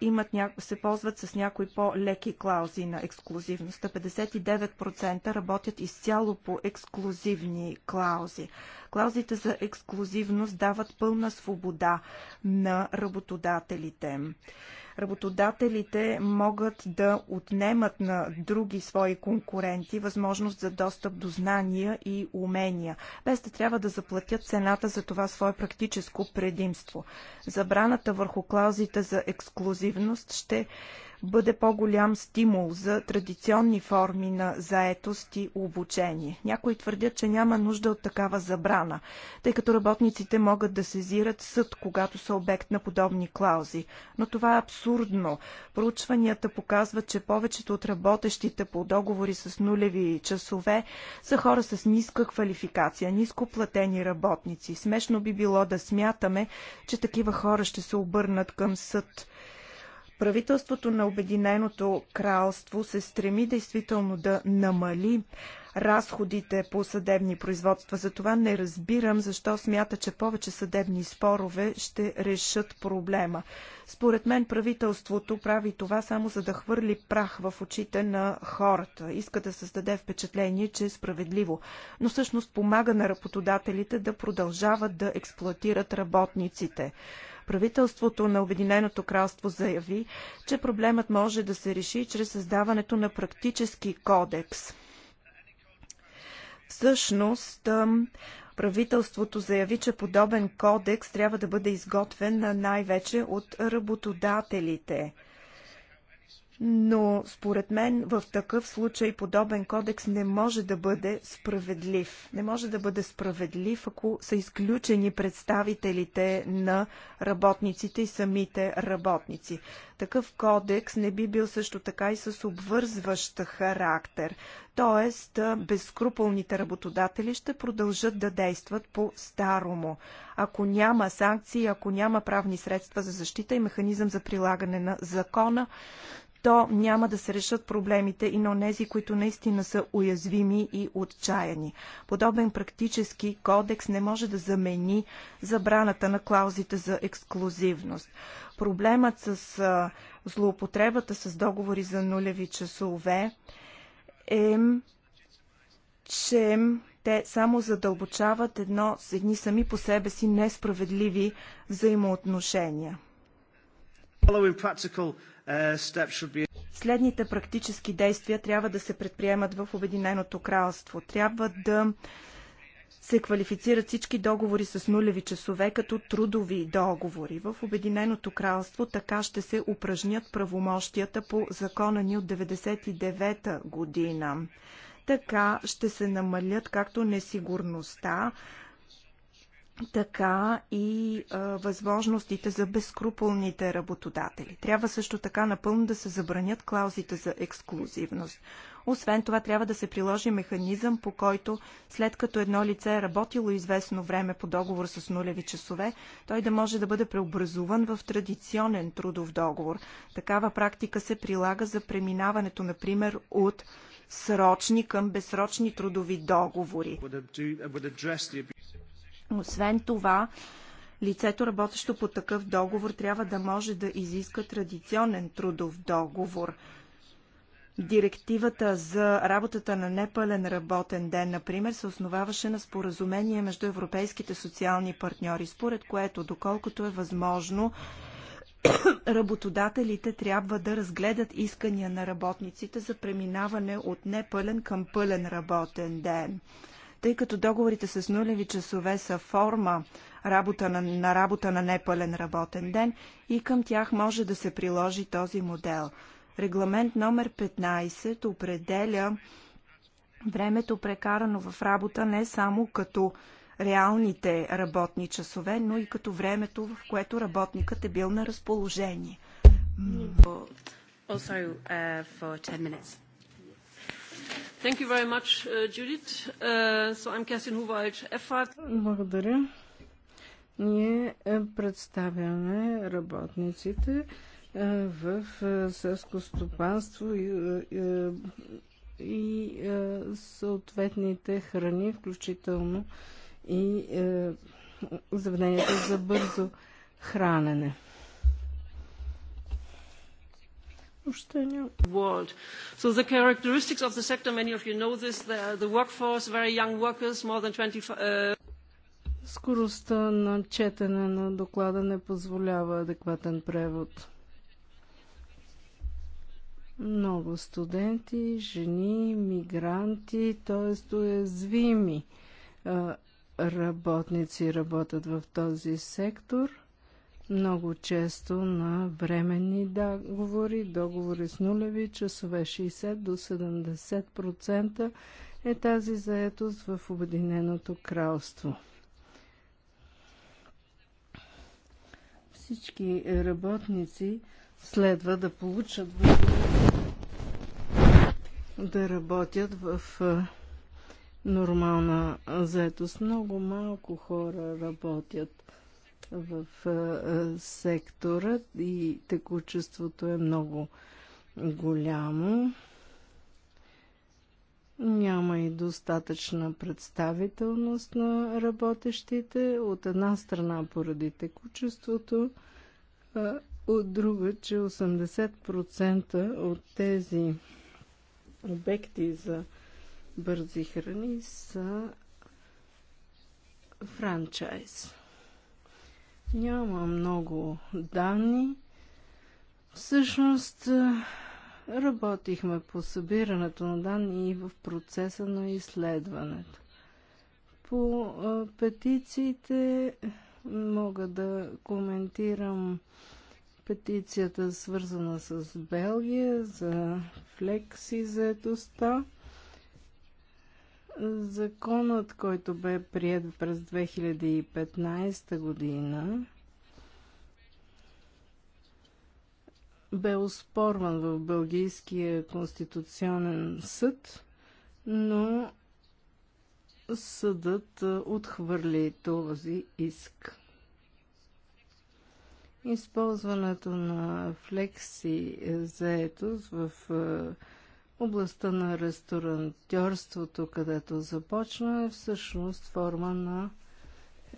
имат ня... се ползват с някои по-леки клаузи на ексклюзивността. 59% работят изцяло по ексклюзивни клаузи. Клаузите за ексклюзивност дават пълна свобода на работодателите работодателите могат да отнемат на други свои конкуренти възможност за достъп до знания и умения, без да трябва да заплатят цената за това свое практическо предимство. Забраната върху клаузите за ексклюзивност ще бъде по-голям стимул за традиционни форми на заетост и обучение. Някои твърдят, че няма нужда от такава забрана, тъй като работниците могат да сезират съд, когато са обект на подобни клаузи. Но това е абсурдно. Проучванията показват, че повечето от работещите по договори с нулеви часове са хора с ниска квалификация, ниско платени работници. Смешно би било да смятаме, че такива хора ще се обърнат към съд. Правителството на Обединеното кралство се стреми действително да намали разходите по съдебни производства. Затова не разбирам защо смята, че повече съдебни спорове ще решат проблема. Според мен правителството прави това само за да хвърли прах в очите на хората. Иска да създаде впечатление, че е справедливо. Но всъщност помага на работодателите да продължават да експлуатират работниците. Правителството на Обединеното кралство заяви, че проблемът може да се реши чрез създаването на практически кодекс. Всъщност, правителството заяви, че подобен кодекс трябва да бъде изготвен най-вече от работодателите – но според мен в такъв случай подобен кодекс не може да бъде справедлив. Не може да бъде справедлив, ако са изключени представителите на работниците и самите работници. Такъв кодекс не би бил също така и с обвързващ характер. Тоест, безкруполните работодатели ще продължат да действат по старому. Ако няма санкции, ако няма правни средства за защита и механизъм за прилагане на закона, то няма да се решат проблемите и на онези, които наистина са уязвими и отчаяни. Подобен практически кодекс не може да замени забраната на клаузите за ексклюзивност. Проблемът с злоупотребата с договори за нулеви часове е, че те само задълбочават едно с едни сами по себе си несправедливи взаимоотношения. Следните практически действия трябва да се предприемат в Обединеното кралство. Трябва да се квалифицират всички договори с нулеви часове като трудови договори. В Обединеното кралство така ще се упражнят правомощията по закона ни от 1999 година. Така ще се намалят както несигурността, така и а, възможностите за безкруполните работодатели. Трябва също така напълно да се забранят клаузите за ексклюзивност. Освен това, трябва да се приложи механизъм, по който след като едно лице е работило известно време по договор с нулеви часове, той да може да бъде преобразуван в традиционен трудов договор. Такава практика се прилага за преминаването, например, от срочни към безсрочни трудови договори. Освен това, лицето работещо по такъв договор трябва да може да изиска традиционен трудов договор. Директивата за работата на непълен работен ден, например, се основаваше на споразумение между европейските социални партньори, според което, доколкото е възможно, работодателите трябва да разгледат искания на работниците за преминаване от непълен към пълен работен ден. Тъй като договорите с нулеви часове са форма работа на, на работа на непълен работен ден и към тях може да се приложи този модел. Регламент номер 15 определя времето прекарано в работа не само като реалните работни часове, но и като времето, в което работникът е бил на разположение. Also, uh, for 10 minutes. Thank you very much, uh, Judith. Uh, so I'm Kerstin Huwald Благодаря. Ние е, представяме работниците е, в е, селско стопанство и, и, и съответните храни, включително и заведенията за бързо хранене. World. So the characteristics of the sector, many of you know this, the, the workforce, very young workers, more than 20... Uh... Скоростта на четене на доклада не позволява адекватен превод. Много студенти, жени, мигранти, т.е. уязвими работници работят в този сектор – много често на временни договори, договори с нулеви часове 60 до 70% е тази заетост в Обединеното кралство. Всички работници следва да получат да работят в нормална заетост. Много малко хора работят в сектора и текучеството е много голямо. Няма и достатъчна представителност на работещите. От една страна поради текучеството, а от друга, че 80% от тези обекти за бързи храни са франчайз. Няма много данни. Всъщност е, работихме по събирането на данни и в процеса на изследването. По е, петициите мога да коментирам петицията свързана с Белгия за флекси заетостта. Законът, който бе прият през 2015 година, бе оспорван в Бългийския конституционен съд, но съдът отхвърли този иск. Използването на флекси е, заетост в областта на ресторантьорството, където започна, е всъщност форма на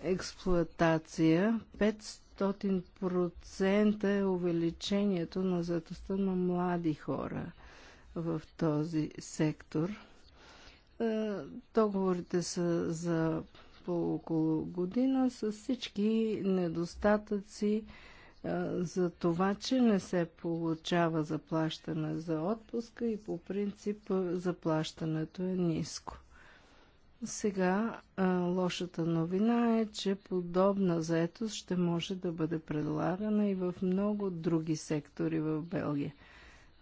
експлуатация. 500% е увеличението на заетостта на млади хора в този сектор. Е, договорите са за по около година с всички недостатъци, за това, че не се получава заплащане за отпуска и по принцип заплащането е ниско. Сега лошата новина е, че подобна заетост ще може да бъде предлагана и в много други сектори в Белгия.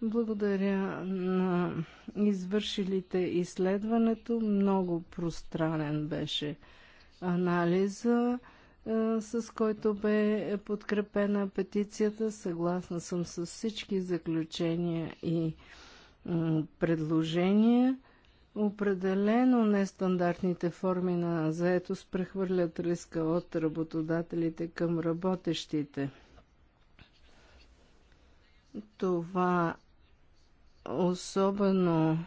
Благодаря на извършилите изследването. Много пространен беше анализа с който бе подкрепена петицията. Съгласна съм с всички заключения и предложения. Определено нестандартните форми на заетост прехвърлят риска от работодателите към работещите. Това особено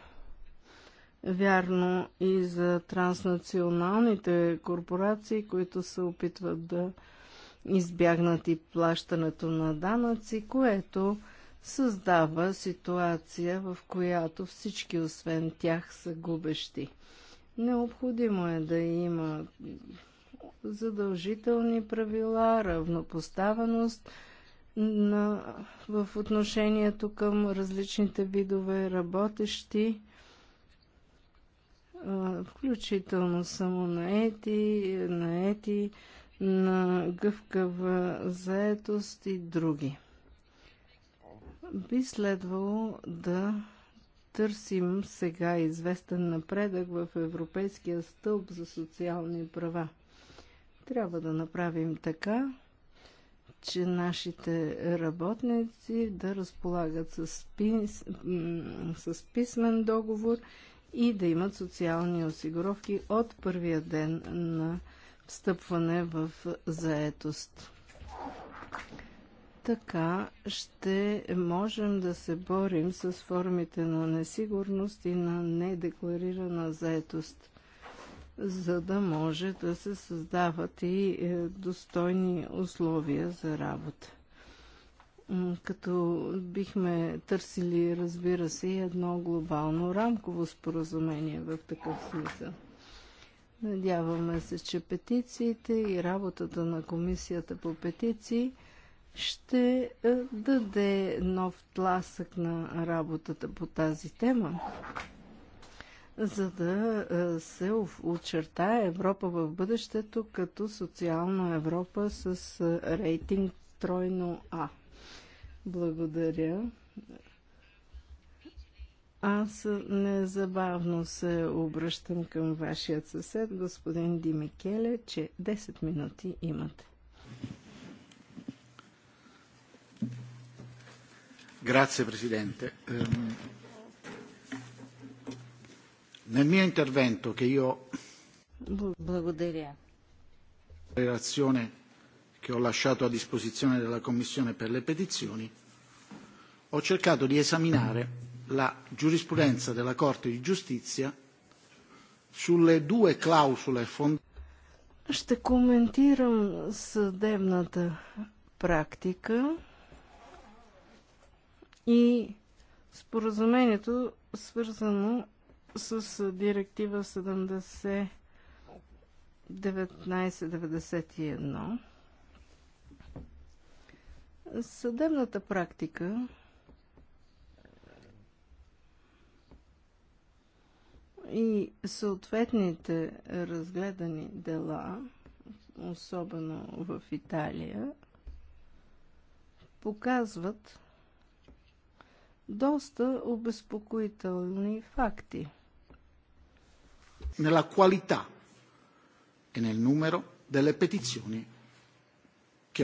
вярно и за транснационалните корпорации, които се опитват да избягнат и плащането на данъци, което създава ситуация, в която всички освен тях са губещи. Необходимо е да има задължителни правила, равнопоставеност на, в отношението към различните видове работещи включително на наети, на гъвкава заетост и други. Би следвало да търсим сега известен напредък в Европейския стълб за социални права. Трябва да направим така, че нашите работници да разполагат с, пис... с писмен договор – и да имат социални осигуровки от първия ден на встъпване в заетост. Така ще можем да се борим с формите на несигурност и на недекларирана заетост, за да може да се създават и е, достойни условия за работа като бихме търсили, разбира се, едно глобално рамково споразумение в такъв смисъл. Надяваме се, че петициите и работата на комисията по петиции ще е, даде нов тласък на работата по тази тема, за да е, се очертае Европа в бъдещето като социална Европа с е, рейтинг тройно А. Благодаря. Аз незабавно се обръщам към вашия съсед, господин Димикеле, че 10 минути имате. Grazie Presidente. Nel mio intervento che io... Благодаря. Relazione che ho lasciato a disposizione della Commissione per le petizioni, ho cercato di esaminare la giurisprudenza della Corte di giustizia sulle due clausole fondamentali. Ще коментирам съдебната практика и споразумението, свързано с директива 70 1991 съдебната практика и съответните разгледани дела, особено в Италия, показват доста обезпокоителни факти. Нела квалита e nel numero delle petizioni che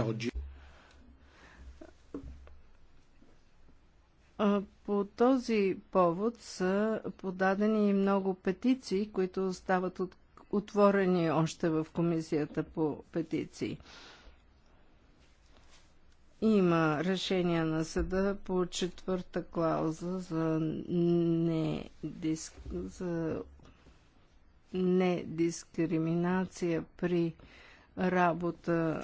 По този повод са подадени и много петиции, които остават от, отворени още в комисията по петиции. Има решение на съда по четвърта клауза за, не диск, за недискриминация при работа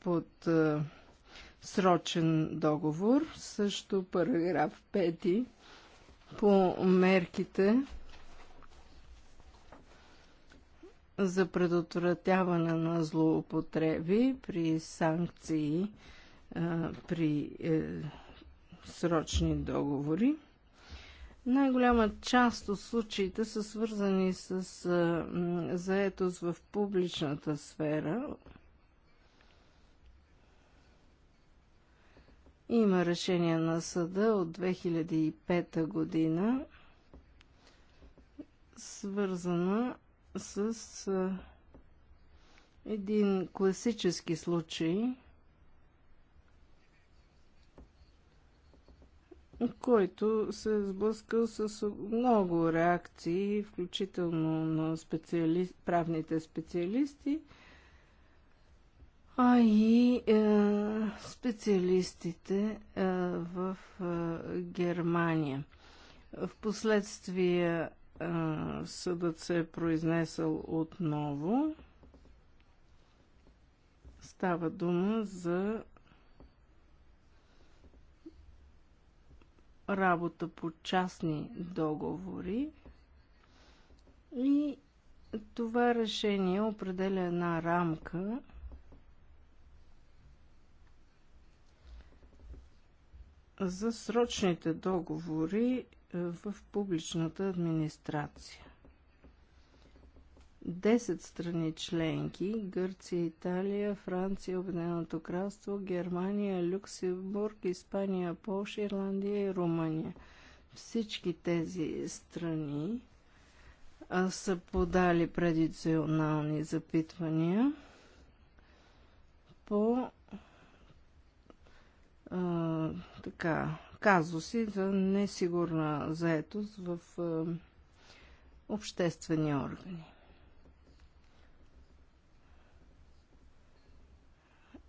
под срочен договор, също параграф 5 по мерките за предотвратяване на злоупотреби при санкции при е, срочни договори. Най-голяма част от случаите са свързани с заетост в публичната сфера, Има решение на съда от 2005 година, свързана с един класически случай, който се е сблъскал с много реакции, включително на специали... правните специалисти – а и е, специалистите е, в е, Германия. Впоследствие е, съдът се е произнесъл отново. Става дума за работа по частни договори и това решение определя една рамка – за срочните договори е, в публичната администрация. Десет страни членки Гърция, Италия, Франция, Обединеното кралство, Германия, Люксембург, Испания, Полша, Ирландия и Румъния. Всички тези страни са подали предиционални запитвания по така, казуси за несигурна заетост в а, обществени органи.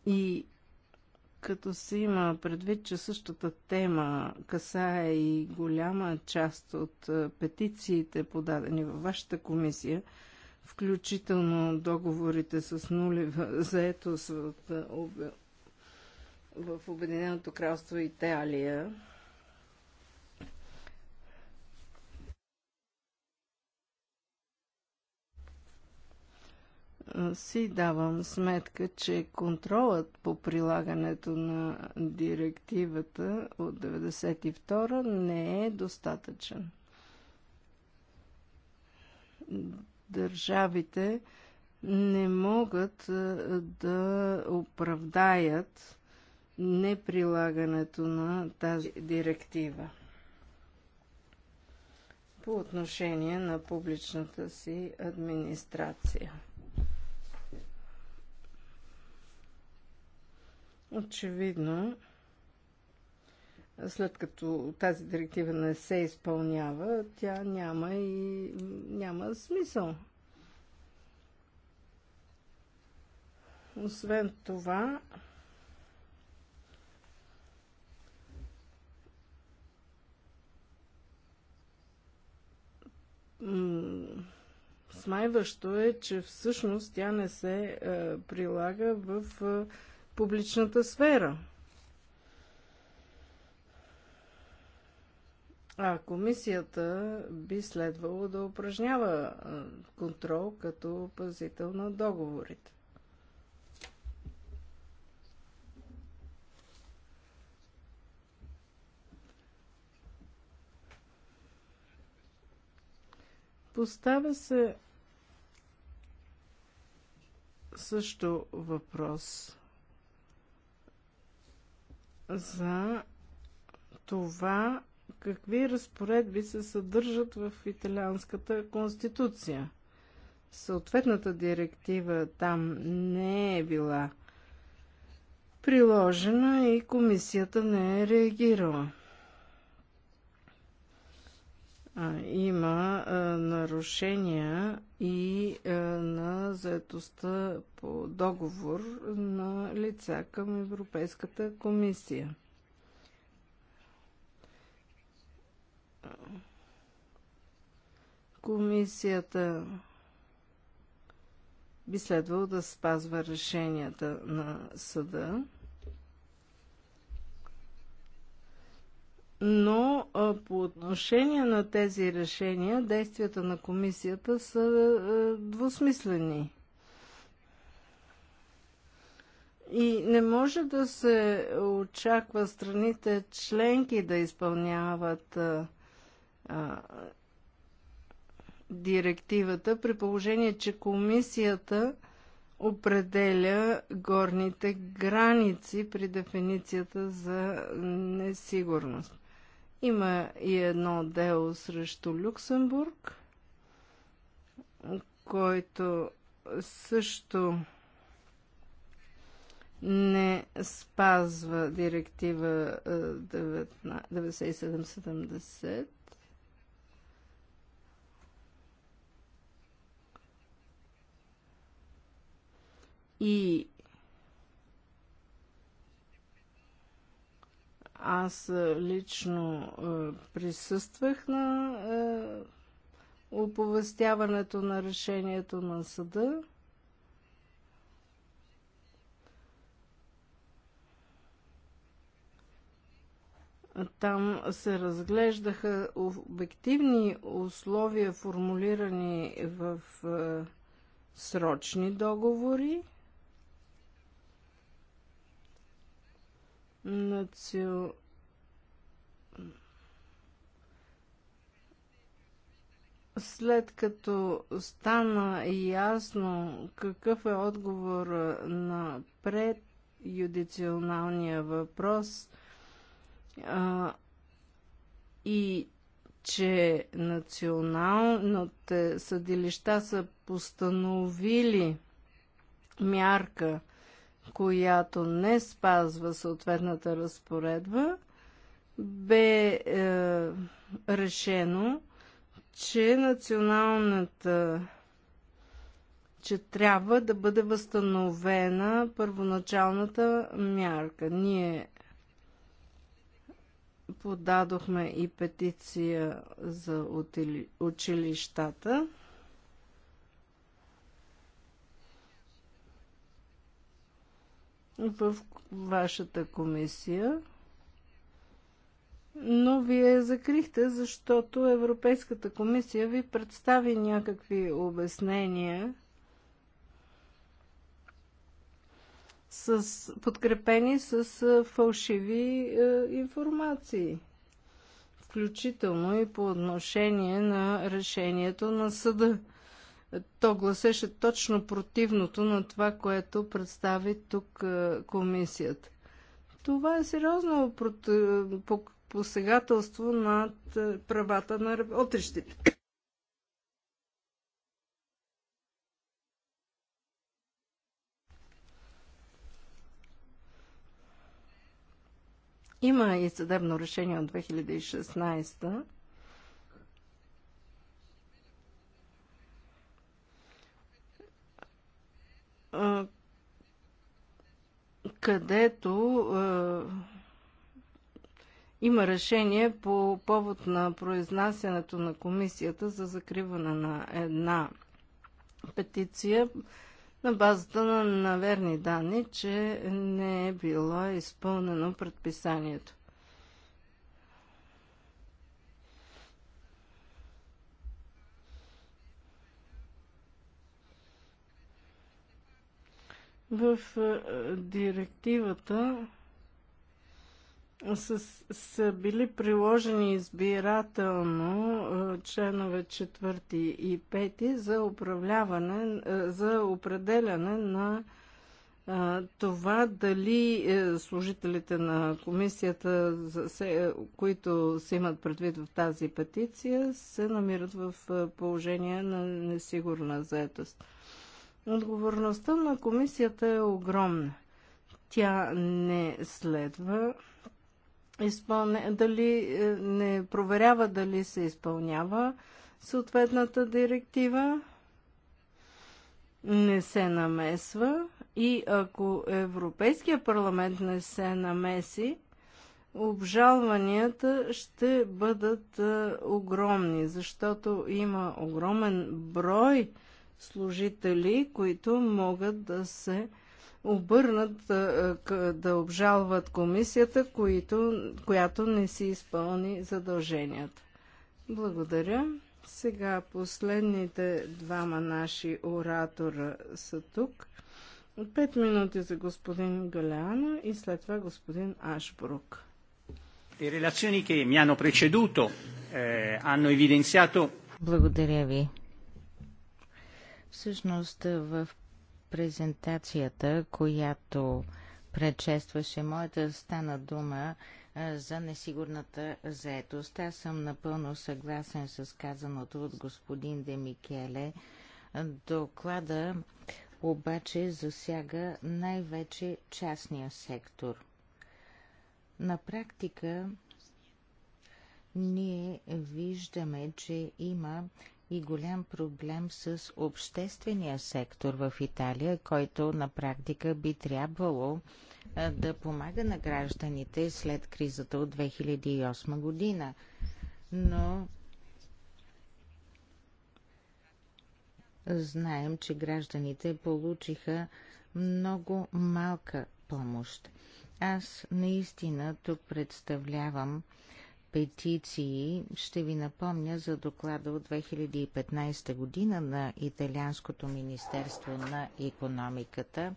И като се има предвид, че същата тема касае и голяма част от петициите, подадени във вашата комисия, включително договорите с нулева заетост от в Обединеното кралство Италия. Си давам сметка, че контролът по прилагането на директивата от 92 не е достатъчен. Държавите не могат да оправдаят неприлагането на тази директива по отношение на публичната си администрация. Очевидно, след като тази директива не се изпълнява, тя няма и няма смисъл. Освен това, смайващо е, че всъщност тя не се е, прилага в е, публичната сфера. А комисията би следвало да упражнява е, контрол като пазител на договорите. Поставя се също въпрос за това какви разпоредби се съдържат в италианската конституция. Съответната директива там не е била приложена и комисията не е реагирала има нарушения и на заедостта по договор на лица към Европейската комисия. Комисията би следвало да спазва решенията на съда. но по отношение на тези решения, действията на комисията са двусмислени. И не може да се очаква страните членки да изпълняват а, а, директивата, при положение, че комисията определя горните граници при дефиницията за несигурност. Има и едно дело срещу Люксембург, който също не спазва директива 9770. И Аз е, лично е, присъствах на е, оповестяването на решението на съда. Там се разглеждаха обективни условия, формулирани в срочни договори. Национал. След като стана ясно какъв е отговор на предюдиционалния въпрос а, и че националните съдилища са постановили мярка – която не спазва съответната разпоредба, бе е, решено, че националната че трябва да бъде възстановена първоначалната мярка. Ние подадохме и петиция за училищата. в вашата комисия, но вие закрихте, защото Европейската комисия ви представи някакви обяснения с, подкрепени с фалшиви е, информации, включително и по отношение на решението на съда то гласеше точно противното на това, което представи тук е, комисията. Това е сериозно е, посегателство над е, правата на работещите. Има и съдебно решение от 2016 където има решение по повод на произнасянето на комисията за закриване на една петиция на базата на наверни данни, че не е било изпълнено предписанието. В директивата с, са били приложени избирателно членове 4 и 5 за управляване, за определяне на това дали е, служителите на комисията, които се имат предвид в тази петиция, се намират в положение на несигурна заетост. Отговорността на комисията е огромна. Тя не следва изпълне... дали е, не проверява дали се изпълнява съответната директива, не се намесва и ако Европейския парламент не се намеси, обжалванията ще бъдат е, огромни, защото има огромен брой служители, които могат да се обърнат да обжалват комисията, които, която не си изпълни задълженията. Благодаря. Сега последните двама наши оратора са тук. Пет минути за господин Галяно и след това господин Ашбрук. hanno preceduto eh, hanno evidenziato. Благодаря ви. Всъщност в презентацията, която предшестваше моята, стана дума за несигурната заетост. Аз съм напълно съгласен с казаното от господин Демикеле. Доклада обаче засяга най-вече частния сектор. На практика ние виждаме, че има и голям проблем с обществения сектор в Италия, който на практика би трябвало да помага на гражданите след кризата от 2008 година. Но знаем, че гражданите получиха много малка помощ. Аз наистина тук представлявам петиции, ще ви напомня за доклада от 2015 година на Италианското Министерство на економиката.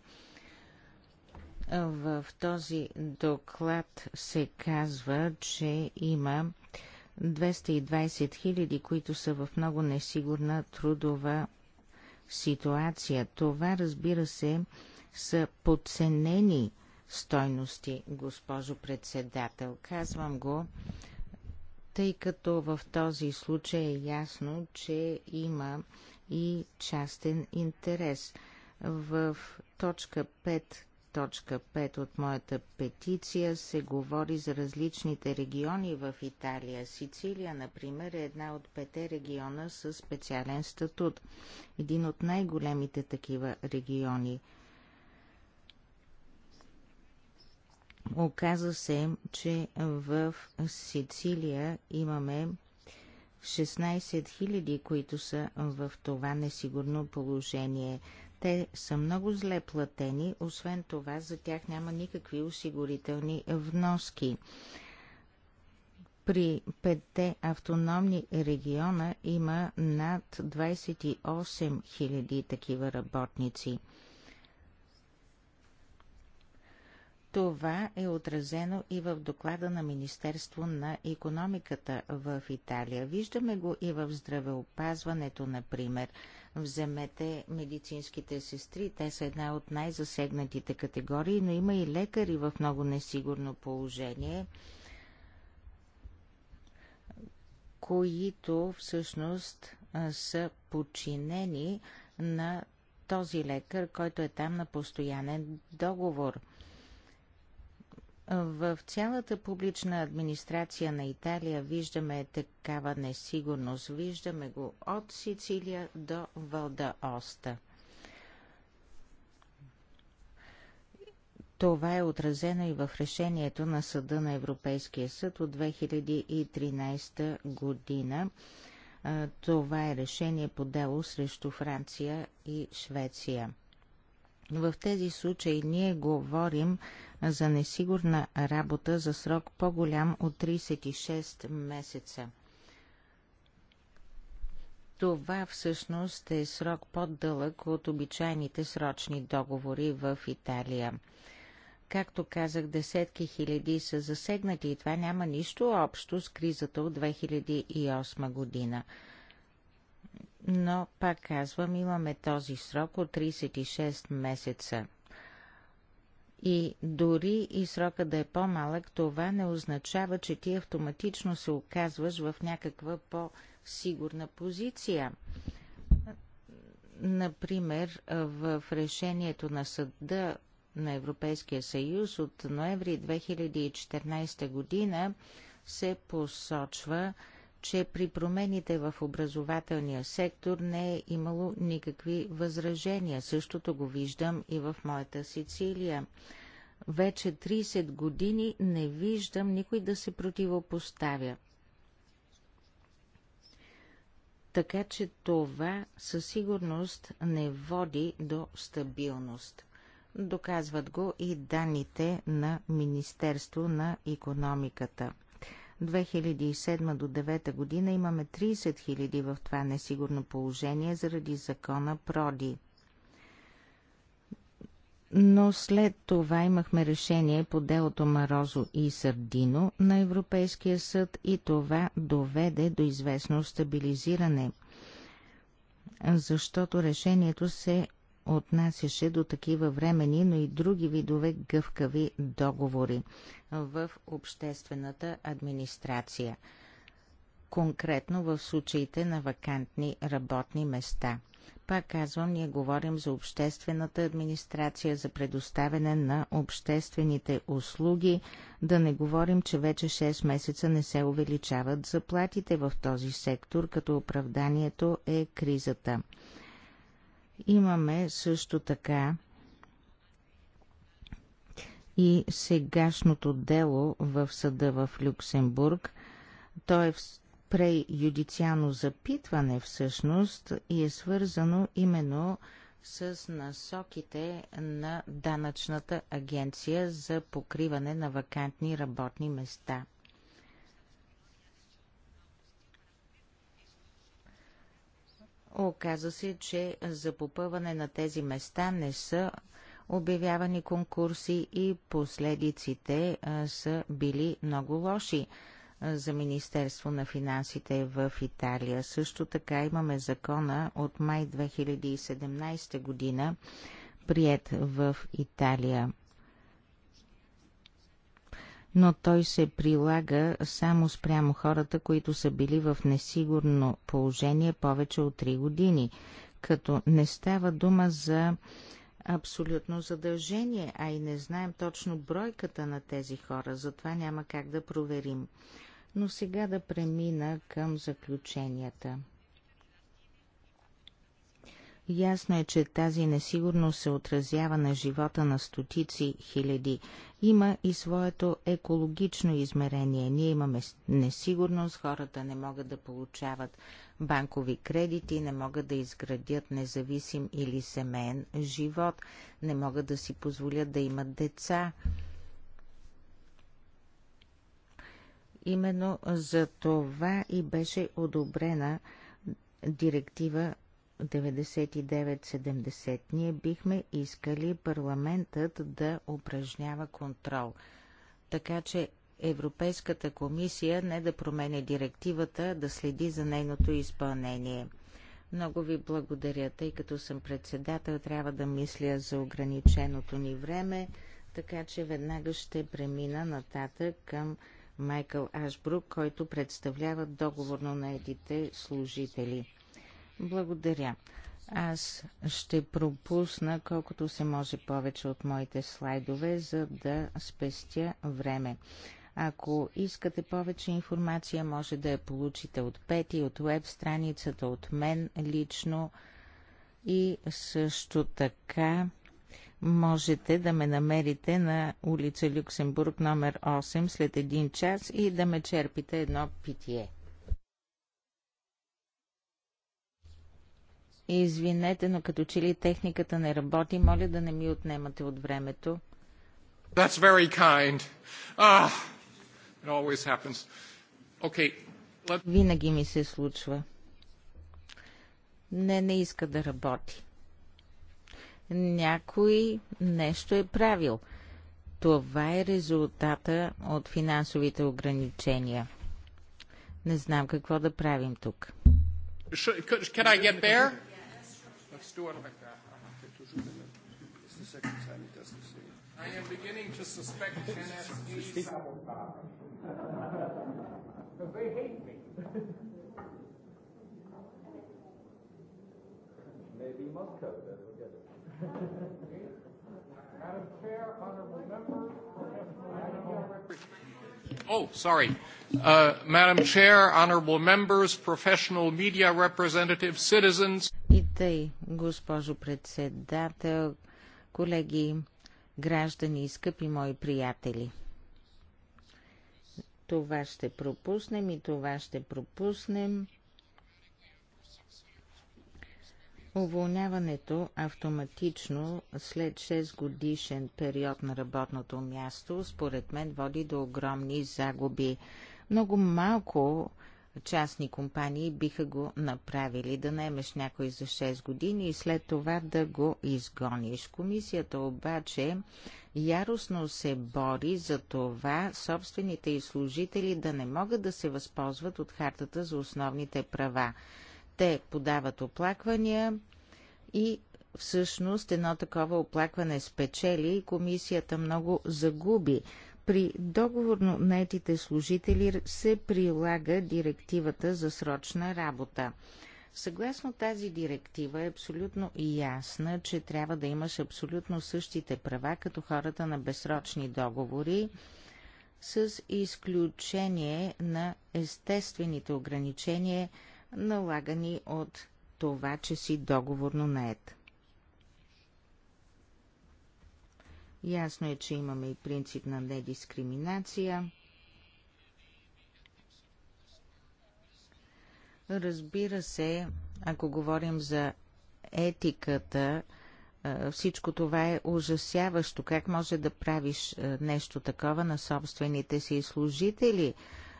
В този доклад се казва, че има 220 хиляди, които са в много несигурна трудова ситуация. Това, разбира се, са подценени стойности, госпожо председател. Казвам го, тъй като в този случай е ясно, че има и частен интерес. В точка 5.5 от моята петиция се говори за различните региони в Италия. Сицилия, например, е една от пете региона с специален статут. Един от най-големите такива региони – Оказва се, че в Сицилия имаме 16 000, които са в това несигурно положение. Те са много зле платени, освен това за тях няма никакви осигурителни вноски. При петте автономни региона има над 28 000 такива работници – Това е отразено и в доклада на Министерство на економиката в Италия. Виждаме го и в здравеопазването, например. Вземете медицинските сестри, те са една от най-засегнатите категории, но има и лекари в много несигурно положение, които всъщност са подчинени на този лекар, който е там на постоянен договор. В цялата публична администрация на Италия виждаме такава несигурност. Виждаме го от Сицилия до Валдаоста. Това е отразено и в решението на Съда на Европейския съд от 2013 година. Това е решение по дело срещу Франция и Швеция. В тези случаи ние говорим за несигурна работа за срок по-голям от 36 месеца. Това всъщност е срок по-дълъг от обичайните срочни договори в Италия. Както казах, десетки хиляди са засегнати и това няма нищо общо с кризата от 2008 година. Но, пак казвам, имаме този срок от 36 месеца. И дори и срока да е по-малък, това не означава, че ти автоматично се оказваш в някаква по-сигурна позиция. Например, в решението на съда на Европейския съюз от ноември 2014 година се посочва, че при промените в образователния сектор не е имало никакви възражения. Същото го виждам и в моята Сицилия. Вече 30 години не виждам никой да се противопоставя. Така че това със сигурност не води до стабилност. Доказват го и данните на Министерство на економиката – 2007 до 2009 година имаме 30 000 в това несигурно положение заради закона Проди. Но след това имахме решение по делото Марозо и Сърдино на Европейския съд и това доведе до известно стабилизиране, защото решението се отнасяше до такива времени, но и други видове гъвкави договори в обществената администрация, конкретно в случаите на вакантни работни места. Пак казвам, ние говорим за обществената администрация, за предоставяне на обществените услуги, да не говорим, че вече 6 месеца не се увеличават заплатите в този сектор, като оправданието е кризата. Имаме също така и сегашното дело в съда в Люксембург. То е преюдициално запитване всъщност и е свързано именно с насоките на данъчната агенция за покриване на вакантни работни места – Оказа се, че за попъване на тези места не са обявявани конкурси и последиците са били много лоши за Министерство на финансите в Италия. Също така имаме закона от май 2017 година, прият в Италия но той се прилага само спрямо хората, които са били в несигурно положение повече от 3 години, като не става дума за абсолютно задължение, а и не знаем точно бройката на тези хора, затова няма как да проверим. Но сега да премина към заключенията. Ясно е, че тази несигурност се отразява на живота на стотици хиляди. Има и своето екологично измерение. Ние имаме несигурност, хората не могат да получават банкови кредити, не могат да изградят независим или семейен живот, не могат да си позволят да имат деца. Именно за това и беше одобрена директива 99-70, ние бихме искали парламентът да упражнява контрол. Така че Европейската комисия не да променя директивата, да следи за нейното изпълнение. Много ви благодаря, тъй като съм председател, трябва да мисля за ограниченото ни време, така че веднага ще премина нататък към Майкъл Ашбрук, който представлява договорно наетите служители. Благодаря. Аз ще пропусна колкото се може повече от моите слайдове, за да спестя време. Ако искате повече информация, може да я получите от Пети, от веб страницата, от мен лично и също така можете да ме намерите на улица Люксембург номер 8 след един час и да ме черпите едно питие. Извинете, но като че ли техниката не работи, моля да не ми отнемате от времето. That's very kind. Ah, it always happens. Okay, let... Винаги ми се случва. Не, не иска да работи. Някой нещо е правил. Това е резултата от финансовите ограничения. Не знам какво да правим тук. Can I get there? It's the second time does I am beginning to suspect sabotage. they hate me. Maybe Moscow Madam Chair, honorable member, Oh, sorry. Uh, Madam Chair, honorable members, professional media representatives, citizens. И тъй, госпожо председател, колеги, граждани и скъпи мои приятели. Това ще пропуснем и това ще пропуснем. Уволняването автоматично след 6 годишен период на работното място, според мен, води до огромни загуби. Много малко частни компании биха го направили. Да наемеш някой за 6 години и след това да го изгониш. Комисията обаче яростно се бори за това собствените и служители да не могат да се възползват от хартата за основните права. Те подават оплаквания и всъщност едно такова оплакване спечели и комисията много загуби, при договорно наетите служители се прилага директивата за срочна работа. Съгласно тази директива е абсолютно ясна, че трябва да имаш абсолютно същите права като хората на безсрочни договори, с изключение на естествените ограничения, налагани от това, че си договорно наед. Ясно е, че имаме и принцип на недискриминация. Разбира се, ако говорим за етиката, всичко това е ужасяващо. Как може да правиш нещо такова на собствените си служители?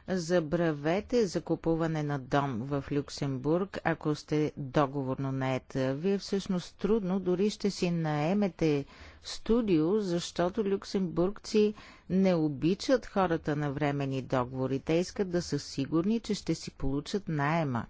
Забравете за купуване на дом в Люксембург, ако сте договорно наета. Вие всъщност трудно дори ще си наемете студио, защото люксембургци не обичат хората на времени договори. Те искат да са сигурни, че ще си получат найема.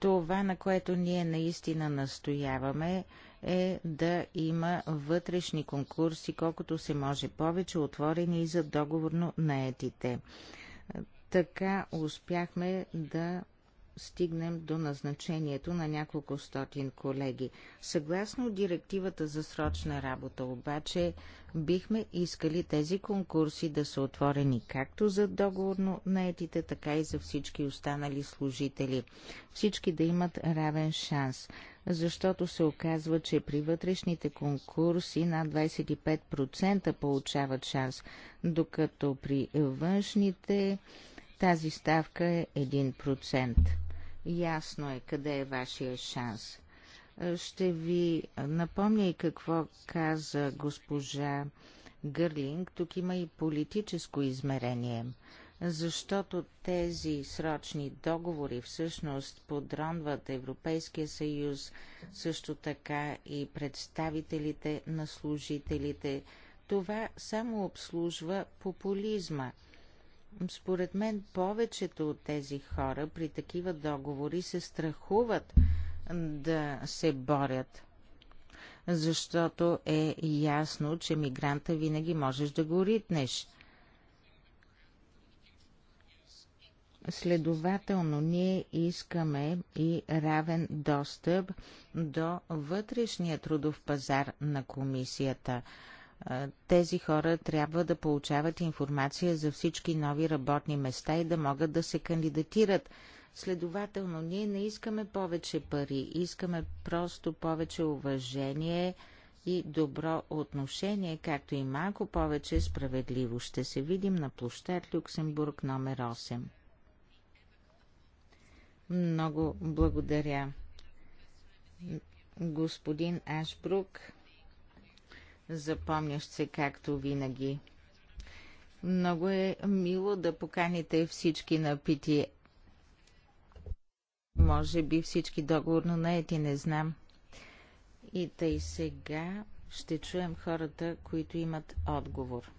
Това, на което ние наистина настояваме, е да има вътрешни конкурси, колкото се може повече, отворени и за договорно наетите. Така успяхме да стигнем до назначението на няколко стотин колеги. Съгласно директивата за срочна работа обаче, бихме искали тези конкурси да са отворени както за договорно наетите, така и за всички останали служители. Всички да имат равен шанс, защото се оказва, че при вътрешните конкурси над 25% получават шанс, докато при външните тази ставка е 1%. Ясно е къде е вашия шанс. Е, ще ви напомня и какво каза госпожа Гърлинг. Тук има и политическо измерение, защото тези срочни договори всъщност подронват Европейския съюз, също така и представителите на служителите. Това само обслужва популизма – според мен повечето от тези хора при такива договори се страхуват да се борят, защото е ясно, че мигранта винаги можеш да го ритнеш. Следователно, ние искаме и равен достъп до вътрешния трудов пазар на комисията – тези хора трябва да получават информация за всички нови работни места и да могат да се кандидатират. Следователно, ние не искаме повече пари, искаме просто повече уважение и добро отношение, както и малко повече справедливо. Ще се видим на площад Люксембург номер 8. Много благодаря. Господин Ашбрук, запомнящ се както винаги. Много е мило да поканите всички на питие. Може би всички договорно наети, не знам. И тъй сега ще чуем хората, които имат отговор.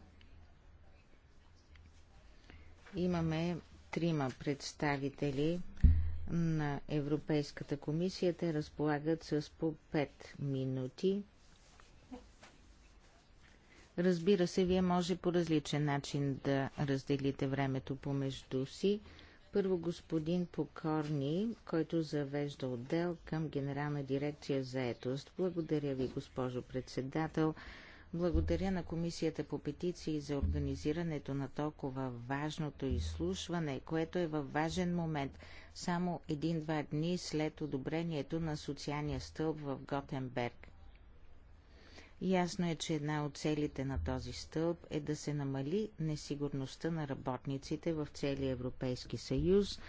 Имаме трима представители на Европейската комисия. Те разполагат с по 5 минути. Разбира се, вие може по различен начин да разделите времето помежду си. Първо господин Покорни, който завежда отдел към Генерална дирекция за етост. Благодаря ви, госпожо председател. Благодаря на Комисията по петиции за организирането на толкова важното изслушване, което е във важен момент, само един-два дни след одобрението на социалния стълб в Готенберг. Ясно е, че една от целите на този стълб е да се намали несигурността на работниците в целия Европейски съюз,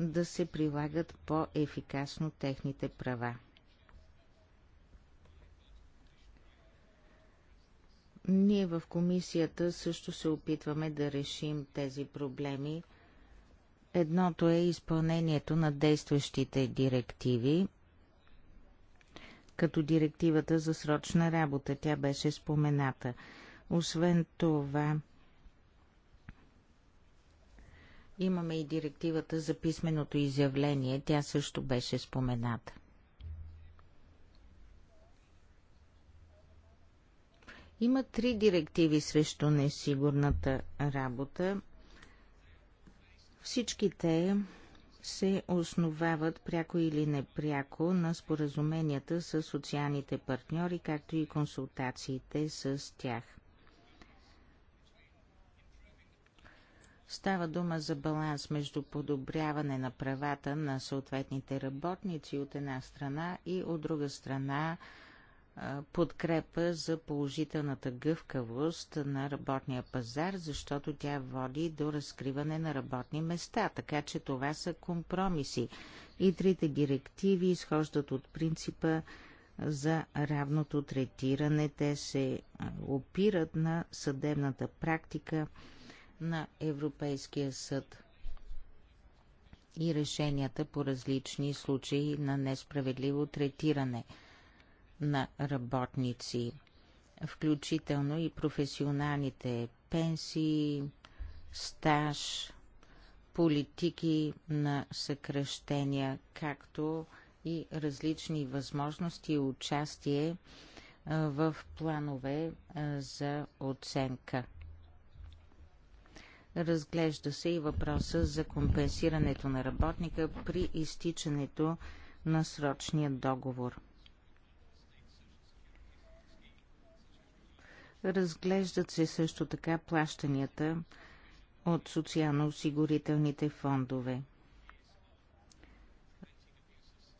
да се прилагат по-ефикасно техните права. Ние в комисията също се опитваме да решим тези проблеми. Едното е изпълнението на действащите директиви, като директивата за срочна работа. Тя беше спомената. Освен това, имаме и директивата за писменото изявление. Тя също беше спомената. Има три директиви срещу несигурната работа. Всички те се основават пряко или непряко на споразуменията с социалните партньори, както и консултациите с тях. Става дума за баланс между подобряване на правата на съответните работници от една страна и от друга страна подкрепа за положителната гъвкавост на работния пазар, защото тя води до разкриване на работни места, така че това са компромиси. И трите директиви изхождат от принципа за равното третиране. Те се опират на съдебната практика на Европейския съд и решенията по различни случаи на несправедливо третиране – на работници, включително и професионалните пенсии, стаж, политики на съкръщения, както и различни възможности и участие в планове за оценка. Разглежда се и въпроса за компенсирането на работника при изтичането на срочния договор. Разглеждат се също така плащанията от социално-осигурителните фондове.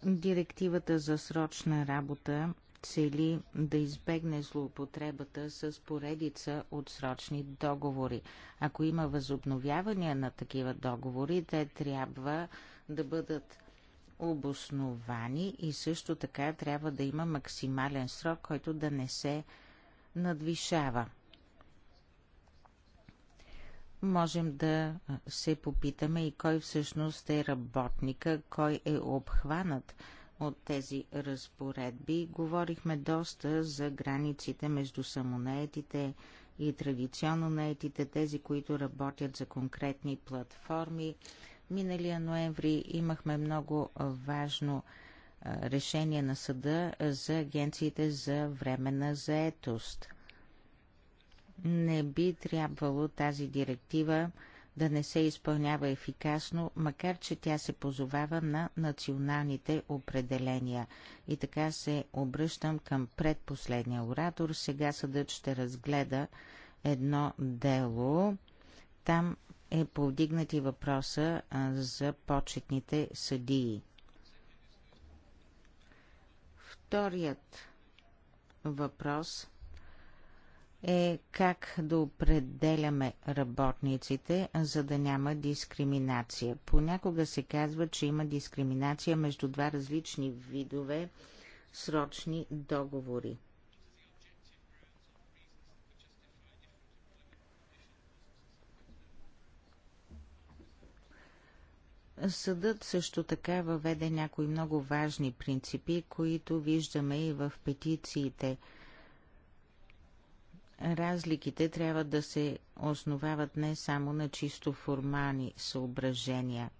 Директивата за срочна работа цели да избегне злоупотребата с поредица от срочни договори. Ако има възобновявания на такива договори, те трябва да бъдат обосновани и също така трябва да има максимален срок, който да не се надвишава. Можем да се попитаме и кой всъщност е работника, кой е обхванат от тези разпоредби. Говорихме доста за границите между самонаетите и традиционно наетите, тези, които работят за конкретни платформи. Миналия ноември имахме много важно решение на съда за агенциите за временна заетост. Не би трябвало тази директива да не се изпълнява ефикасно, макар че тя се позовава на националните определения. И така се обръщам към предпоследния оратор. Сега съдът ще разгледа едно дело. Там е повдигнати въпроса за почетните съдии. Вторият въпрос е как да определяме работниците, за да няма дискриминация. Понякога се казва, че има дискриминация между два различни видове срочни договори. Съдът също така въведе някои много важни принципи, които виждаме и в петициите. Разликите трябва да се основават не само на чисто формални съображения.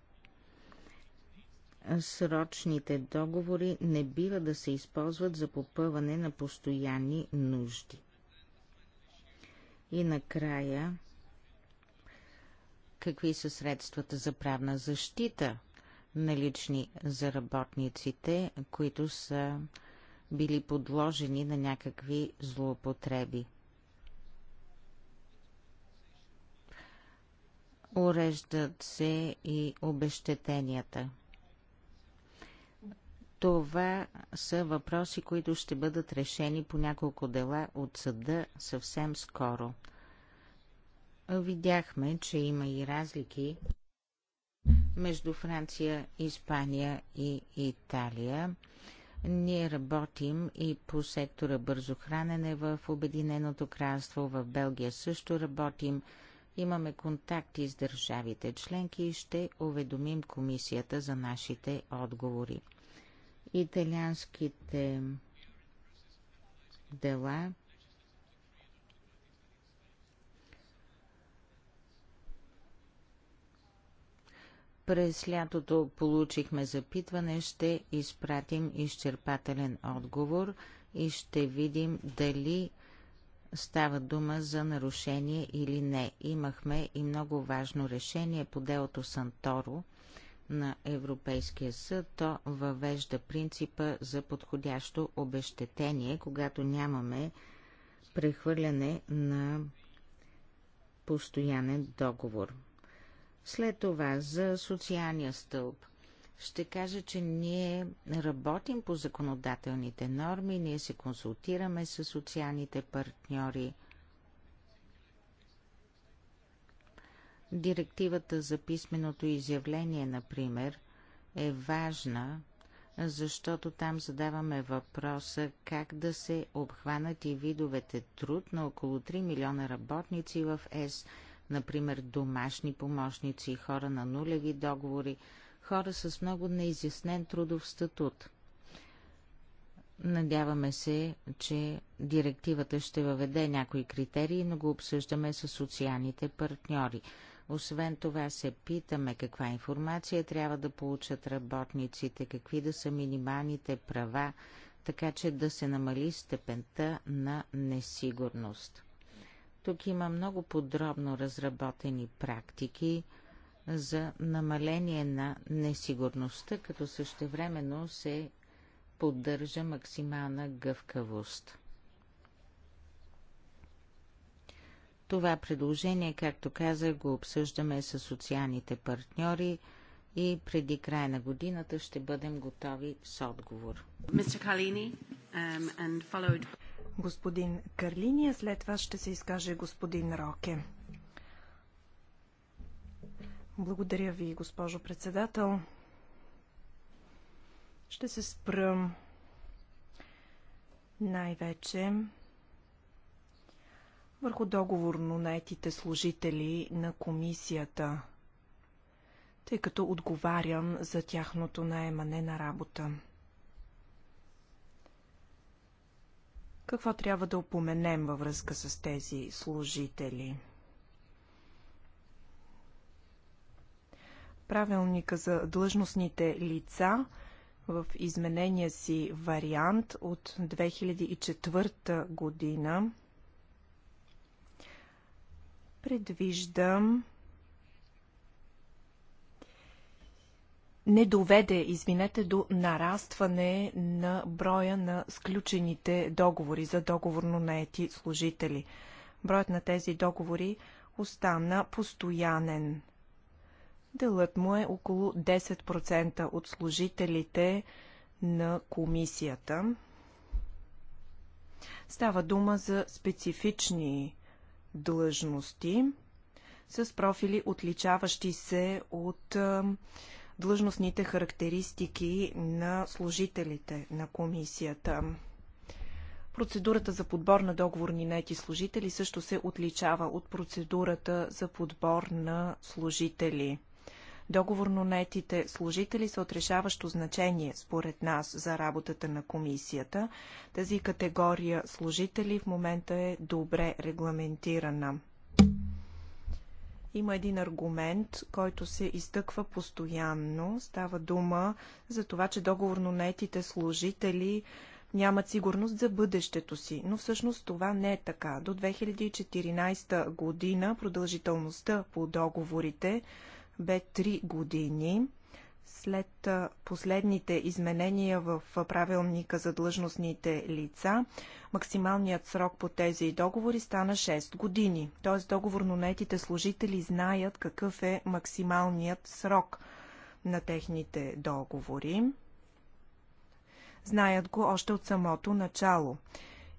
Срочните договори не бива да се използват за попъване на постоянни нужди. И накрая какви са средствата за правна защита налични за работниците, които са били подложени на някакви злоупотреби. Уреждат се и обещетенията. Това са въпроси, които ще бъдат решени по няколко дела от съда съвсем скоро видяхме, че има и разлики между Франция, Испания и Италия. Ние работим и по сектора бързо хранене в Обединеното кралство, в Белгия също работим. Имаме контакти с държавите членки и ще уведомим комисията за нашите отговори. Италианските дела През лятото получихме запитване, ще изпратим изчерпателен отговор и ще видим дали става дума за нарушение или не. Имахме и много важно решение по делото Санторо на Европейския съд. То въвежда принципа за подходящо обещетение, когато нямаме прехвърляне на постоянен договор. След това за социалния стълб. Ще кажа, че ние работим по законодателните норми, ние се консултираме с социалните партньори. Директивата за писменото изявление, например, е важна, защото там задаваме въпроса как да се обхванат и видовете труд на около 3 милиона работници в ЕС например домашни помощници, хора на нулеви договори, хора с много неизяснен трудов статут. Надяваме се, че директивата ще въведе някои критерии, но го обсъждаме с социалните партньори. Освен това се питаме каква информация трябва да получат работниците, какви да са минималните права, така че да се намали степента на несигурност. Тук има много подробно разработени практики за намаление на несигурността, като същевременно се поддържа максимална гъвкавост. Това предложение, както казах, го обсъждаме с социалните партньори и преди края на годината ще бъдем готови с отговор. um, and followed господин Карлини, а след това ще се изкаже господин Роке. Благодаря ви, госпожо председател. Ще се спра най-вече върху договорно наетите служители на комисията, тъй като отговарям за тяхното наемане на работа. Какво трябва да упоменем във връзка с тези служители? Правилника за длъжностните лица в изменения си вариант от 2004 година предвиждам не доведе, извинете, до нарастване на броя на сключените договори за договорно наети служители. Броят на тези договори остана постоянен. Делът му е около 10% от служителите на комисията. Става дума за специфични длъжности с профили, отличаващи се от длъжностните характеристики на служителите на комисията. Процедурата за подбор на договорни наети служители също се отличава от процедурата за подбор на служители. Договорно наетите служители са от решаващо значение, според нас, за работата на комисията. Тази категория служители в момента е добре регламентирана. Има един аргумент, който се изтъква постоянно. Става дума за това, че договорно наетите служители нямат сигурност за бъдещето си. Но всъщност това не е така. До 2014 година продължителността по договорите бе 3 години. След последните изменения в правилника за длъжностните лица, максималният срок по тези договори стана 6 години. Т.е. договорно наетите служители знаят какъв е максималният срок на техните договори. Знаят го още от самото начало.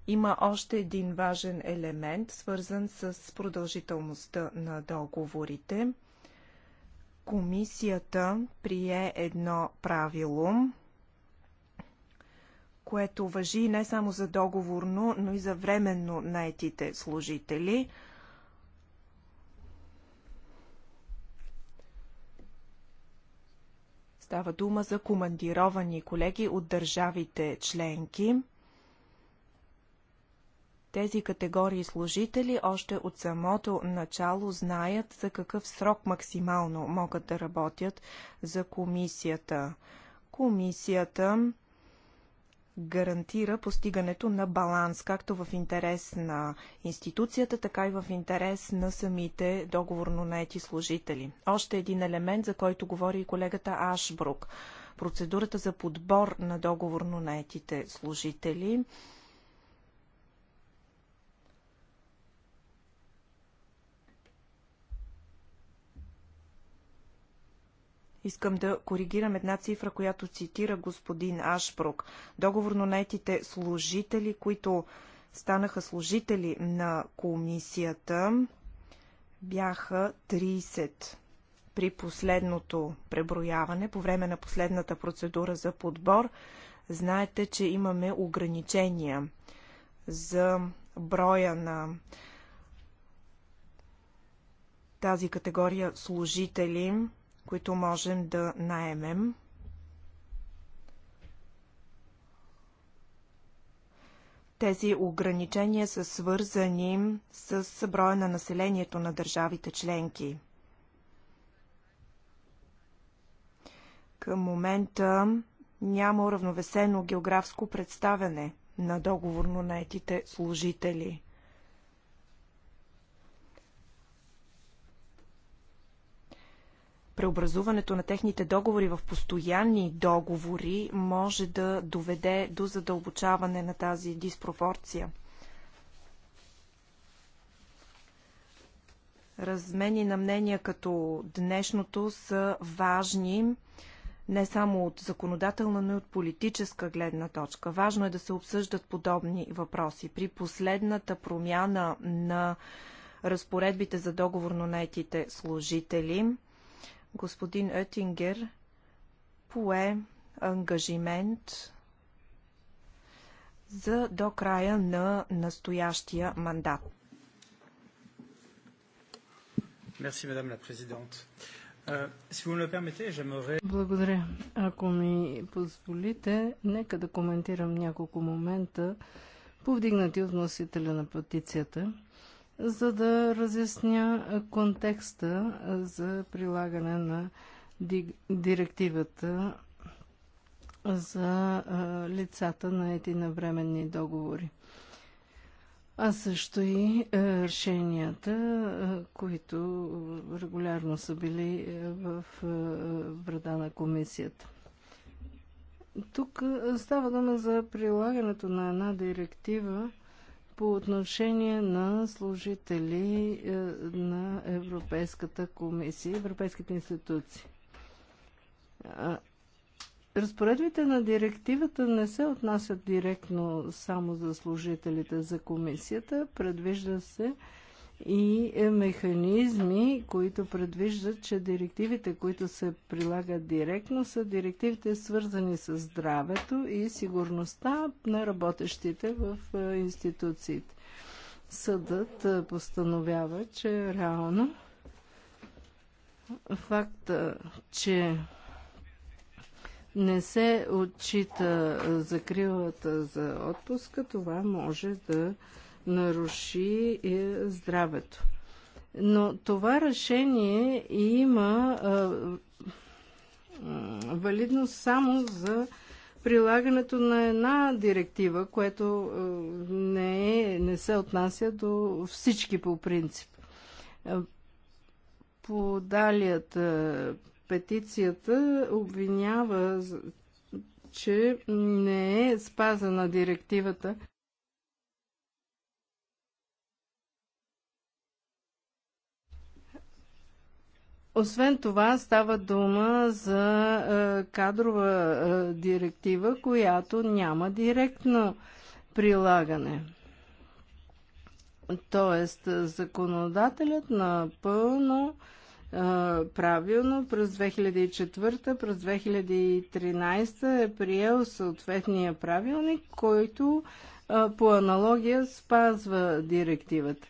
Има още един важен елемент, свързан с продължителността на договорите – Комисията прие едно правило, което въжи не само за договорно, но и за временно наетите служители. Става дума за командировани колеги от държавите членки – тези категории служители още от самото начало знаят за какъв срок максимално могат да работят за комисията. Комисията гарантира постигането на баланс, както в интерес на институцията, така и в интерес на самите договорно наети служители. Още един елемент, за който говори и колегата Ашбрук. Процедурата за подбор на договорно наетите служители – Искам да коригирам една цифра, която цитира господин Ашбрук. Договорно наетите служители, които станаха служители на комисията, бяха 30 при последното преброяване, по време на последната процедура за подбор. Знаете, че имаме ограничения за броя на тази категория служители които можем да наемем. Тези ограничения са свързани с броя на населението на държавите членки. Към момента няма уравновесено географско представяне на договорно наетите служители. преобразуването на техните договори в постоянни договори може да доведе до задълбочаване на тази диспропорция. Размени на мнения като днешното са важни не само от законодателна, но и от политическа гледна точка. Важно е да се обсъждат подобни въпроси. При последната промяна на разпоредбите за договорно наетите служители, господин Оттингер пое ангажимент за до края на настоящия мандат. Merci, Madame la Présidente. Euh, Благодаря. Ако ми позволите, нека да коментирам няколко момента, повдигнати от носителя на петицията за да разясня контекста за прилагане на директивата за лицата на ети на временни договори. А също и решенията, които регулярно са били в вреда на комисията. Тук става дума за прилагането на една директива, по отношение на служители е, на Европейската комисия, европейските институции. Разпоредбите на директивата не се отнасят директно само за служителите за комисията. Предвижда се и механизми, които предвиждат, че директивите, които се прилагат директно, са директивите свързани с здравето и сигурността на работещите в е, институциите. Съдът е, постановява, че реално факта, е, че не се отчита закрилата за отпуска, това може да наруши е, здравето. Но това решение има валидност само за прилагането на една директива, което не, е, не се отнася до всички по принцип. Подалият петицията обвинява, че не е спазена директивата Освен това става дума за е, кадрова е, директива, която няма директно прилагане. Тоест, законодателят напълно е, правилно през 2004, през 2013 е приел съответния правилник, който по аналогия спазва директивата.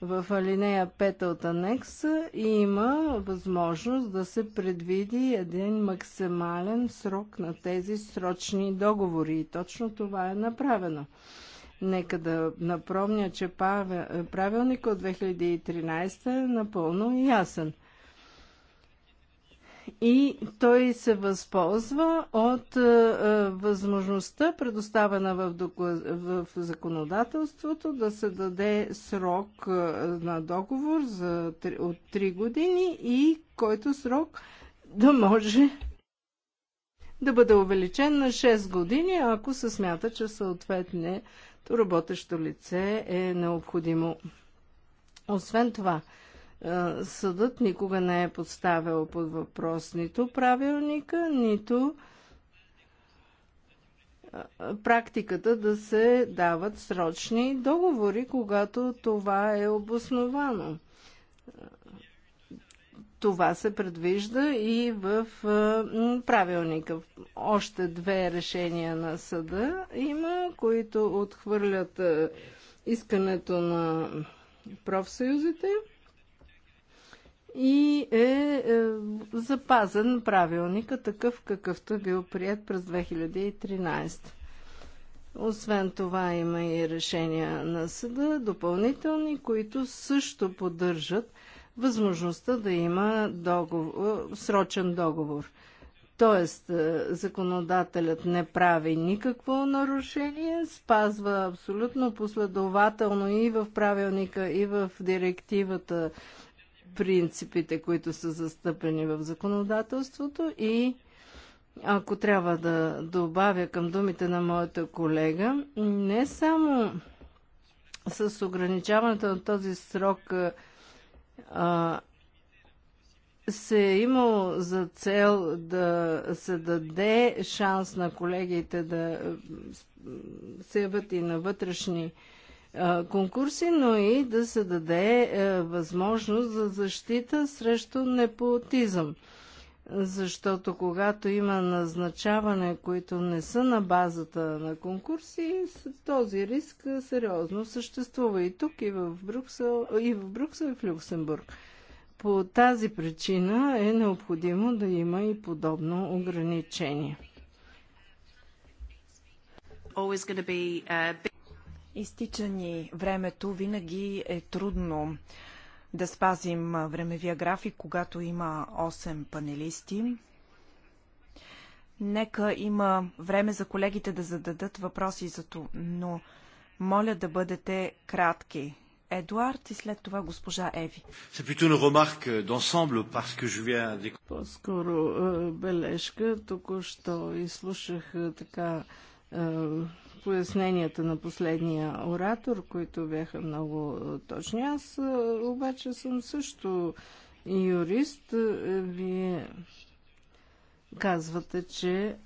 В алинея 5 от анекса има възможност да се предвиди един максимален срок на тези срочни договори и точно това е направено. Нека да напомня, че правилник от 2013 е напълно ясен – и той се възползва от е, е, възможността, предоставена в, доклад, в законодателството, да се даде срок е, на договор за, от 3 години и който срок да може да бъде увеличен на 6 години, ако се смята, че съответното работещо лице е необходимо. Освен това, е, съдът никога не е поставял под въпрос нито правилника, нито е, практиката да се дават срочни договори, когато това е обосновано. Е, това се предвижда и в правилника. Още две решения на съда има, които отхвърлят искането на профсъюзите и е, е запазен правилника такъв какъвто е бил прият през 2013. Освен това има и решения на съда, допълнителни, които също поддържат възможността да има договор, срочен договор. Тоест, е, законодателят не прави никакво нарушение, спазва абсолютно последователно и в правилника, и в директивата принципите, които са застъпени в законодателството и ако трябва да добавя към думите на моята колега, не само с ограничаването на този срок а, се е имал за цел да се даде шанс на колегите да се явят и на вътрешни конкурси, но и да се даде възможност за защита срещу непотизъм. Защото когато има назначаване, които не са на базата на конкурси, този риск сериозно съществува и тук, и в Брюксел, и в, Брюксел, и в Люксембург. По тази причина е необходимо да има и подобно ограничение. Изтича ни времето. Винаги е трудно да спазим времевия график, когато има 8 панелисти. Нека има време за колегите да зададат въпроси за то, но моля да бъдете кратки. Едуард и след това госпожа Еви. По-скоро е, бележка. Току-що изслушах е, така е, поясненията на последния оратор, които бяха много точни. Аз обаче съм също юрист. Вие казвате, че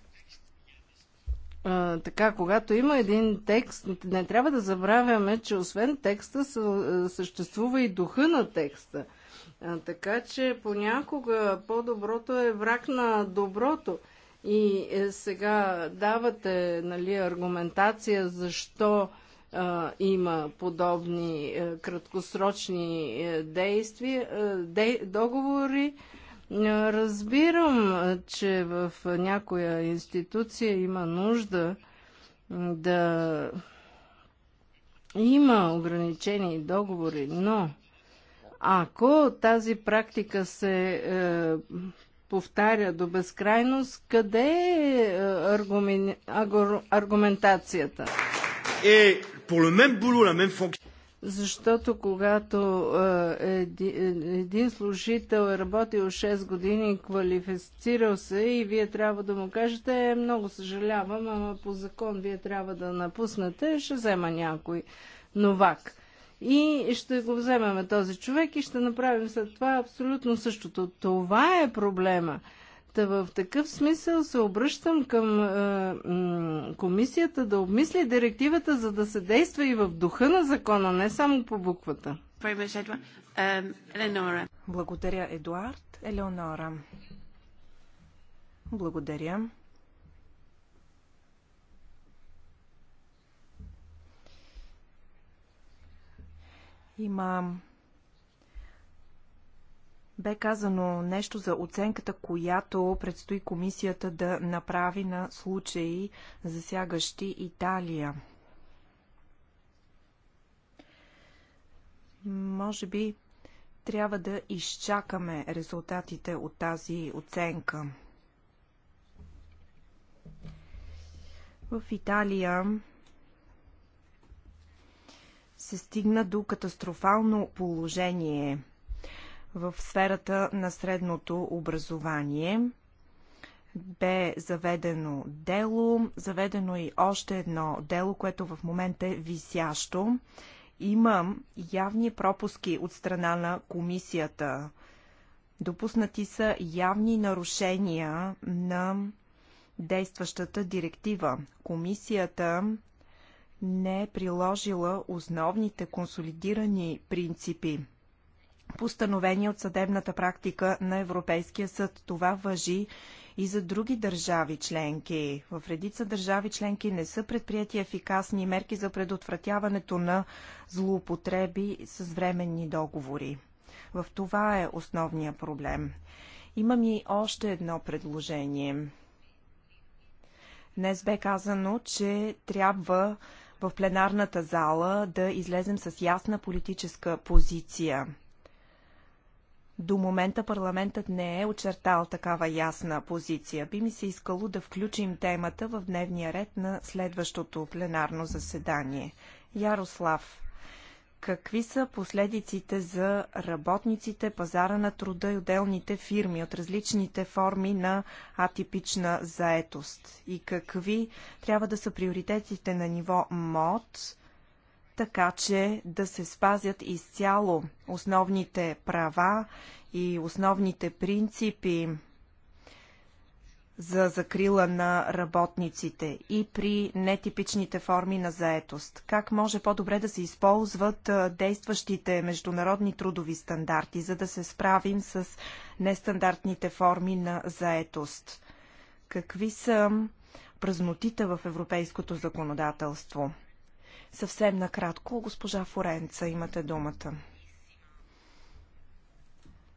а, така, когато има един текст, не трябва да забравяме, че освен текста съществува и духа на текста. А, така че понякога по-доброто е враг на доброто. И е, сега давате нали, аргументация защо а, има подобни а, е, краткосрочни а, е, действия, а, де, договори. А, разбирам, че в някоя институция има нужда да има ограничени договори, но ако тази практика се е, повтаря до безкрайност, къде е, е аргумен... аргументацията? Е, по мен même на мен même Защото когато е, еди, е, един служител е работил 6 години, квалифицирал се и вие трябва да му кажете, много съжалявам, ама по закон вие трябва да напуснете, ще взема някой новак и ще го вземем този човек и ще направим след това абсолютно същото. Това е проблема. Та в такъв смисъл се обръщам към е, комисията да обмисли директивата, за да се действа и в духа на закона, не само по буквата. Благодаря, Едуард. Елеонора. Благодаря. Има бе казано нещо за оценката, която предстои комисията да направи на случаи, засягащи Италия. Може би трябва да изчакаме резултатите от тази оценка. В Италия се стигна до катастрофално положение в сферата на средното образование. Бе заведено дело, заведено и още едно дело, което в момента е висящо. Има явни пропуски от страна на комисията. Допуснати са явни нарушения на действащата директива. Комисията не е приложила основните консолидирани принципи, постановени от съдебната практика на Европейския съд. Това въжи и за други държави членки. В редица държави членки не са предприяти ефикасни мерки за предотвратяването на злоупотреби с временни договори. В това е основният проблем. Имам и още едно предложение. Днес бе казано, че трябва в пленарната зала да излезем с ясна политическа позиция. До момента парламентът не е очертал такава ясна позиция. Би ми се искало да включим темата в дневния ред на следващото пленарно заседание. Ярослав Какви са последиците за работниците, пазара на труда и отделните фирми от различните форми на атипична заетост? И какви трябва да са приоритетите на ниво МОД, така че да се спазят изцяло основните права и основните принципи за закрила на работниците и при нетипичните форми на заетост? Как може по-добре да се използват действащите международни трудови стандарти, за да се справим с нестандартните форми на заетост? Какви са празнотите в европейското законодателство? Съвсем накратко, госпожа Форенца, имате думата.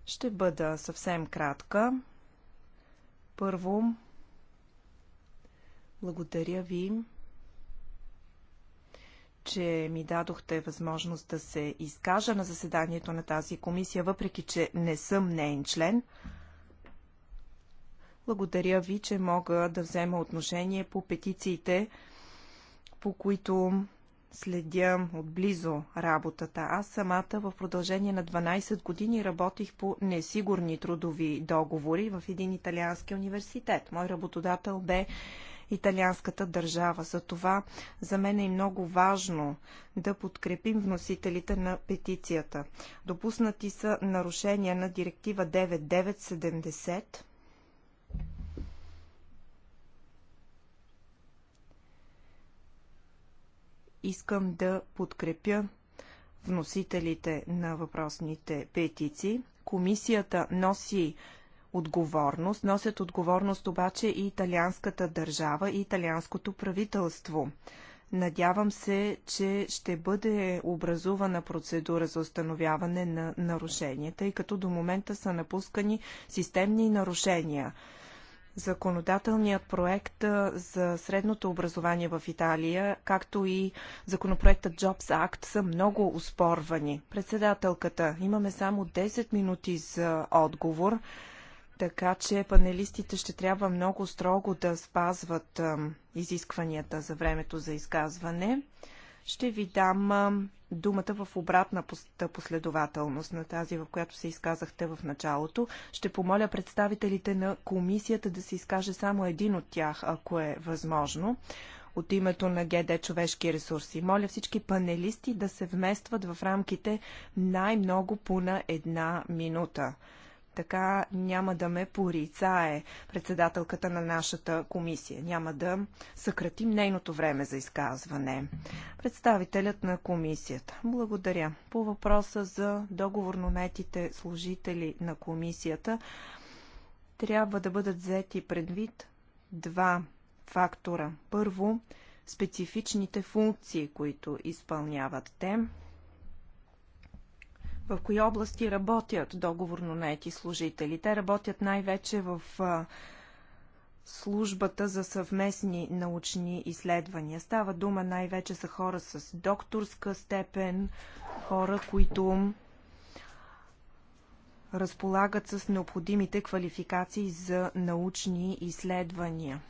Ще бъда съвсем кратка. Първо, благодаря ви, че ми дадохте възможност да се изкажа на заседанието на тази комисия, въпреки че не съм нейн член. Благодаря ви, че мога да взема отношение по петициите, по които следя отблизо работата. Аз самата в продължение на 12 години работих по несигурни трудови договори в един италиански университет. Мой работодател бе италианската държава. За това за мен е много важно да подкрепим вносителите на петицията. Допуснати са нарушения на директива 9970 Искам да подкрепя вносителите на въпросните петиции. Комисията носи отговорност, носят отговорност обаче и италианската държава и италианското правителство. Надявам се, че ще бъде образувана процедура за установяване на нарушенията, тъй като до момента са напускани системни нарушения Законодателният проект за средното образование в Италия, както и законопроектът Jobs Act са много успорвани. Председателката, имаме само 10 минути за отговор, така че панелистите ще трябва много строго да спазват изискванията за времето за изказване. Ще ви дам думата в обратна последователност на тази, в която се изказахте в началото. Ще помоля представителите на комисията да се изкаже само един от тях, ако е възможно от името на ГД Човешки ресурси. Моля всички панелисти да се вместват в рамките най-много по на една минута. Така няма да ме порицае председателката на нашата комисия. Няма да съкратим нейното време за изказване. Представителят на комисията. Благодаря. По въпроса за договорно нетите служители на комисията трябва да бъдат взети предвид два фактора. Първо, специфичните функции, които изпълняват те в кои области работят договорно наети служители. Те работят най-вече в службата за съвместни научни изследвания. Става дума най-вече за хора с докторска степен, хора, които разполагат с необходимите квалификации за научни изследвания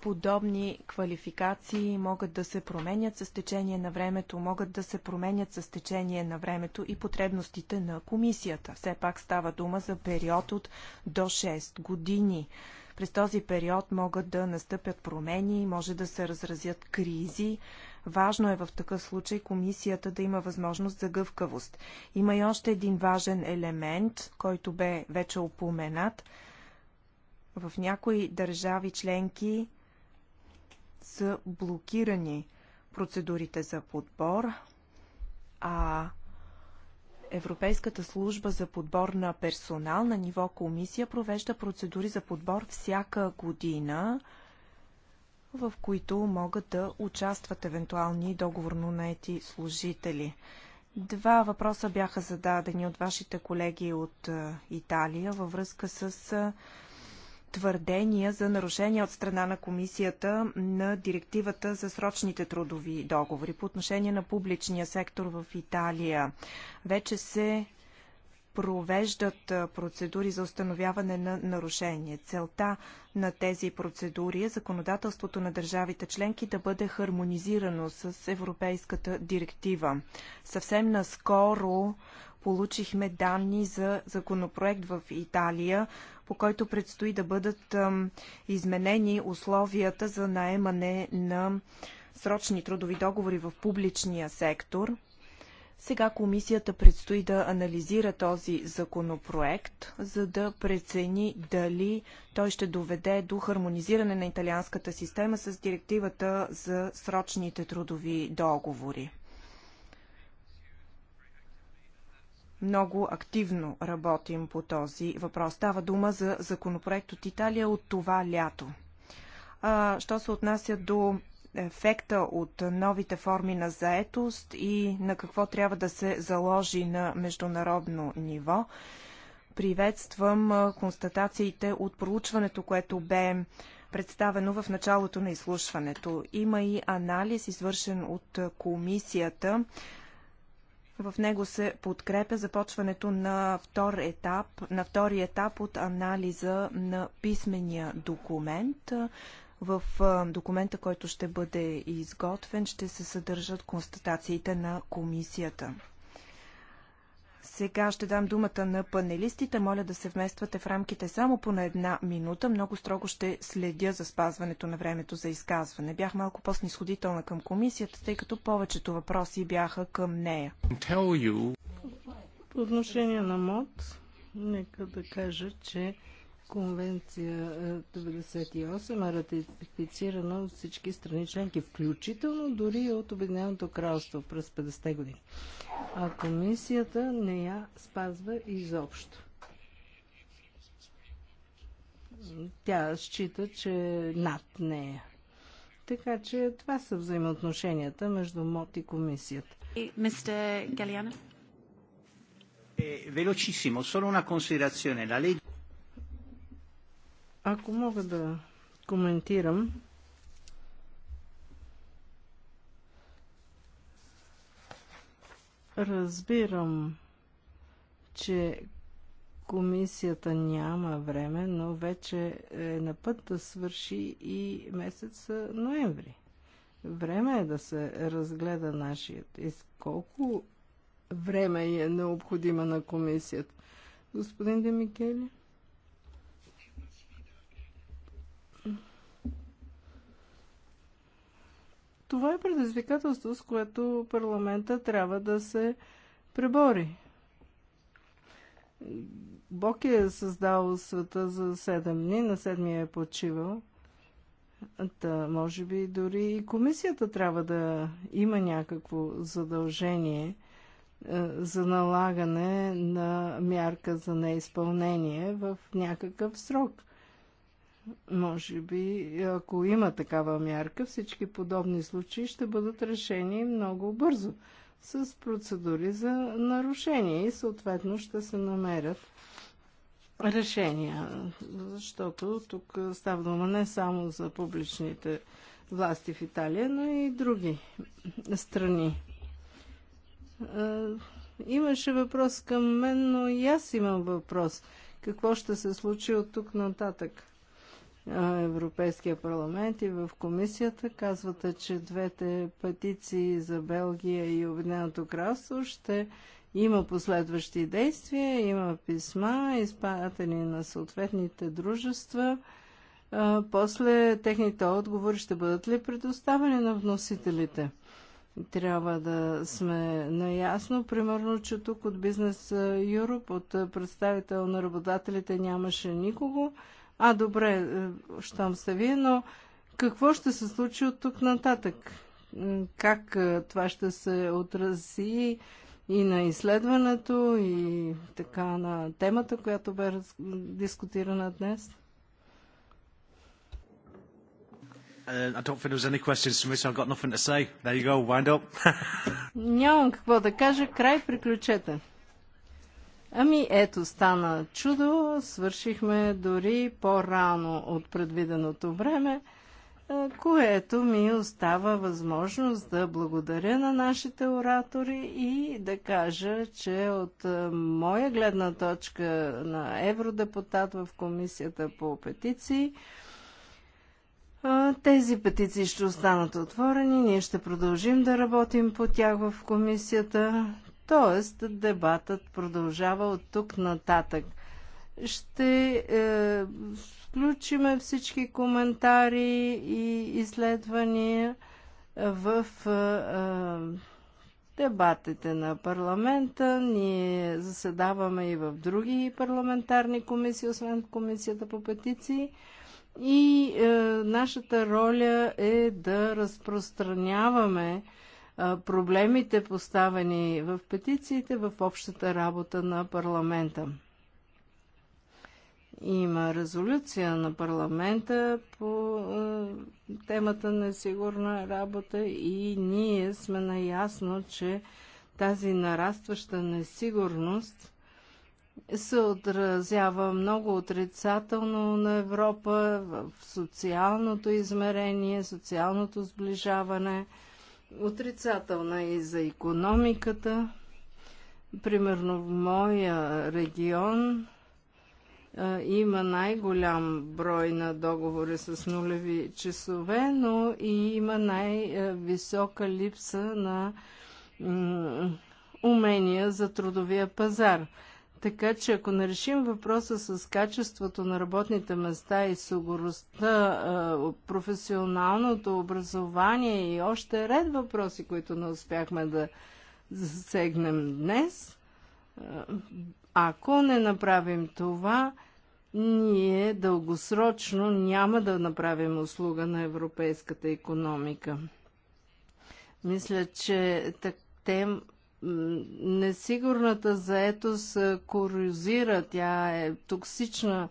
подобни квалификации могат да се променят с течение на времето, могат да се променят с течение на времето и потребностите на комисията. Все пак става дума за период от до 6 години. През този период могат да настъпят промени, може да се разразят кризи. Важно е в такъв случай комисията да има възможност за гъвкавост. Има и още един важен елемент, който бе вече упоменат – в някои държави членки са блокирани процедурите за подбор, а Европейската служба за подбор на персонал на ниво комисия провежда процедури за подбор всяка година, в които могат да участват евентуални договорно наети служители. Два въпроса бяха зададени от вашите колеги от е, Италия във връзка с е, твърдения за нарушения от страна на комисията на директивата за срочните трудови договори по отношение на публичния сектор в Италия. Вече се провеждат процедури за установяване на нарушение. Целта на тези процедури е законодателството на държавите членки да бъде хармонизирано с Европейската директива. Съвсем наскоро получихме данни за законопроект в Италия, по който предстои да бъдат изменени условията за наемане на срочни трудови договори в публичния сектор. Сега комисията предстои да анализира този законопроект, за да прецени дали той ще доведе до хармонизиране на италианската система с директивата за срочните трудови договори. Много активно работим по този въпрос. Става дума за законопроект от Италия от това лято. А, що се отнася до ефекта от новите форми на заетост и на какво трябва да се заложи на международно ниво, приветствам констатациите от проучването, което бе представено в началото на изслушването. Има и анализ, извършен от комисията в него се подкрепя започването на, втор етап, на втори етап от анализа на писмения документ. В документа, който ще бъде изготвен, ще се съдържат констатациите на комисията. Сега ще дам думата на панелистите. Моля да се вмествате в рамките само по на една минута. Много строго ще следя за спазването на времето за изказване. Бях малко по-снисходителна към комисията, тъй като повечето въпроси бяха към нея. По отношение на МОД, нека да кажа, че Конвенция 98 е ратифицирана от всички страни членки, включително дори от Обединеното кралство през 50-те години. А комисията не я спазва изобщо. Тя счита, че над нея. Така че това са взаимоотношенията между МОД и комисията. Мистер Галиана? Е, Велочисимо, само една considerazione. Ако мога да коментирам, разбирам, че комисията няма време, но вече е на път да свърши и месец ноември. Време е да се разгледа нашият. И колко време е необходимо на комисията? Господин Демикели? Това е предизвикателство, с което парламента трябва да се пребори. Бог е създал света за 7 дни, на седмия е почивал. Та, може би дори и комисията трябва да има някакво задължение е, за налагане на мярка за неизпълнение в някакъв срок. Може би, ако има такава мярка, всички подобни случаи ще бъдат решени много бързо с процедури за нарушение и съответно ще се намерят решения. Защото тук става дума не само за публичните власти в Италия, но и други страни. Имаше въпрос към мен, но и аз имам въпрос. Какво ще се случи от тук нататък? Европейския парламент и в комисията. Казвате, че двете петиции за Белгия и Обединеното кралство ще има последващи действия, има писма, изпадени на съответните дружества. После техните отговори ще бъдат ли предоставени на вносителите? трябва да сме наясно. Примерно, че тук от Бизнес Юроп, от представител на работодателите нямаше никого. А, добре, е, щом се вие, но какво ще се случи от тук нататък? Как е, това ще се отрази и на изследването, и така на темата, която бе дискутирана днес? Uh, I don't think any questions me, so I've got nothing to say. There you go, wind up. Нямам какво да кажа. Край, приключете. Ами ето стана чудо, свършихме дори по-рано от предвиденото време, е, което ми остава възможност да благодаря на нашите оратори и да кажа, че от е, моя гледна точка на евродепутат в Комисията по петиции, е, тези петиции ще останат отворени, ние ще продължим да работим по тях в комисията. Тоест, дебатът продължава от тук нататък. Ще е, включиме всички коментари и изследвания в е, е, дебатите на парламента. Ние заседаваме и в други парламентарни комисии, освен комисията по петиции. И е, нашата роля е да разпространяваме проблемите поставени в петициите в общата работа на парламента. Има резолюция на парламента по темата на сигурна работа и ние сме наясно, че тази нарастваща несигурност се отразява много отрицателно на Европа в социалното измерение, социалното сближаване – отрицателна и за економиката. Примерно в моя регион а, има най-голям брой на договори с нулеви часове, но и има най-висока липса на умения за трудовия пазар. Така че ако не решим въпроса с качеството на работните места и сигурността, професионалното образование и още ред въпроси, които не успяхме да засегнем днес, ако не направим това, ние дългосрочно няма да направим услуга на европейската економика. Мисля, че так, тем, несигурната заетост корозира, тя е токсична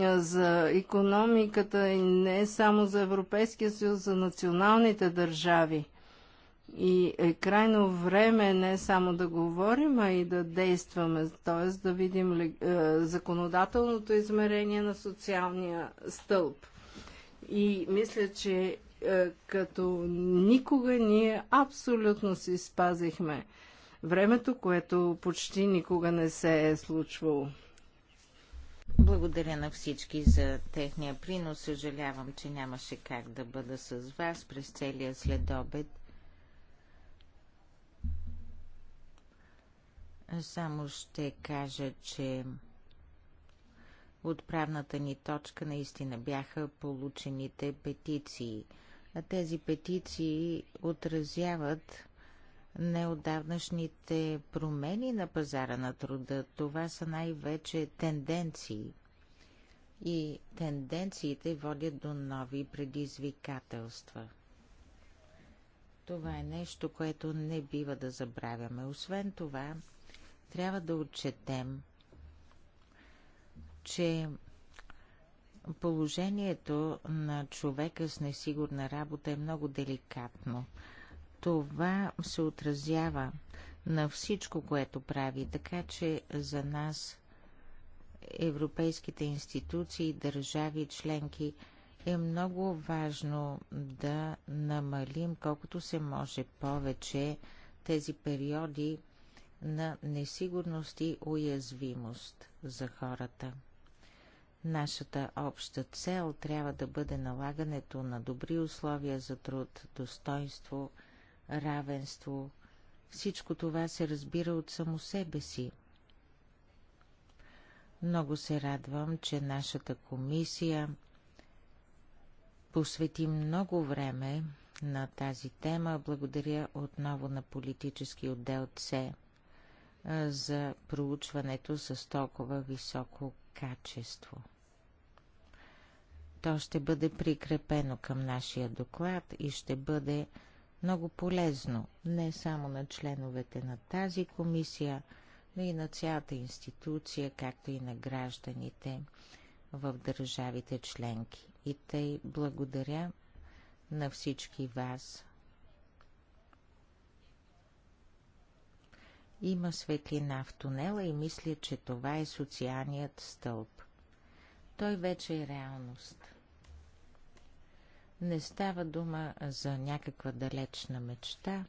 за економиката и не само за Европейския съюз, за националните държави. И е крайно време не само да говорим, а и да действаме, т.е. да видим законодателното измерение на социалния стълб. И мисля, че като никога ние абсолютно си спазихме времето, което почти никога не се е случвало. Благодаря на всички за техния принос. Съжалявам, че нямаше как да бъда с вас през целия следобед. Само ще кажа, че отправната ни точка наистина бяха получените петиции. А тези петиции отразяват неодавнашните промени на пазара на труда. Това са най-вече тенденции. И тенденциите водят до нови предизвикателства. Това е нещо, което не бива да забравяме. Освен това, трябва да отчетем, че положението на човека с несигурна работа е много деликатно – това се отразява на всичко, което прави, така че за нас европейските институции държави членки е много важно да намалим колкото се може повече тези периоди на несигурност и уязвимост за хората. Нашата обща цел трябва да бъде налагането на добри условия за труд, достоинство и равенство. Всичко това се разбира от само себе си. Много се радвам, че нашата комисия посвети много време на тази тема. Благодаря отново на политически отдел С за проучването с толкова високо качество. То ще бъде прикрепено към нашия доклад и ще бъде много полезно не само на членовете на тази комисия, но и на цялата институция, както и на гражданите в държавите членки. И тъй благодаря на всички вас. Има светлина в тунела и мисля, че това е социалният стълб. Той вече е реалност. Не става дума за някаква далечна мечта,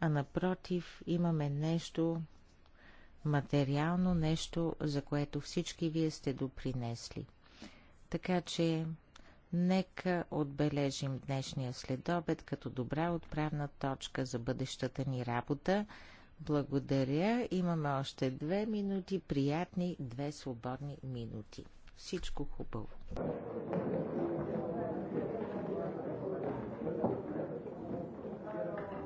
а напротив имаме нещо материално, нещо, за което всички вие сте допринесли. Така че нека отбележим днешния следобед като добра отправна точка за бъдещата ни работа. Благодаря. Имаме още две минути, приятни две свободни минути. Всичко хубаво.